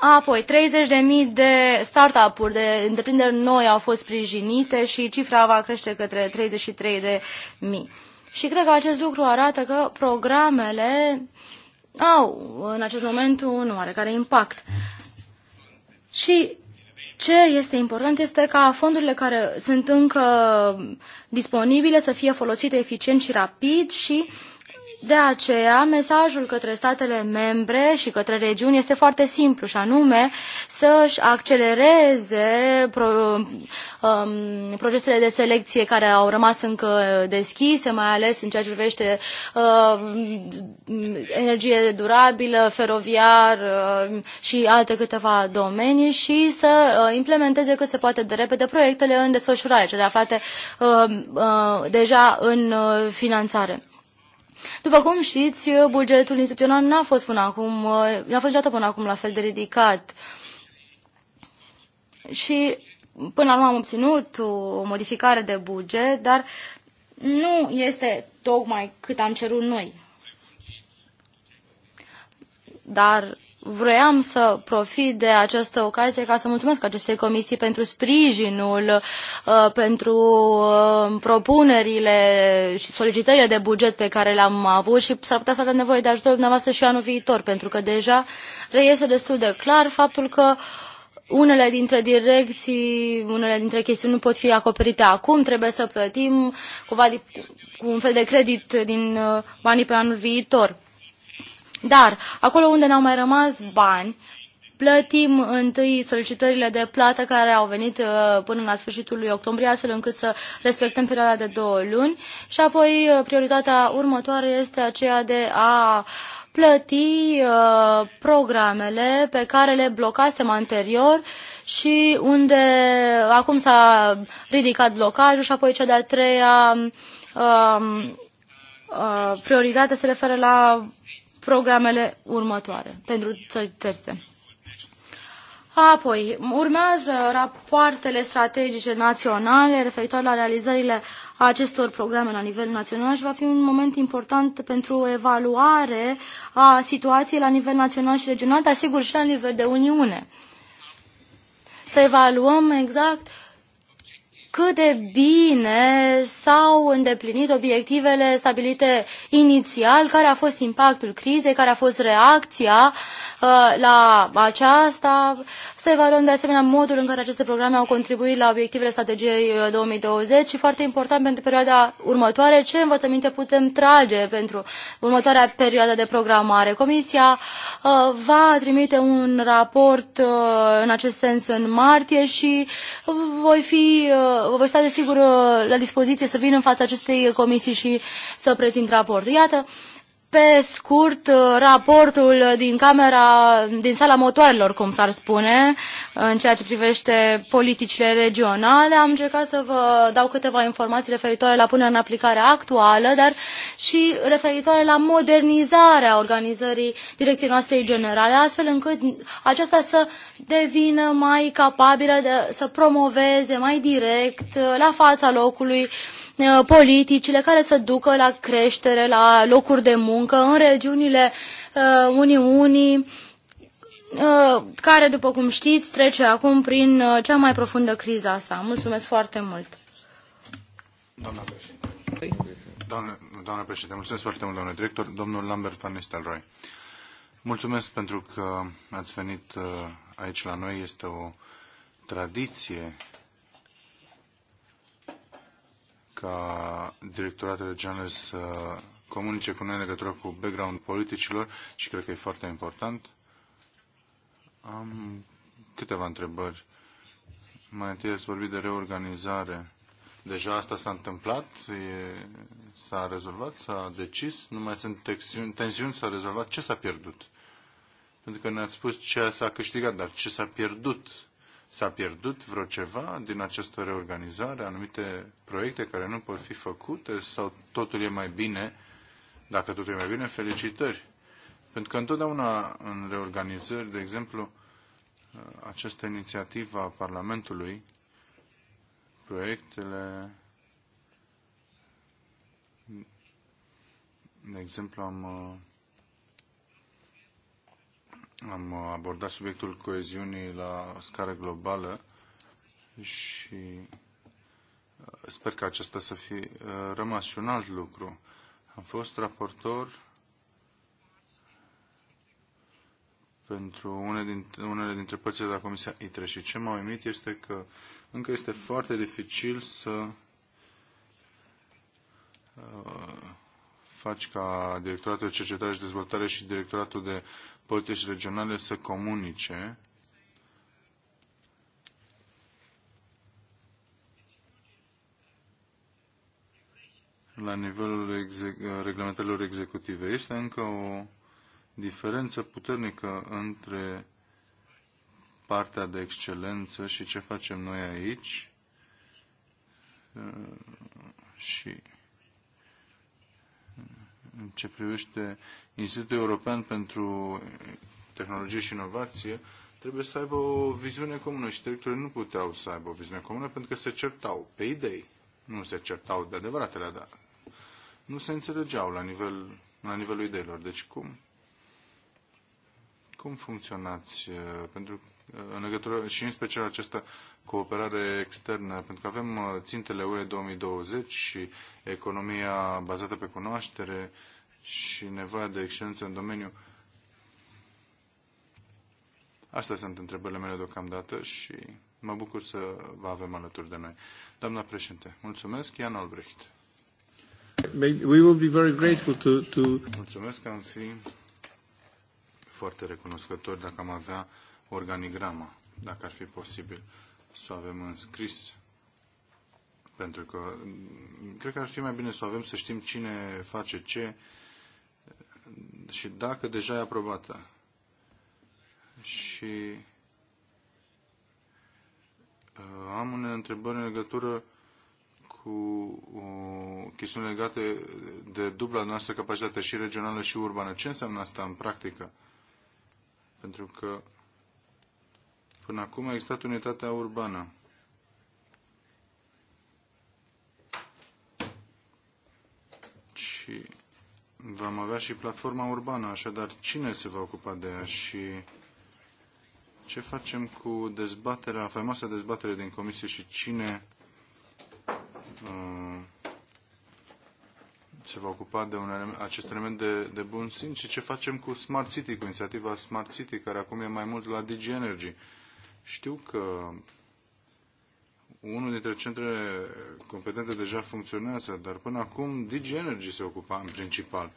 Apoi, 30.000 de startup-uri, de întreprinderi noi au fost sprijinite și cifra va crește către 33.000. Și cred că acest lucru arată că programele uh, au în acest moment un oarecare impact. Și ce este important este ca fondurile care sunt încă disponibile să fie folosite eficient și rapid și uh, de aceea, mesajul către statele membre și către regiuni este foarte simplu, și anume să-și accelereze pro, um, procesele de selecție care au rămas încă deschise, mai ales în ceea ce privește uh, energie durabilă, feroviar uh, și alte câteva domenii și să uh, implementeze cât se poate de repede proiectele în desfășurare, cele aflate uh, uh, deja în uh, finanțare. După cum știți, bugetul instituțional n-a fost până acum, uh, n-a fost niciodată până acum la fel de ridicat. Și până la urmă am obținut o modificare de buget, dar nu este tocmai cât am cerut noi. Dar vroiam să profit de această ocazie ca să mulțumesc acestei comisii pentru sprijinul, uh, pentru uh, propunerile și solicitările de buget pe care le-am avut și s-ar putea să avem nevoie de ajutorul dumneavoastră și anul viitor, pentru că deja reiese destul de clar faptul că unele dintre direcții, unele dintre chestiuni nu pot fi acoperite acum, trebuie să plătim cumva cu un fel de credit din uh, banii pe anul viitor dar acolo unde ne-au mai rămas bani, plătim întâi solicitările de plată care au venit uh, până la sfârșitul lui octombrie, astfel încât să respectăm perioada de două luni și apoi uh, prioritatea următoare este aceea de a plăti uh, programele pe care le blocasem anterior și unde acum s-a ridicat blocajul și apoi cea de-a treia uh, uh, prioritate se referă la programele următoare pentru țări terțe. Apoi, urmează rapoartele strategice naționale referitor la realizările acestor programe la nivel național și va fi un moment important pentru o evaluare a situației la nivel național și regional, dar sigur și la nivel de Uniune. Să evaluăm exact uh, cât de bine s-au îndeplinit obiectivele stabilite inițial, care a fost impactul crizei, care a fost reacția uh, la aceasta. Să evaluăm de asemenea modul în care aceste programe au contribuit la obiectivele strategiei 2020 uh, și foarte important pentru perioada următoare, ce învățăminte putem trage pentru următoarea perioadă de programare. Comisia uh, va trimite un raport uh, în acest sens în martie și voi fi uh, voi sta desigur uh, la dispoziție să vin în fața acestei comisii și să prezint raportul. Iată, pe scurt, uh, raportul din camera, din sala motoarelor, cum s-ar spune, în ceea ce privește politicile regionale, am încercat să vă dau câteva informații referitoare la punerea în aplicare actuală, dar și referitoare la modernizarea organizării direcției noastre generale, astfel încât aceasta să devină mai capabilă de, să promoveze mai direct uh, la fața locului uh, Uh, politicile care să ducă la creștere, la locuri de muncă în regiunile uh, Uniunii, uh, care, după cum știți, trece acum prin cea mai profundă criză a sa. Mulțumesc foarte mult!
Doamna președinte, păi. doamna, președinte mulțumesc foarte mult, domnule director. Domnul Lambert van Nistelrooy, mulțumesc pentru că ați venit aici la noi. Este o tradiție ca directoratele generale să comunice cu noi în legătură cu background politicilor și cred că e foarte important. Am câteva întrebări. Mai întâi ați vorbit de reorganizare. Deja asta s-a întâmplat, s-a rezolvat, s-a decis, nu mai sunt tensiuni, s-a rezolvat. Ce s-a pierdut? Pentru că ne-ați spus ce s-a câștigat, dar ce s-a pierdut S-a pierdut vreo ceva din această reorganizare, anumite proiecte care nu pot fi făcute sau totul e mai bine? Dacă totul e mai bine, felicitări! Pentru că întotdeauna în reorganizări, de exemplu, această inițiativă a Parlamentului, proiectele, de exemplu, am uh, am abordat subiectul coeziunii la scară globală și uh, sper că acesta să fi uh, rămas și un alt lucru. Am fost raportor pentru unele dintre părțile de la Comisia ITRE și ce m-a uimit este că încă este foarte dificil să uh, faci ca Directoratul de Cercetare și Dezvoltare și Directoratul de politici regionale să comunice la nivelul exec reglementărilor executive. Este încă o diferență puternică între partea de excelență și ce facem noi aici uh, și în ce privește Institutul European pentru Tehnologie și Inovație, trebuie să aibă o viziune comună și directorii nu puteau să aibă o viziune comună pentru că se certau pe idei. Nu se certau de adevăratele, dar nu se înțelegeau la, nivel, la nivelul ideilor. Deci cum, cum funcționați? Uh, pentru în legătură și în special această cooperare externă, pentru că avem uh, țintele UE 2020 și economia bazată pe cunoaștere și nevoia de excelență în domeniu. Astea sunt întrebările mele deocamdată și mă bucur să vă avem alături de noi. Doamna președinte, mulțumesc, Ian Albrecht. We will be very grateful to, to... Mulțumesc, am fi foarte recunoscători dacă am avea organigrama, dacă ar fi posibil să o avem înscris. Pentru că mm, cred că ar fi mai bine să o avem să știm cine face ce și dacă deja e aprobată. Și uh, am unele întrebări în legătură cu uh, chestiuni legate de dubla noastră capacitate și regională și urbană. Ce înseamnă asta în practică? Pentru că Până acum a existat unitatea urbană. Și vom avea și platforma urbană, așadar cine se va ocupa de ea și ce facem cu dezbaterea, faimoasa dezbatere din comisie și cine uh, se va ocupa de un element, acest element de, de bun simț și ce facem cu Smart City, cu inițiativa Smart City, care acum e mai mult la DG Energy. Uh, știu că unul dintre centrele competente deja funcționează, dar până acum Digi Energy se ocupa în principal.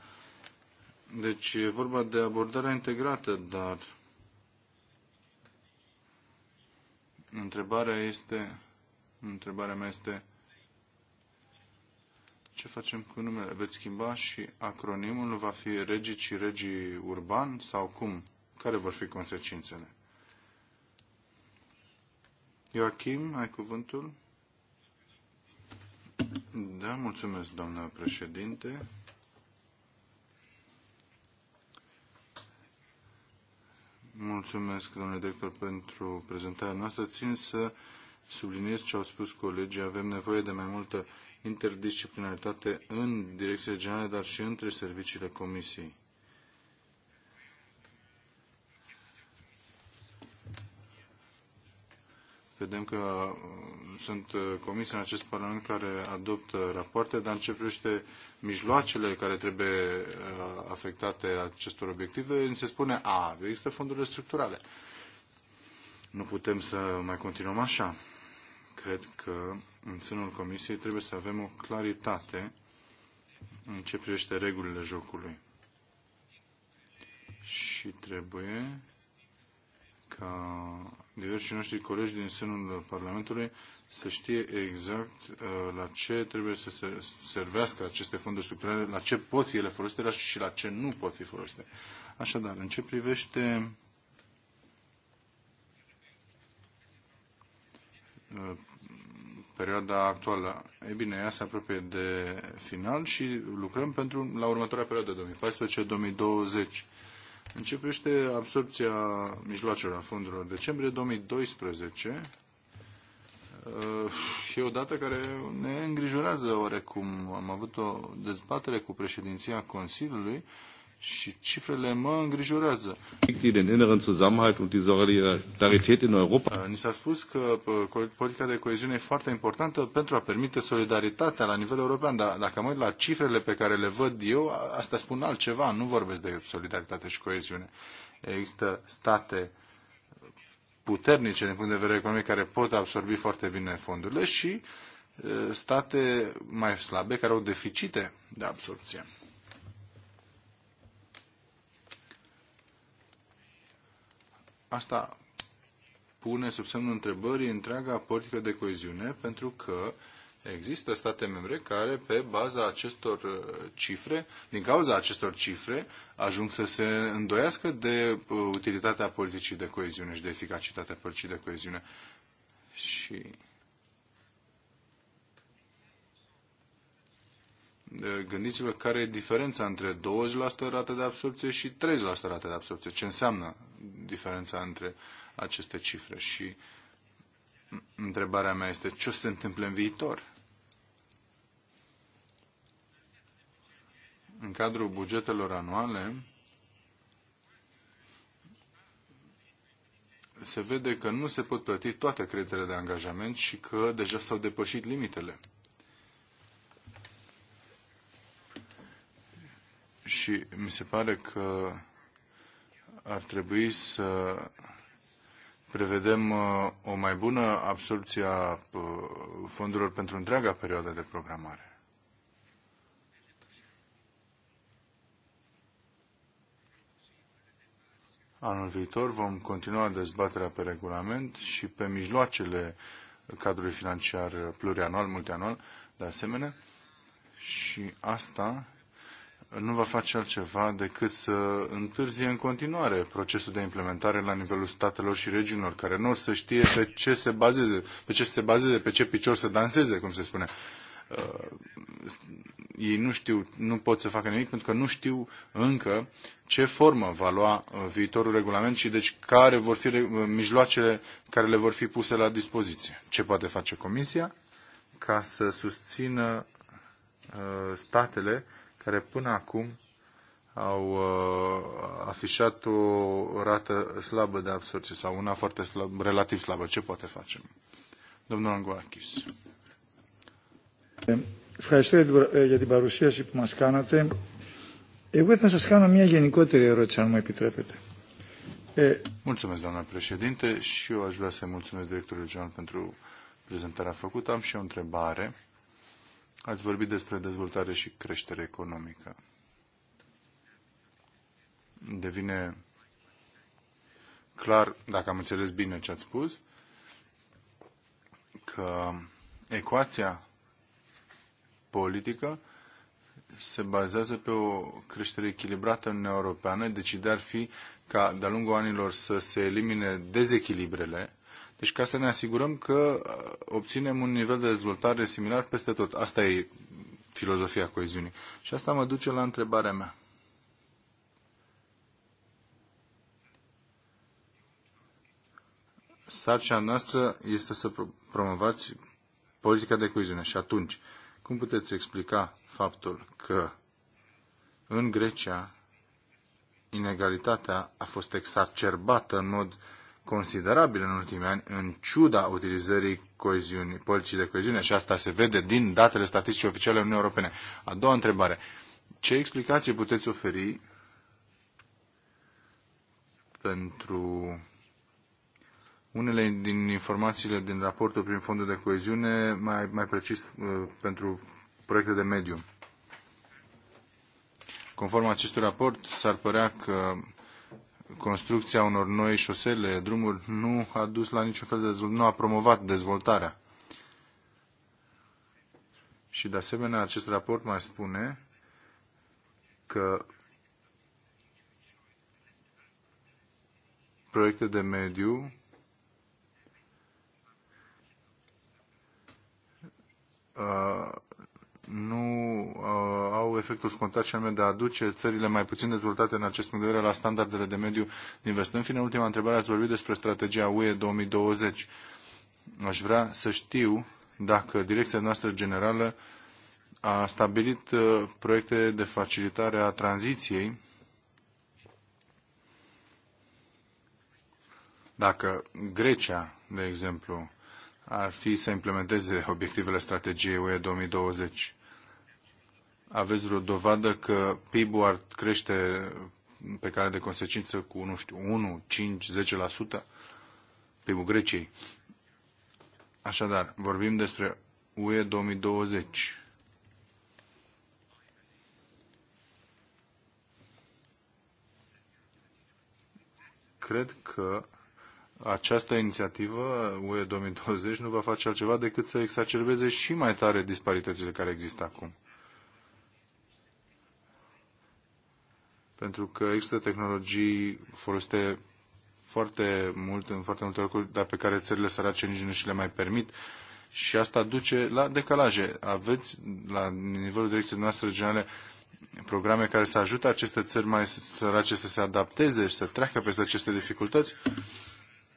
Deci e vorba de abordarea integrată, dar întrebarea este, întrebarea mea este ce facem cu numele? Veți schimba și acronimul va fi regii și regii urban sau cum? Care vor fi consecințele? Joachim, ai cuvântul? Da, mulțumesc, doamnă președinte. Mulțumesc, domnule director, pentru prezentarea noastră. Țin să subliniez ce au spus colegii. Avem nevoie de mai multă interdisciplinaritate în direcțiile generale, dar și între serviciile comisiei. Vedem că uh, sunt uh, comisii în acest Parlament care adoptă rapoarte, dar în ce privește mijloacele care trebuie uh, afectate acestor obiective, ni se spune, a, există fondurile structurale. Nu putem să mai continuăm așa. Cred că în sânul Comisiei trebuie să avem o claritate în ce privește regulile jocului. Și trebuie ca diversi noștri colegi din sânul Parlamentului să știe exact uh, la ce trebuie să se servească aceste fonduri structurale, la ce pot fi ele folosite și la ce nu pot fi folosite. Așadar, în ce privește uh, perioada actuală. E bine, ea se apropie de final și lucrăm pentru la următoarea perioadă, 2014-2020. Începește absorpția mijloacelor a fondurilor, decembrie 2012 uh, e o dată care ne îngrijorează oarecum. Am avut o dezbatere cu președinția Consiliului și cifrele mă îngrijorează. Uh, ni s-a spus că uh, politica de coeziune e foarte importantă pentru a permite solidaritatea la nivel european, dar dacă mă uit la cifrele pe care le văd eu, asta spun altceva, nu vorbesc de solidaritate și coeziune. Există state puternice din punct de vedere economic care pot absorbi foarte bine fondurile și uh, state mai slabe care au deficite de absorpție. asta pune sub semnul întrebării întreaga politică de coeziune, pentru că există state membre care, pe baza acestor uh, cifre, din cauza acestor cifre, ajung să se îndoiască de uh, utilitatea politicii de coeziune și de eficacitatea politicii de coeziune. Și Eh, gândiți-vă care e diferența între 20% rată de absorpție și 30% rată de absorpție. Ce înseamnă diferența între aceste cifre? Și întrebarea mea este ce o să se întâmple în viitor? În cadrul bugetelor anuale se vede că nu se pot plăti toate creditele de angajament și că deja s-au depășit limitele. și mi se pare că ar trebui să prevedem uh, o mai bună absorpție a uh, fondurilor pentru întreaga perioadă de programare. Anul viitor vom continua dezbaterea pe regulament și pe mijloacele cadrului financiar plurianual, multianual, de asemenea. Și asta nu va face altceva decât să întârzie în continuare procesul de implementare la nivelul statelor și regiunilor, care nu o să știe pe ce se bazeze, pe ce se bazeze, pe ce picior să danseze, cum se spune. Uh, ei nu știu, nu pot să facă nimic pentru că nu știu încă ce formă va lua uh, viitorul regulament și deci care vor fi uh, mijloacele care le vor fi puse la dispoziție. Ce poate face Comisia ca să susțină uh, statele care până acum au uh, afișat o rată slabă de absorție sau una foarte slab, relativ slabă. Ce poate facem? Domnul Anguachis. Ευχαριστώ για την παρουσίαση που μας κάνατε. Εγώ θα σας κάνω μια γενικότερη ερώτηση,
αν μου επιτρέπετε.
Mulțumesc, doamna președinte, și eu aș vrea să mulțumesc directorului general pentru prezentarea făcută. Am și o întrebare ați vorbit despre dezvoltare și creștere economică. Devine clar, dacă am înțeles bine ce ați spus, că ecuația politică se bazează pe o creștere echilibrată în Europeană, deci de ar fi ca de-a lungul anilor să se elimine dezechilibrele deci ca să ne asigurăm că uh, obținem un nivel de dezvoltare similar peste tot. Asta e filozofia coeziunii. Și asta mă duce la întrebarea mea. Sarcina noastră este să promovați politica de coeziune. Și atunci, cum puteți explica faptul că în Grecia inegalitatea a fost exacerbată în mod considerabil în ultimii ani, în ciuda utilizării coeziunii, politicii de coeziune și asta se vede din datele statistice oficiale Uniunii Europene. A doua întrebare. Ce explicații puteți oferi pentru unele din informațiile din raportul prin fondul de coeziune, mai, mai precis uh, pentru proiecte de mediu? Conform acestui raport, s-ar părea că construcția unor noi șosele, drumuri, nu a dus la niciun fel de dezvoltare, nu a promovat dezvoltarea. Și de asemenea, acest raport mai spune că proiecte de mediu uh, nu uh, au efectul scontat și anume de a aduce țările mai puțin dezvoltate în acest punct de vedere la standardele de mediu din vest. În fine, ultima întrebare, ați vorbit despre strategia UE 2020. Aș vrea să știu dacă direcția noastră generală a stabilit uh, proiecte de facilitare a tranziției dacă Grecia, de exemplu, ar fi să implementeze obiectivele strategiei UE 2020 aveți vreo dovadă că PIB-ul ar crește pe care de consecință cu, nu știu, 1, 5, 10% PIB-ul Greciei. Așadar, vorbim despre UE 2020. Cred că această inițiativă UE 2020 nu va face altceva decât să exacerbeze și mai tare disparitățile care există acum. pentru că există tehnologii folosite foarte mult în foarte multe locuri, dar pe care țările sărace nici nu și le mai permit și asta duce la decalaje. Aveți la nivelul direcției noastre regionale programe care să ajute aceste țări mai sărace să se adapteze și să treacă peste aceste dificultăți?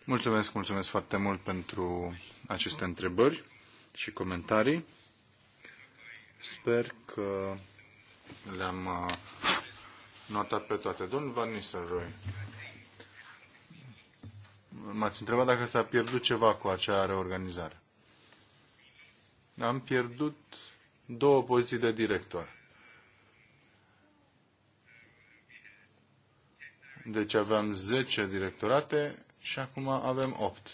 Mulțumesc, mulțumesc foarte mult pentru aceste întrebări și comentarii. Sper că le-am uh, notat pe toate. Domnul Van Nistelrooy, m-ați întrebat dacă s-a pierdut ceva cu acea reorganizare. Am pierdut două poziții de director. Deci aveam 10 directorate și acum avem 8.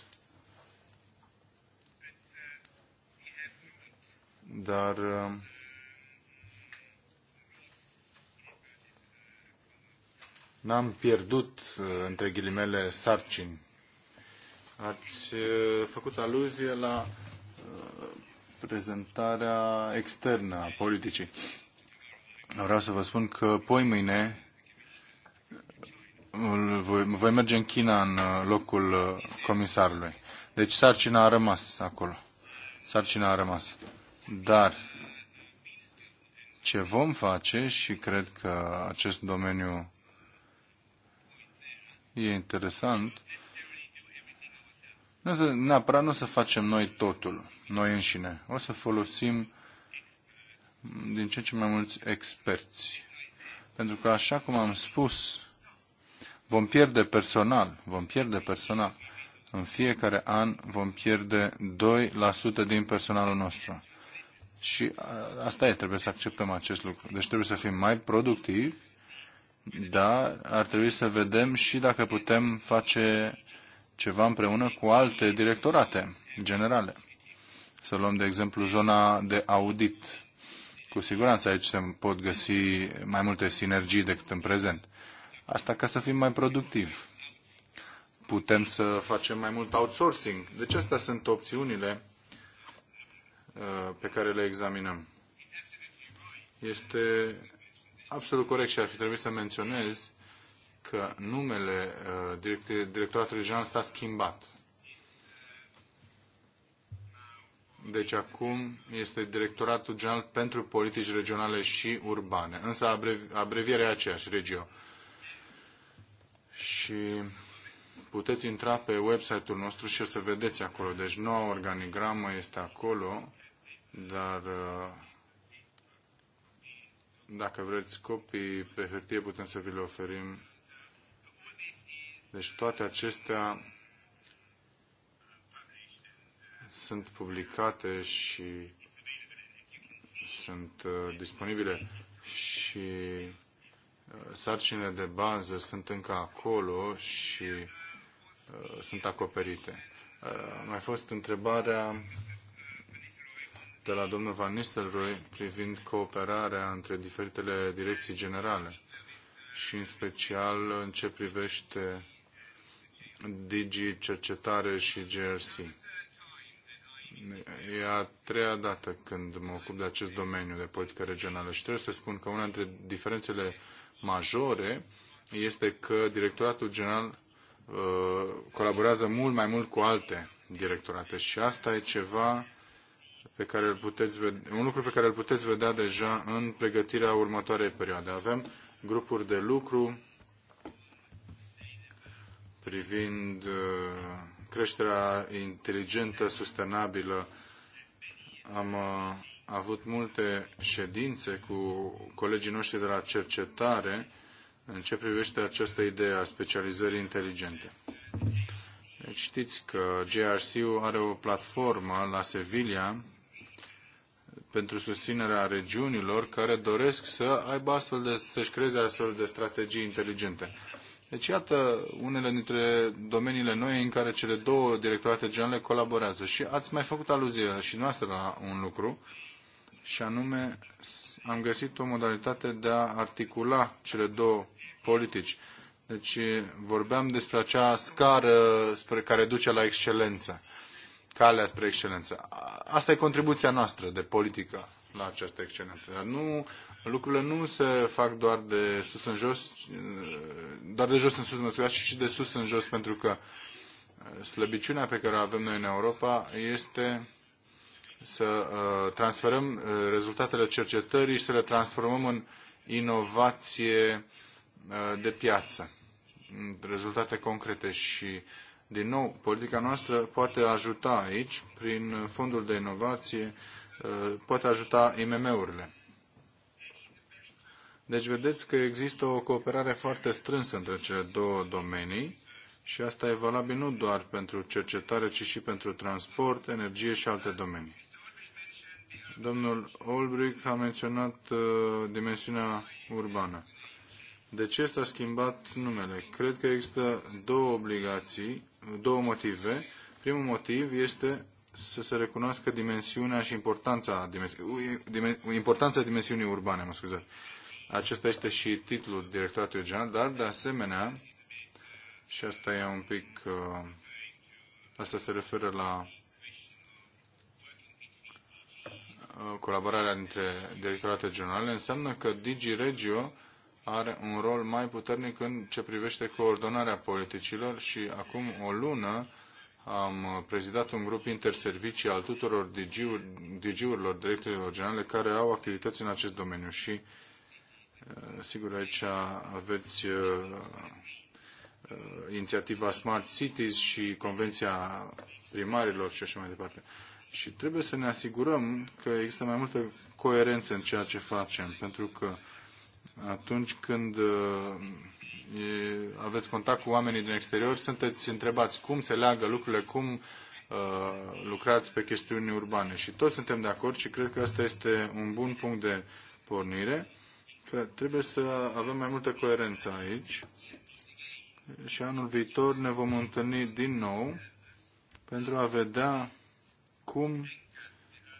Dar n-am pierdut, uh, între ghilimele, sarcini. Ați uh, făcut aluzie la uh, prezentarea externă a politicii. Vreau să vă spun că poi mâine voi, merge în China în locul comisarului. Deci sarcina a rămas acolo. Sarcina a rămas. Dar ce vom face și cred că acest domeniu e interesant. Nu să, neapărat nu o să facem noi totul, noi înșine. O să folosim din ce ce mai mulți experți. Pentru că, așa cum am spus, vom pierde personal, vom pierde personal. În fiecare an vom pierde 2% din personalul nostru. Și asta e, trebuie să acceptăm acest lucru. Deci trebuie să fim mai productivi da, ar trebui să vedem și dacă putem face ceva împreună cu alte directorate generale. Să luăm, de exemplu, zona de audit. Cu siguranță aici se pot găsi mai multe sinergii decât în prezent. Asta ca să fim mai productivi. Putem să facem mai mult outsourcing. Deci astea sunt opțiunile uh, pe care le examinăm. Este absolut corect și ar fi trebuit să menționez că numele uh, directoratului general s-a schimbat. Deci acum este Directoratul General pentru Politici Regionale și Urbane. Însă abrevi abrevierea e aceeași, Regio. Și puteți intra pe website-ul nostru și o să vedeți acolo. Deci noua organigramă este acolo, dar uh, dacă vreți copii pe hârtie, putem să vi le oferim. Deci toate acestea sunt publicate și sunt uh, disponibile și uh, sarcinile de bază sunt încă acolo și uh, sunt acoperite. A mai fost întrebarea de la domnul Van Nistelrooy privind cooperarea între diferitele direcții generale și în special în ce privește Digi, Cercetare și GRC. E a treia dată când mă ocup de acest domeniu de politică regională și trebuie să spun că una dintre diferențele majore este că directoratul general uh, colaborează mult mai mult cu alte directorate și asta e ceva pe care îl puteți vedea, un lucru pe care îl puteți vedea deja în pregătirea următoarei perioade. Avem grupuri de lucru privind uh, creșterea inteligentă, sustenabilă. Am uh, avut multe ședințe cu colegii noștri de la cercetare în ce privește această idee a specializării inteligente. Știți că GRC are o platformă la Sevilla pentru susținerea regiunilor care doresc să aibă astfel de, să-și creeze astfel de strategii inteligente. Deci, iată unele dintre domeniile noi în care cele două directorate generale colaborează. Și ați mai făcut aluzie și noastră la un lucru, și anume am găsit o modalitate de a articula cele două politici. Deci vorbeam despre acea scară spre care duce la excelență, calea spre excelență. Asta e contribuția noastră de politică la această excelență. Dar nu, lucrurile nu se fac doar de sus în jos, doar de jos în sus, mă scuzați, și de sus în jos, pentru că uh, slăbiciunea pe care o avem noi în Europa este să uh, transferăm uh, rezultatele cercetării și să le transformăm în inovație de piață rezultate concrete și, din nou, politica noastră poate ajuta aici, prin fondul de inovație, uh, poate ajuta IMM-urile. Deci vedeți că există o cooperare foarte strânsă între cele două domenii și asta e valabil nu doar pentru cercetare, ci și pentru transport, energie și alte domenii. Domnul Olbrich a menționat uh, dimensiunea urbană. De ce s-a schimbat numele? Cred că există două obligații, două motive. Primul motiv este să se recunoască dimensiunea și importanța, dimensi- importanța dimensiunii urbane, mă scuzați. Acesta este și titlul directoratului general, dar de asemenea, și asta e un pic, uh, asta se referă la uh, colaborarea dintre directoratele generale, înseamnă că DigiRegio Regio are un rol mai puternic în ce privește coordonarea politicilor și acum o lună am prezidat un grup interservicii al tuturor DG-urilor, DG directorilor generale, care au activități în acest domeniu și uh, sigur aici aveți uh, uh, inițiativa Smart Cities și Convenția Primarilor și așa mai departe. Și trebuie să ne asigurăm că există mai multă coerență în ceea ce facem, pentru că atunci când uh, e, aveți contact cu oamenii din exterior, sunteți întrebați cum se leagă lucrurile, cum uh, lucrați pe chestiuni urbane. Și toți suntem de acord și cred că ăsta este un bun punct de pornire, că trebuie să avem mai multă coerență aici și anul viitor ne vom întâlni din nou pentru a vedea cum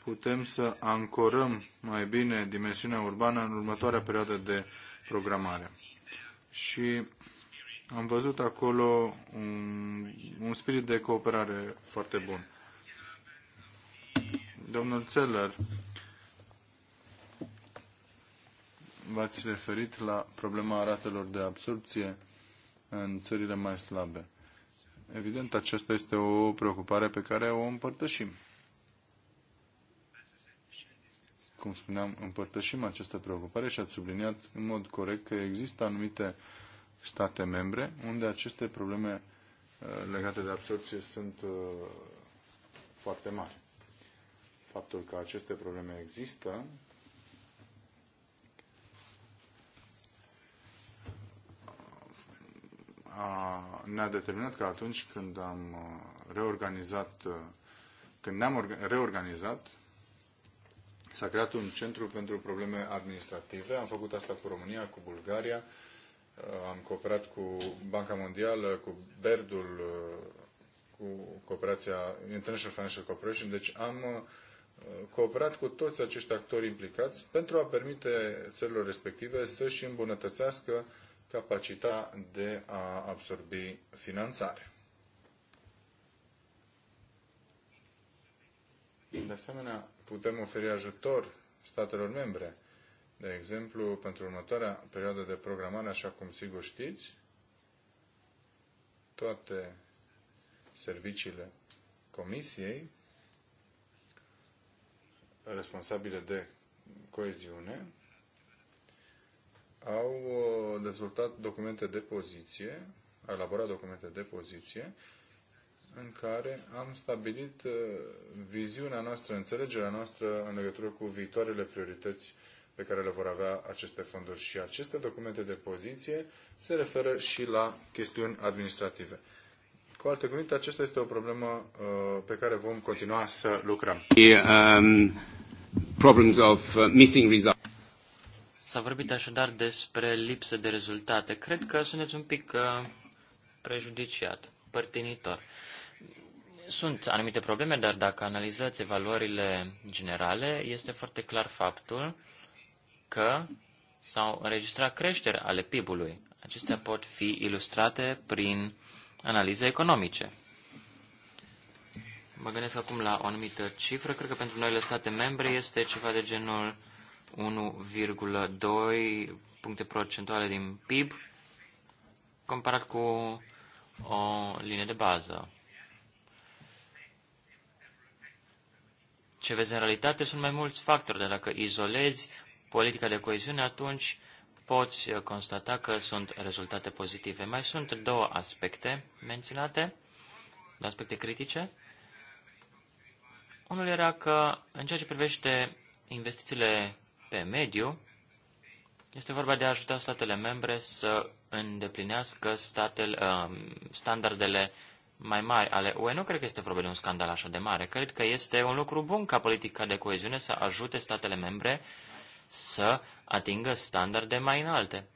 putem să ancorăm mai bine dimensiunea urbană în următoarea perioadă de programare. Și am văzut acolo un, un spirit de cooperare foarte bun. Domnul Țeller, v-ați referit la problema ratelor de absorpție în țările mai slabe. Evident, aceasta este o preocupare pe care o împărtășim. cum spuneam, împărtășim această preocupare și ați subliniat în mod corect că există anumite state membre unde aceste probleme uh, legate de absorpție sunt uh, foarte mari. Faptul că aceste probleme există ne-a determinat că atunci când am uh, reorganizat, când ne-am reorganizat, S-a creat un centru pentru probleme administrative. Am făcut asta cu România, cu Bulgaria. Uh, am cooperat cu Banca Mondială, cu Berdul, uh, cu cooperația International Financial Corporation. Deci am uh, cooperat cu toți acești actori implicați pentru a permite țărilor respective să-și îmbunătățească capacitatea de a absorbi finanțare. De asemenea, putem oferi ajutor statelor membre. De exemplu, pentru următoarea perioadă de programare, așa cum sigur știți, toate serviciile Comisiei responsabile de coeziune au uh, dezvoltat documente de poziție, au elaborat documente de poziție în care am stabilit uh, viziunea noastră, înțelegerea noastră în legătură cu viitoarele priorități pe care le vor avea aceste fonduri. Și aceste documente de poziție se referă și la chestiuni administrative. Cu alte cuvinte, aceasta este o problemă uh, pe care vom
continua să lucrăm.
Um, problems of uh, missing results.
S-a vorbit așadar despre lipsă de rezultate. Cred că sunteți un pic prejudiciat, părtinitor. Sunt anumite probleme, dar dacă analizați evaluările generale, este foarte clar faptul că s-au înregistrat creșteri ale PIB-ului. Acestea pot fi ilustrate prin analize economice. Mă gândesc acum la o anumită cifră. Cred că pentru noile state membre este ceva de genul 1,2 puncte procentuale din PIB, comparat cu o linie de bază. Ce vezi în realitate sunt mai mulți factori, dar dacă izolezi politica de coeziune, atunci poți uh, constata că sunt rezultate pozitive. Mai sunt două aspecte menționate, două aspecte critice. Unul era că, în ceea ce privește investițiile pe mediu, este vorba de a ajuta statele membre să îndeplinească statele, uh, standardele mai mari ale UE, nu cred că este vorba de un scandal așa de mare. Cred că este un lucru bun ca politica de coeziune să ajute statele membre să atingă standarde mai înalte.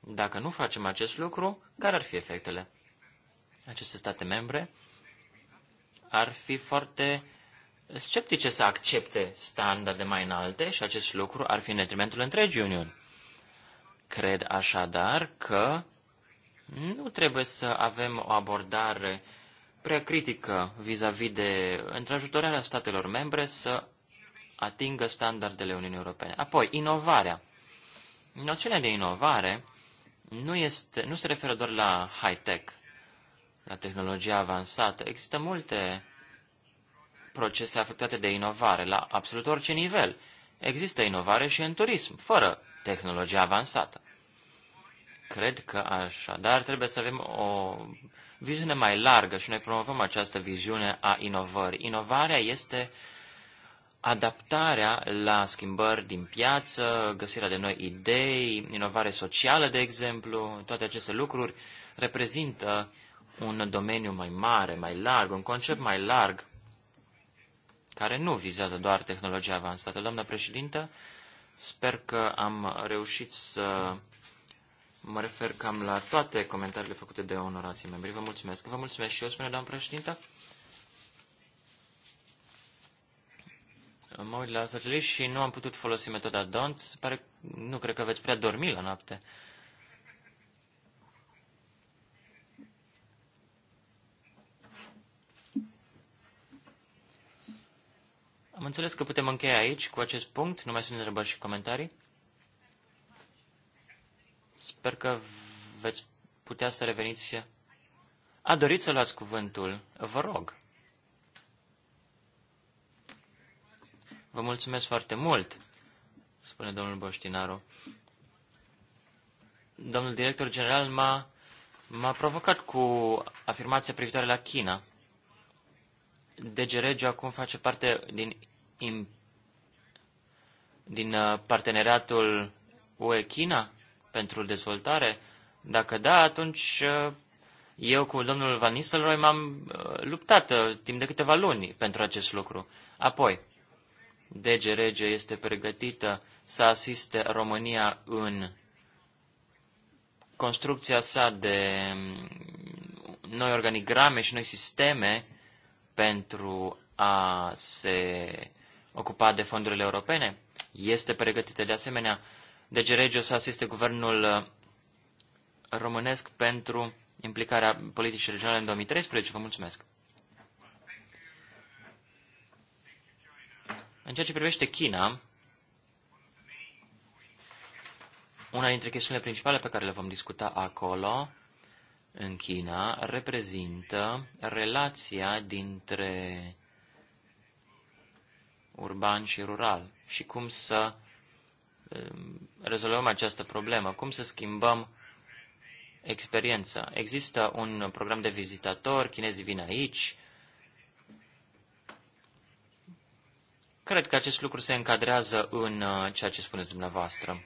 Dacă nu facem acest lucru, care ar fi efectele? Aceste state membre ar fi foarte sceptice să accepte standarde mai înalte și acest lucru ar fi în detrimentul întregii Uniuni. Cred așadar că nu trebuie să avem o abordare prea critică vis-a-vis -vis de întrajutorarea statelor membre să atingă standardele Uniunii Europene. Apoi, inovarea. Noțiunea de inovare nu, este, nu se referă doar la high-tech, la tehnologia avansată. Există multe procese afectate de inovare la absolut orice nivel. Există inovare și în turism, fără tehnologia avansată. Cred că așadar trebuie să avem o viziune mai largă și noi promovăm această viziune a inovării. Inovarea este adaptarea la schimbări din piață, găsirea de noi idei, inovare socială, de exemplu, toate aceste lucruri reprezintă un domeniu mai mare, mai larg, un concept mai larg, care nu vizează doar tehnologia avansată. Doamna președintă, sper că am reușit să Mă refer cam la toate comentariile făcute de onorații membri. Vă mulțumesc. Vă mulțumesc și eu, spune doamna președinta. Mă uit la socialiști și nu am putut folosi metoda DONT. Se pare, nu cred că veți prea dormi la noapte. Am înțeles că putem încheia aici cu acest punct. Nu mai sunt întrebări și comentarii. Sper că veți putea să reveniți. A, dorit să luați cuvântul? Vă rog. Vă mulțumesc foarte mult, spune domnul Boștinaru. Domnul director general m-a, m-a provocat cu afirmația privitoare la China. DG Regio acum face parte din, din uh, parteneriatul UE-China? pentru dezvoltare? Dacă da, atunci uh, eu cu domnul Van Nistelrooy m-am uh, luptat uh, timp de câteva luni pentru acest lucru. Apoi, DG Rege este pregătită să asiste România în construcția sa de um, noi organigrame și noi sisteme pentru a se ocupa de fondurile europene? Este pregătită de asemenea DG deci Regio să asiste guvernul uh, românesc pentru implicarea politicii regionale în 2013. Vă mulțumesc! În ceea ce privește China, una dintre chestiunile principale pe care le vom discuta acolo, în China, reprezintă relația dintre urban și rural și cum să rezolvăm această problemă? Cum să schimbăm experiența? Există un program de vizitator chinezii vin aici. Cred că acest lucru se încadrează în uh, ceea ce spuneți dumneavoastră.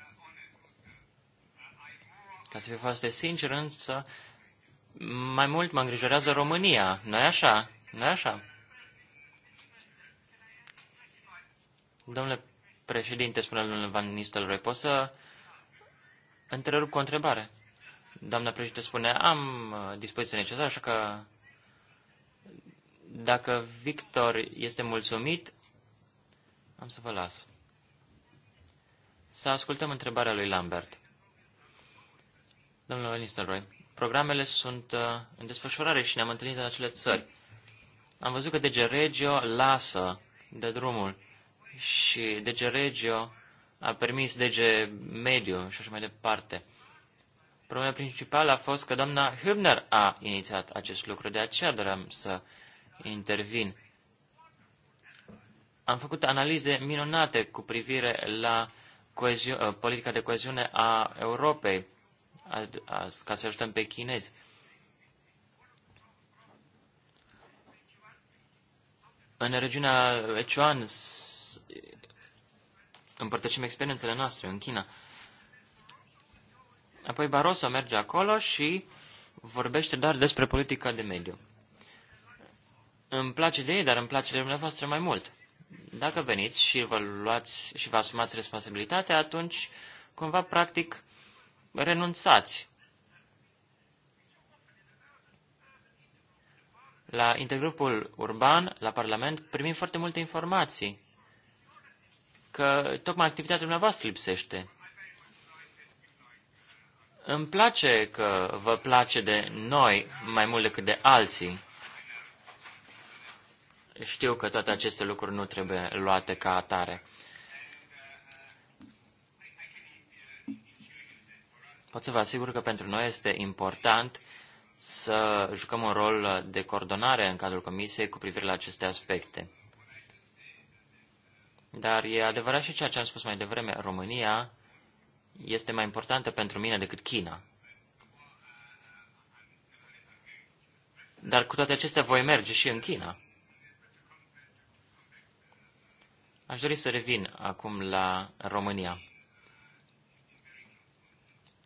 Ca să fiu foarte sincer, însă, mai mult mă îngrijorează România. nu așa? nu așa? Domnule Președinte, spune domnul Van Nistelrooy, pot să întrerup cu o întrebare? Doamna președinte spune, am uh, dispoziția necesară, așa că dacă Victor este mulțumit, am să vă las. Să ascultăm întrebarea lui Lambert. Domnule Nistelrooy, programele sunt uh, în desfășurare și ne-am întâlnit în acele țări. Am văzut că DG Regio lasă de drumul și dege Regio a permis dege Mediu și așa mai departe. Problema principală a fost că doamna Hübner a inițiat acest lucru, de aceea doream să intervin. Am făcut analize minunate cu privire la uh, politica de coeziune a Europei, a, a, ca să ajutăm pe chinezi. În regiunea Echuan împărtășim experiențele noastre în China. Apoi Barroso merge acolo și vorbește doar despre politica de mediu. Îmi place de ei, dar îmi place de dumneavoastră mai mult. Dacă veniți și vă luați și vă asumați responsabilitatea, atunci cumva practic renunțați la intergrupul urban, la Parlament, primim foarte multe informații că tocmai activitatea dumneavoastră lipsește. Îmi place că vă place de noi mai mult decât de alții. Știu că toate aceste lucruri nu trebuie luate ca atare. Pot să vă asigur că pentru noi este important să jucăm un rol de coordonare în cadrul Comisiei cu privire la aceste aspecte. Dar e adevărat și ceea ce am spus mai devreme, România este mai importantă pentru mine decât China. Dar cu toate acestea voi merge și în China. Aș dori să revin acum la România.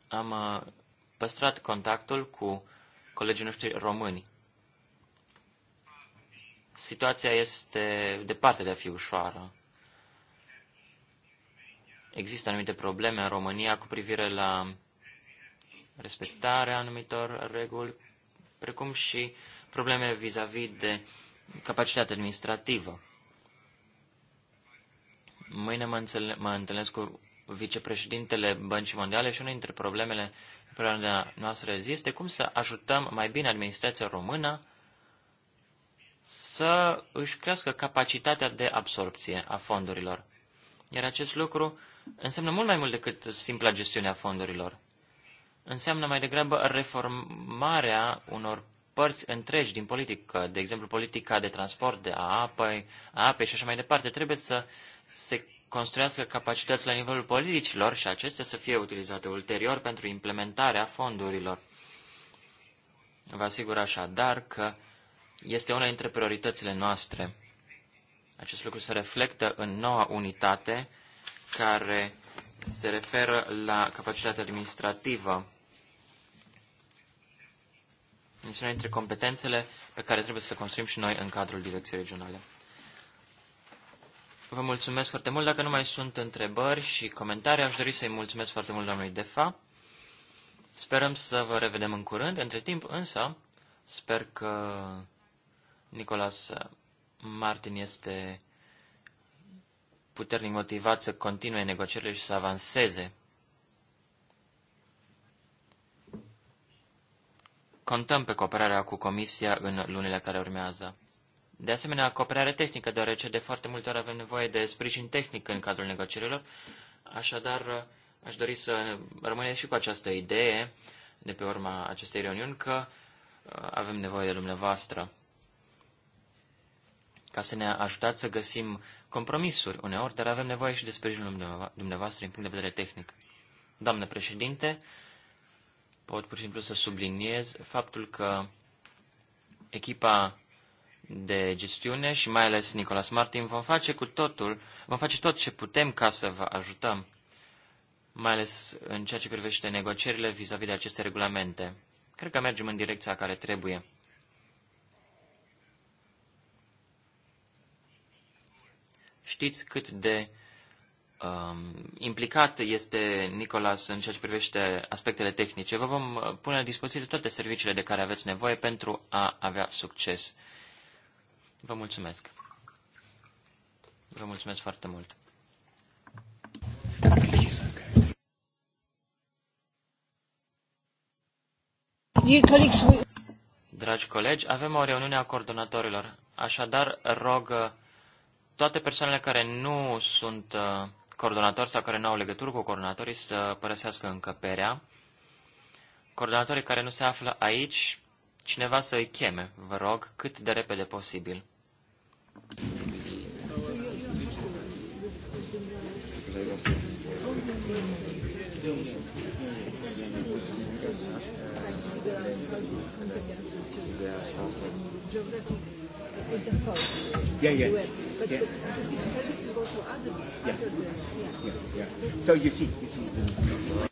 Am uh, păstrat contactul cu colegii noștri români. Situația este departe de a fi ușoară. Există anumite probleme în România cu privire la respectarea anumitor reguli, precum și probleme vis-a-vis -vis de capacitatea administrativă. Mâine mă, înțele- mă întâlnesc cu vicepreședintele Băncii Mondiale și una dintre problemele problema noastră zi este cum să ajutăm mai bine administrația română să își crească capacitatea de absorpție a fondurilor. Iar acest lucru înseamnă mult mai mult decât simpla gestiunea fondurilor. Înseamnă mai degrabă reformarea unor părți întregi din politică, de exemplu politica de transport, de apă, apă a apei și așa mai departe. Trebuie să se construiască capacități la nivelul politicilor și acestea să fie utilizate ulterior pentru implementarea fondurilor. Vă asigur așadar că este una dintre prioritățile noastre. Acest lucru se reflectă în noua unitate care se referă la capacitatea administrativă. Deci una dintre competențele pe care trebuie să le construim și noi în cadrul direcției regionale. Vă mulțumesc foarte mult. Dacă nu mai sunt întrebări și comentarii, aș dori să-i mulțumesc foarte mult domnului Defa. Sperăm să vă revedem în curând. Între timp, însă, sper că Nicolas Martin este puternic motivat să continue negocierile și să avanseze. Contăm pe cooperarea cu Comisia în lunile care urmează. De asemenea, cooperare tehnică, deoarece de foarte multe ori avem nevoie de sprijin tehnic în cadrul negocierilor, așadar aș dori să rămâne și cu această idee de pe urma acestei reuniuni că uh, avem nevoie de dumneavoastră ca să ne ajutați să găsim compromisuri uneori, dar avem nevoie și de sprijinul dumneavoastră din punct de vedere tehnic. Doamne președinte, pot pur și simplu să subliniez faptul că echipa de gestiune și mai ales Nicolas Martin vom face cu totul, vom face tot ce putem ca să vă ajutăm, mai ales în ceea ce privește negocierile vis-a-vis -vis de aceste regulamente. Cred că mergem în direcția care trebuie. Știți cât de um, implicat este Nicolas în ceea ce privește aspectele tehnice. Vă vom uh, pune la dispoziție toate serviciile de care aveți nevoie pentru a avea succes. Vă mulțumesc. Vă mulțumesc foarte mult. Dragi colegi, avem o reuniune a coordonatorilor. Așadar, rog uh, toate persoanele care nu sunt coordonatori sau care nu au legătură cu coordonatorii să părăsească încăperea. Coordonatorii care nu se află aici, cineva să îi cheme, vă rog, cât de repede posibil.
Gracias with the phone. Yeah, yeah. Web. But, yeah. but to see the yeah. Yeah, yeah. So you see, you see.